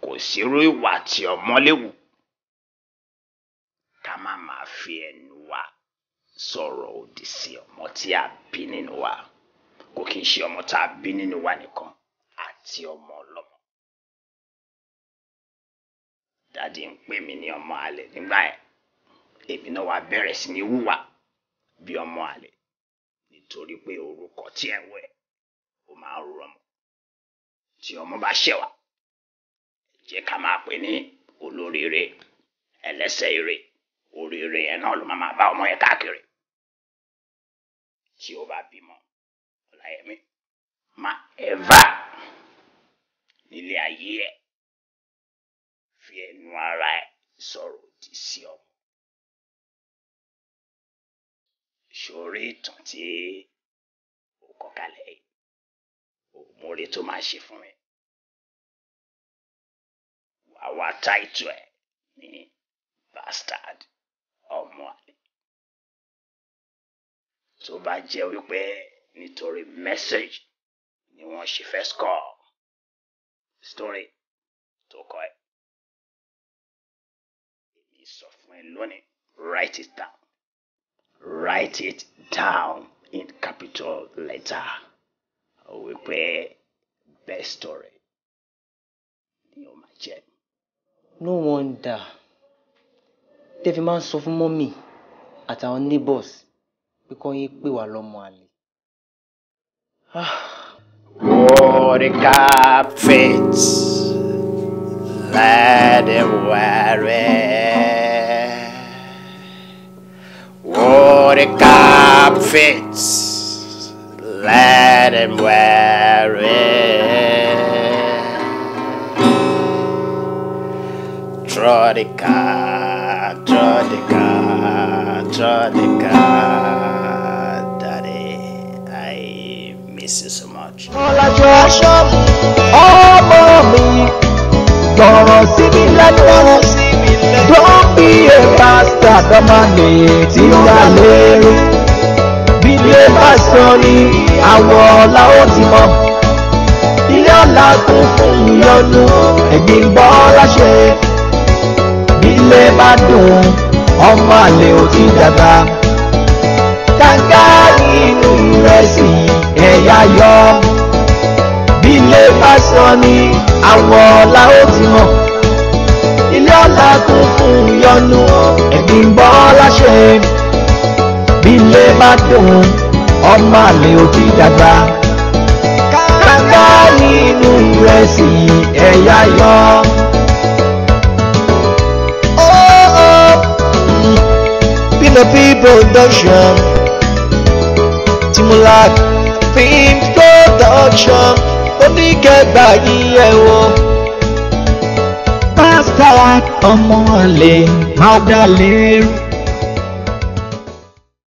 kò sírú ìwà tí ọmọ lè wù ká má máa fi ẹnu wa sọ̀rọ̀ òdì sí ọmọ tí a bí nínú wa kò kí n ṣe ọmọ tá a bí nínú wa nìkan àti ọmọ dáàdi ń pè mí ní ọmọ àlè nígbà yẹn èmi náà wàá bẹ̀rẹ̀ sí ní hùwà bí ọmọ àlè nítorí pé orúkọ tí ẹ wẹ̀ ó máa ń rọmọ tí ọmọ bá ṣẹ̀wà ẹ jẹ́ ká máa pè ní olóríire ẹlẹ́sẹ̀ ire oríire yẹn náà ló máa bá ọmọ yẹn káàkiri tí ó bá bímọ ọláyẹmí má ẹ vá nílé ayé ẹ fi ẹnu ara ẹ sọ̀rọ̀ òdì sí ọmọ. Ṣorí ìtàn tí o kọ kalẹ̀ yìí, o mórí tó máa ṣe fún mi. Wà wá táìtù ẹ̀ ní bastard ọmọ àlè. Tó bá jẹ́ wípé nítorí mẹ́sẹ̀gì ni wọ́n ṣe fẹ́ score story tó kọ ẹ̀. mi write it down write it down in capital letter We pay best story ni o máa no wonder tẹ́fí máa so sọ fún mọ́mì àtàwọn neighbors because kọ́ yín pè wá lọ́mọ àlè. What ah. a carpet, let them wear it. for the cop fits, let him wear it. Trodica, Trodica, Trodica, Daddy, I miss you so much. Ọ̀làjọ́ aṣọ́ ọmọ mi, tọrọ sí mi lẹ́nu ọ̀rọ̀ sí. Don't be a pastor, ọmọ mi ti ń wá lérí. Bíbí ẹ bá sọ ní àwọ̀ ọ̀la ó ti mọ̀. Ilé ọ̀la kún fún ìyọnu ẹ̀gbìn gbọ́ láṣẹ. Bílé bá dùn, ọmọ àlè ò ti dàgbà. Kàkà inú rẹ̀ sì ẹ̀yà yọ. Bílé bá sọ ní àwọ̀ ọ̀la ó ti mọ̀ ilé ọ̀la kún fún ìyọnu ẹ̀mí ń bọ́ láṣẹ bí ilé bá dùn ọmọ àlè ò ti dàgbà káká nínú ìrẹsì ẹ̀yà yọ. Pinopi oh, oh. production Timulak Pimp production oníkẹgbà yìí ẹ̀ wò. I ọmọ a má dá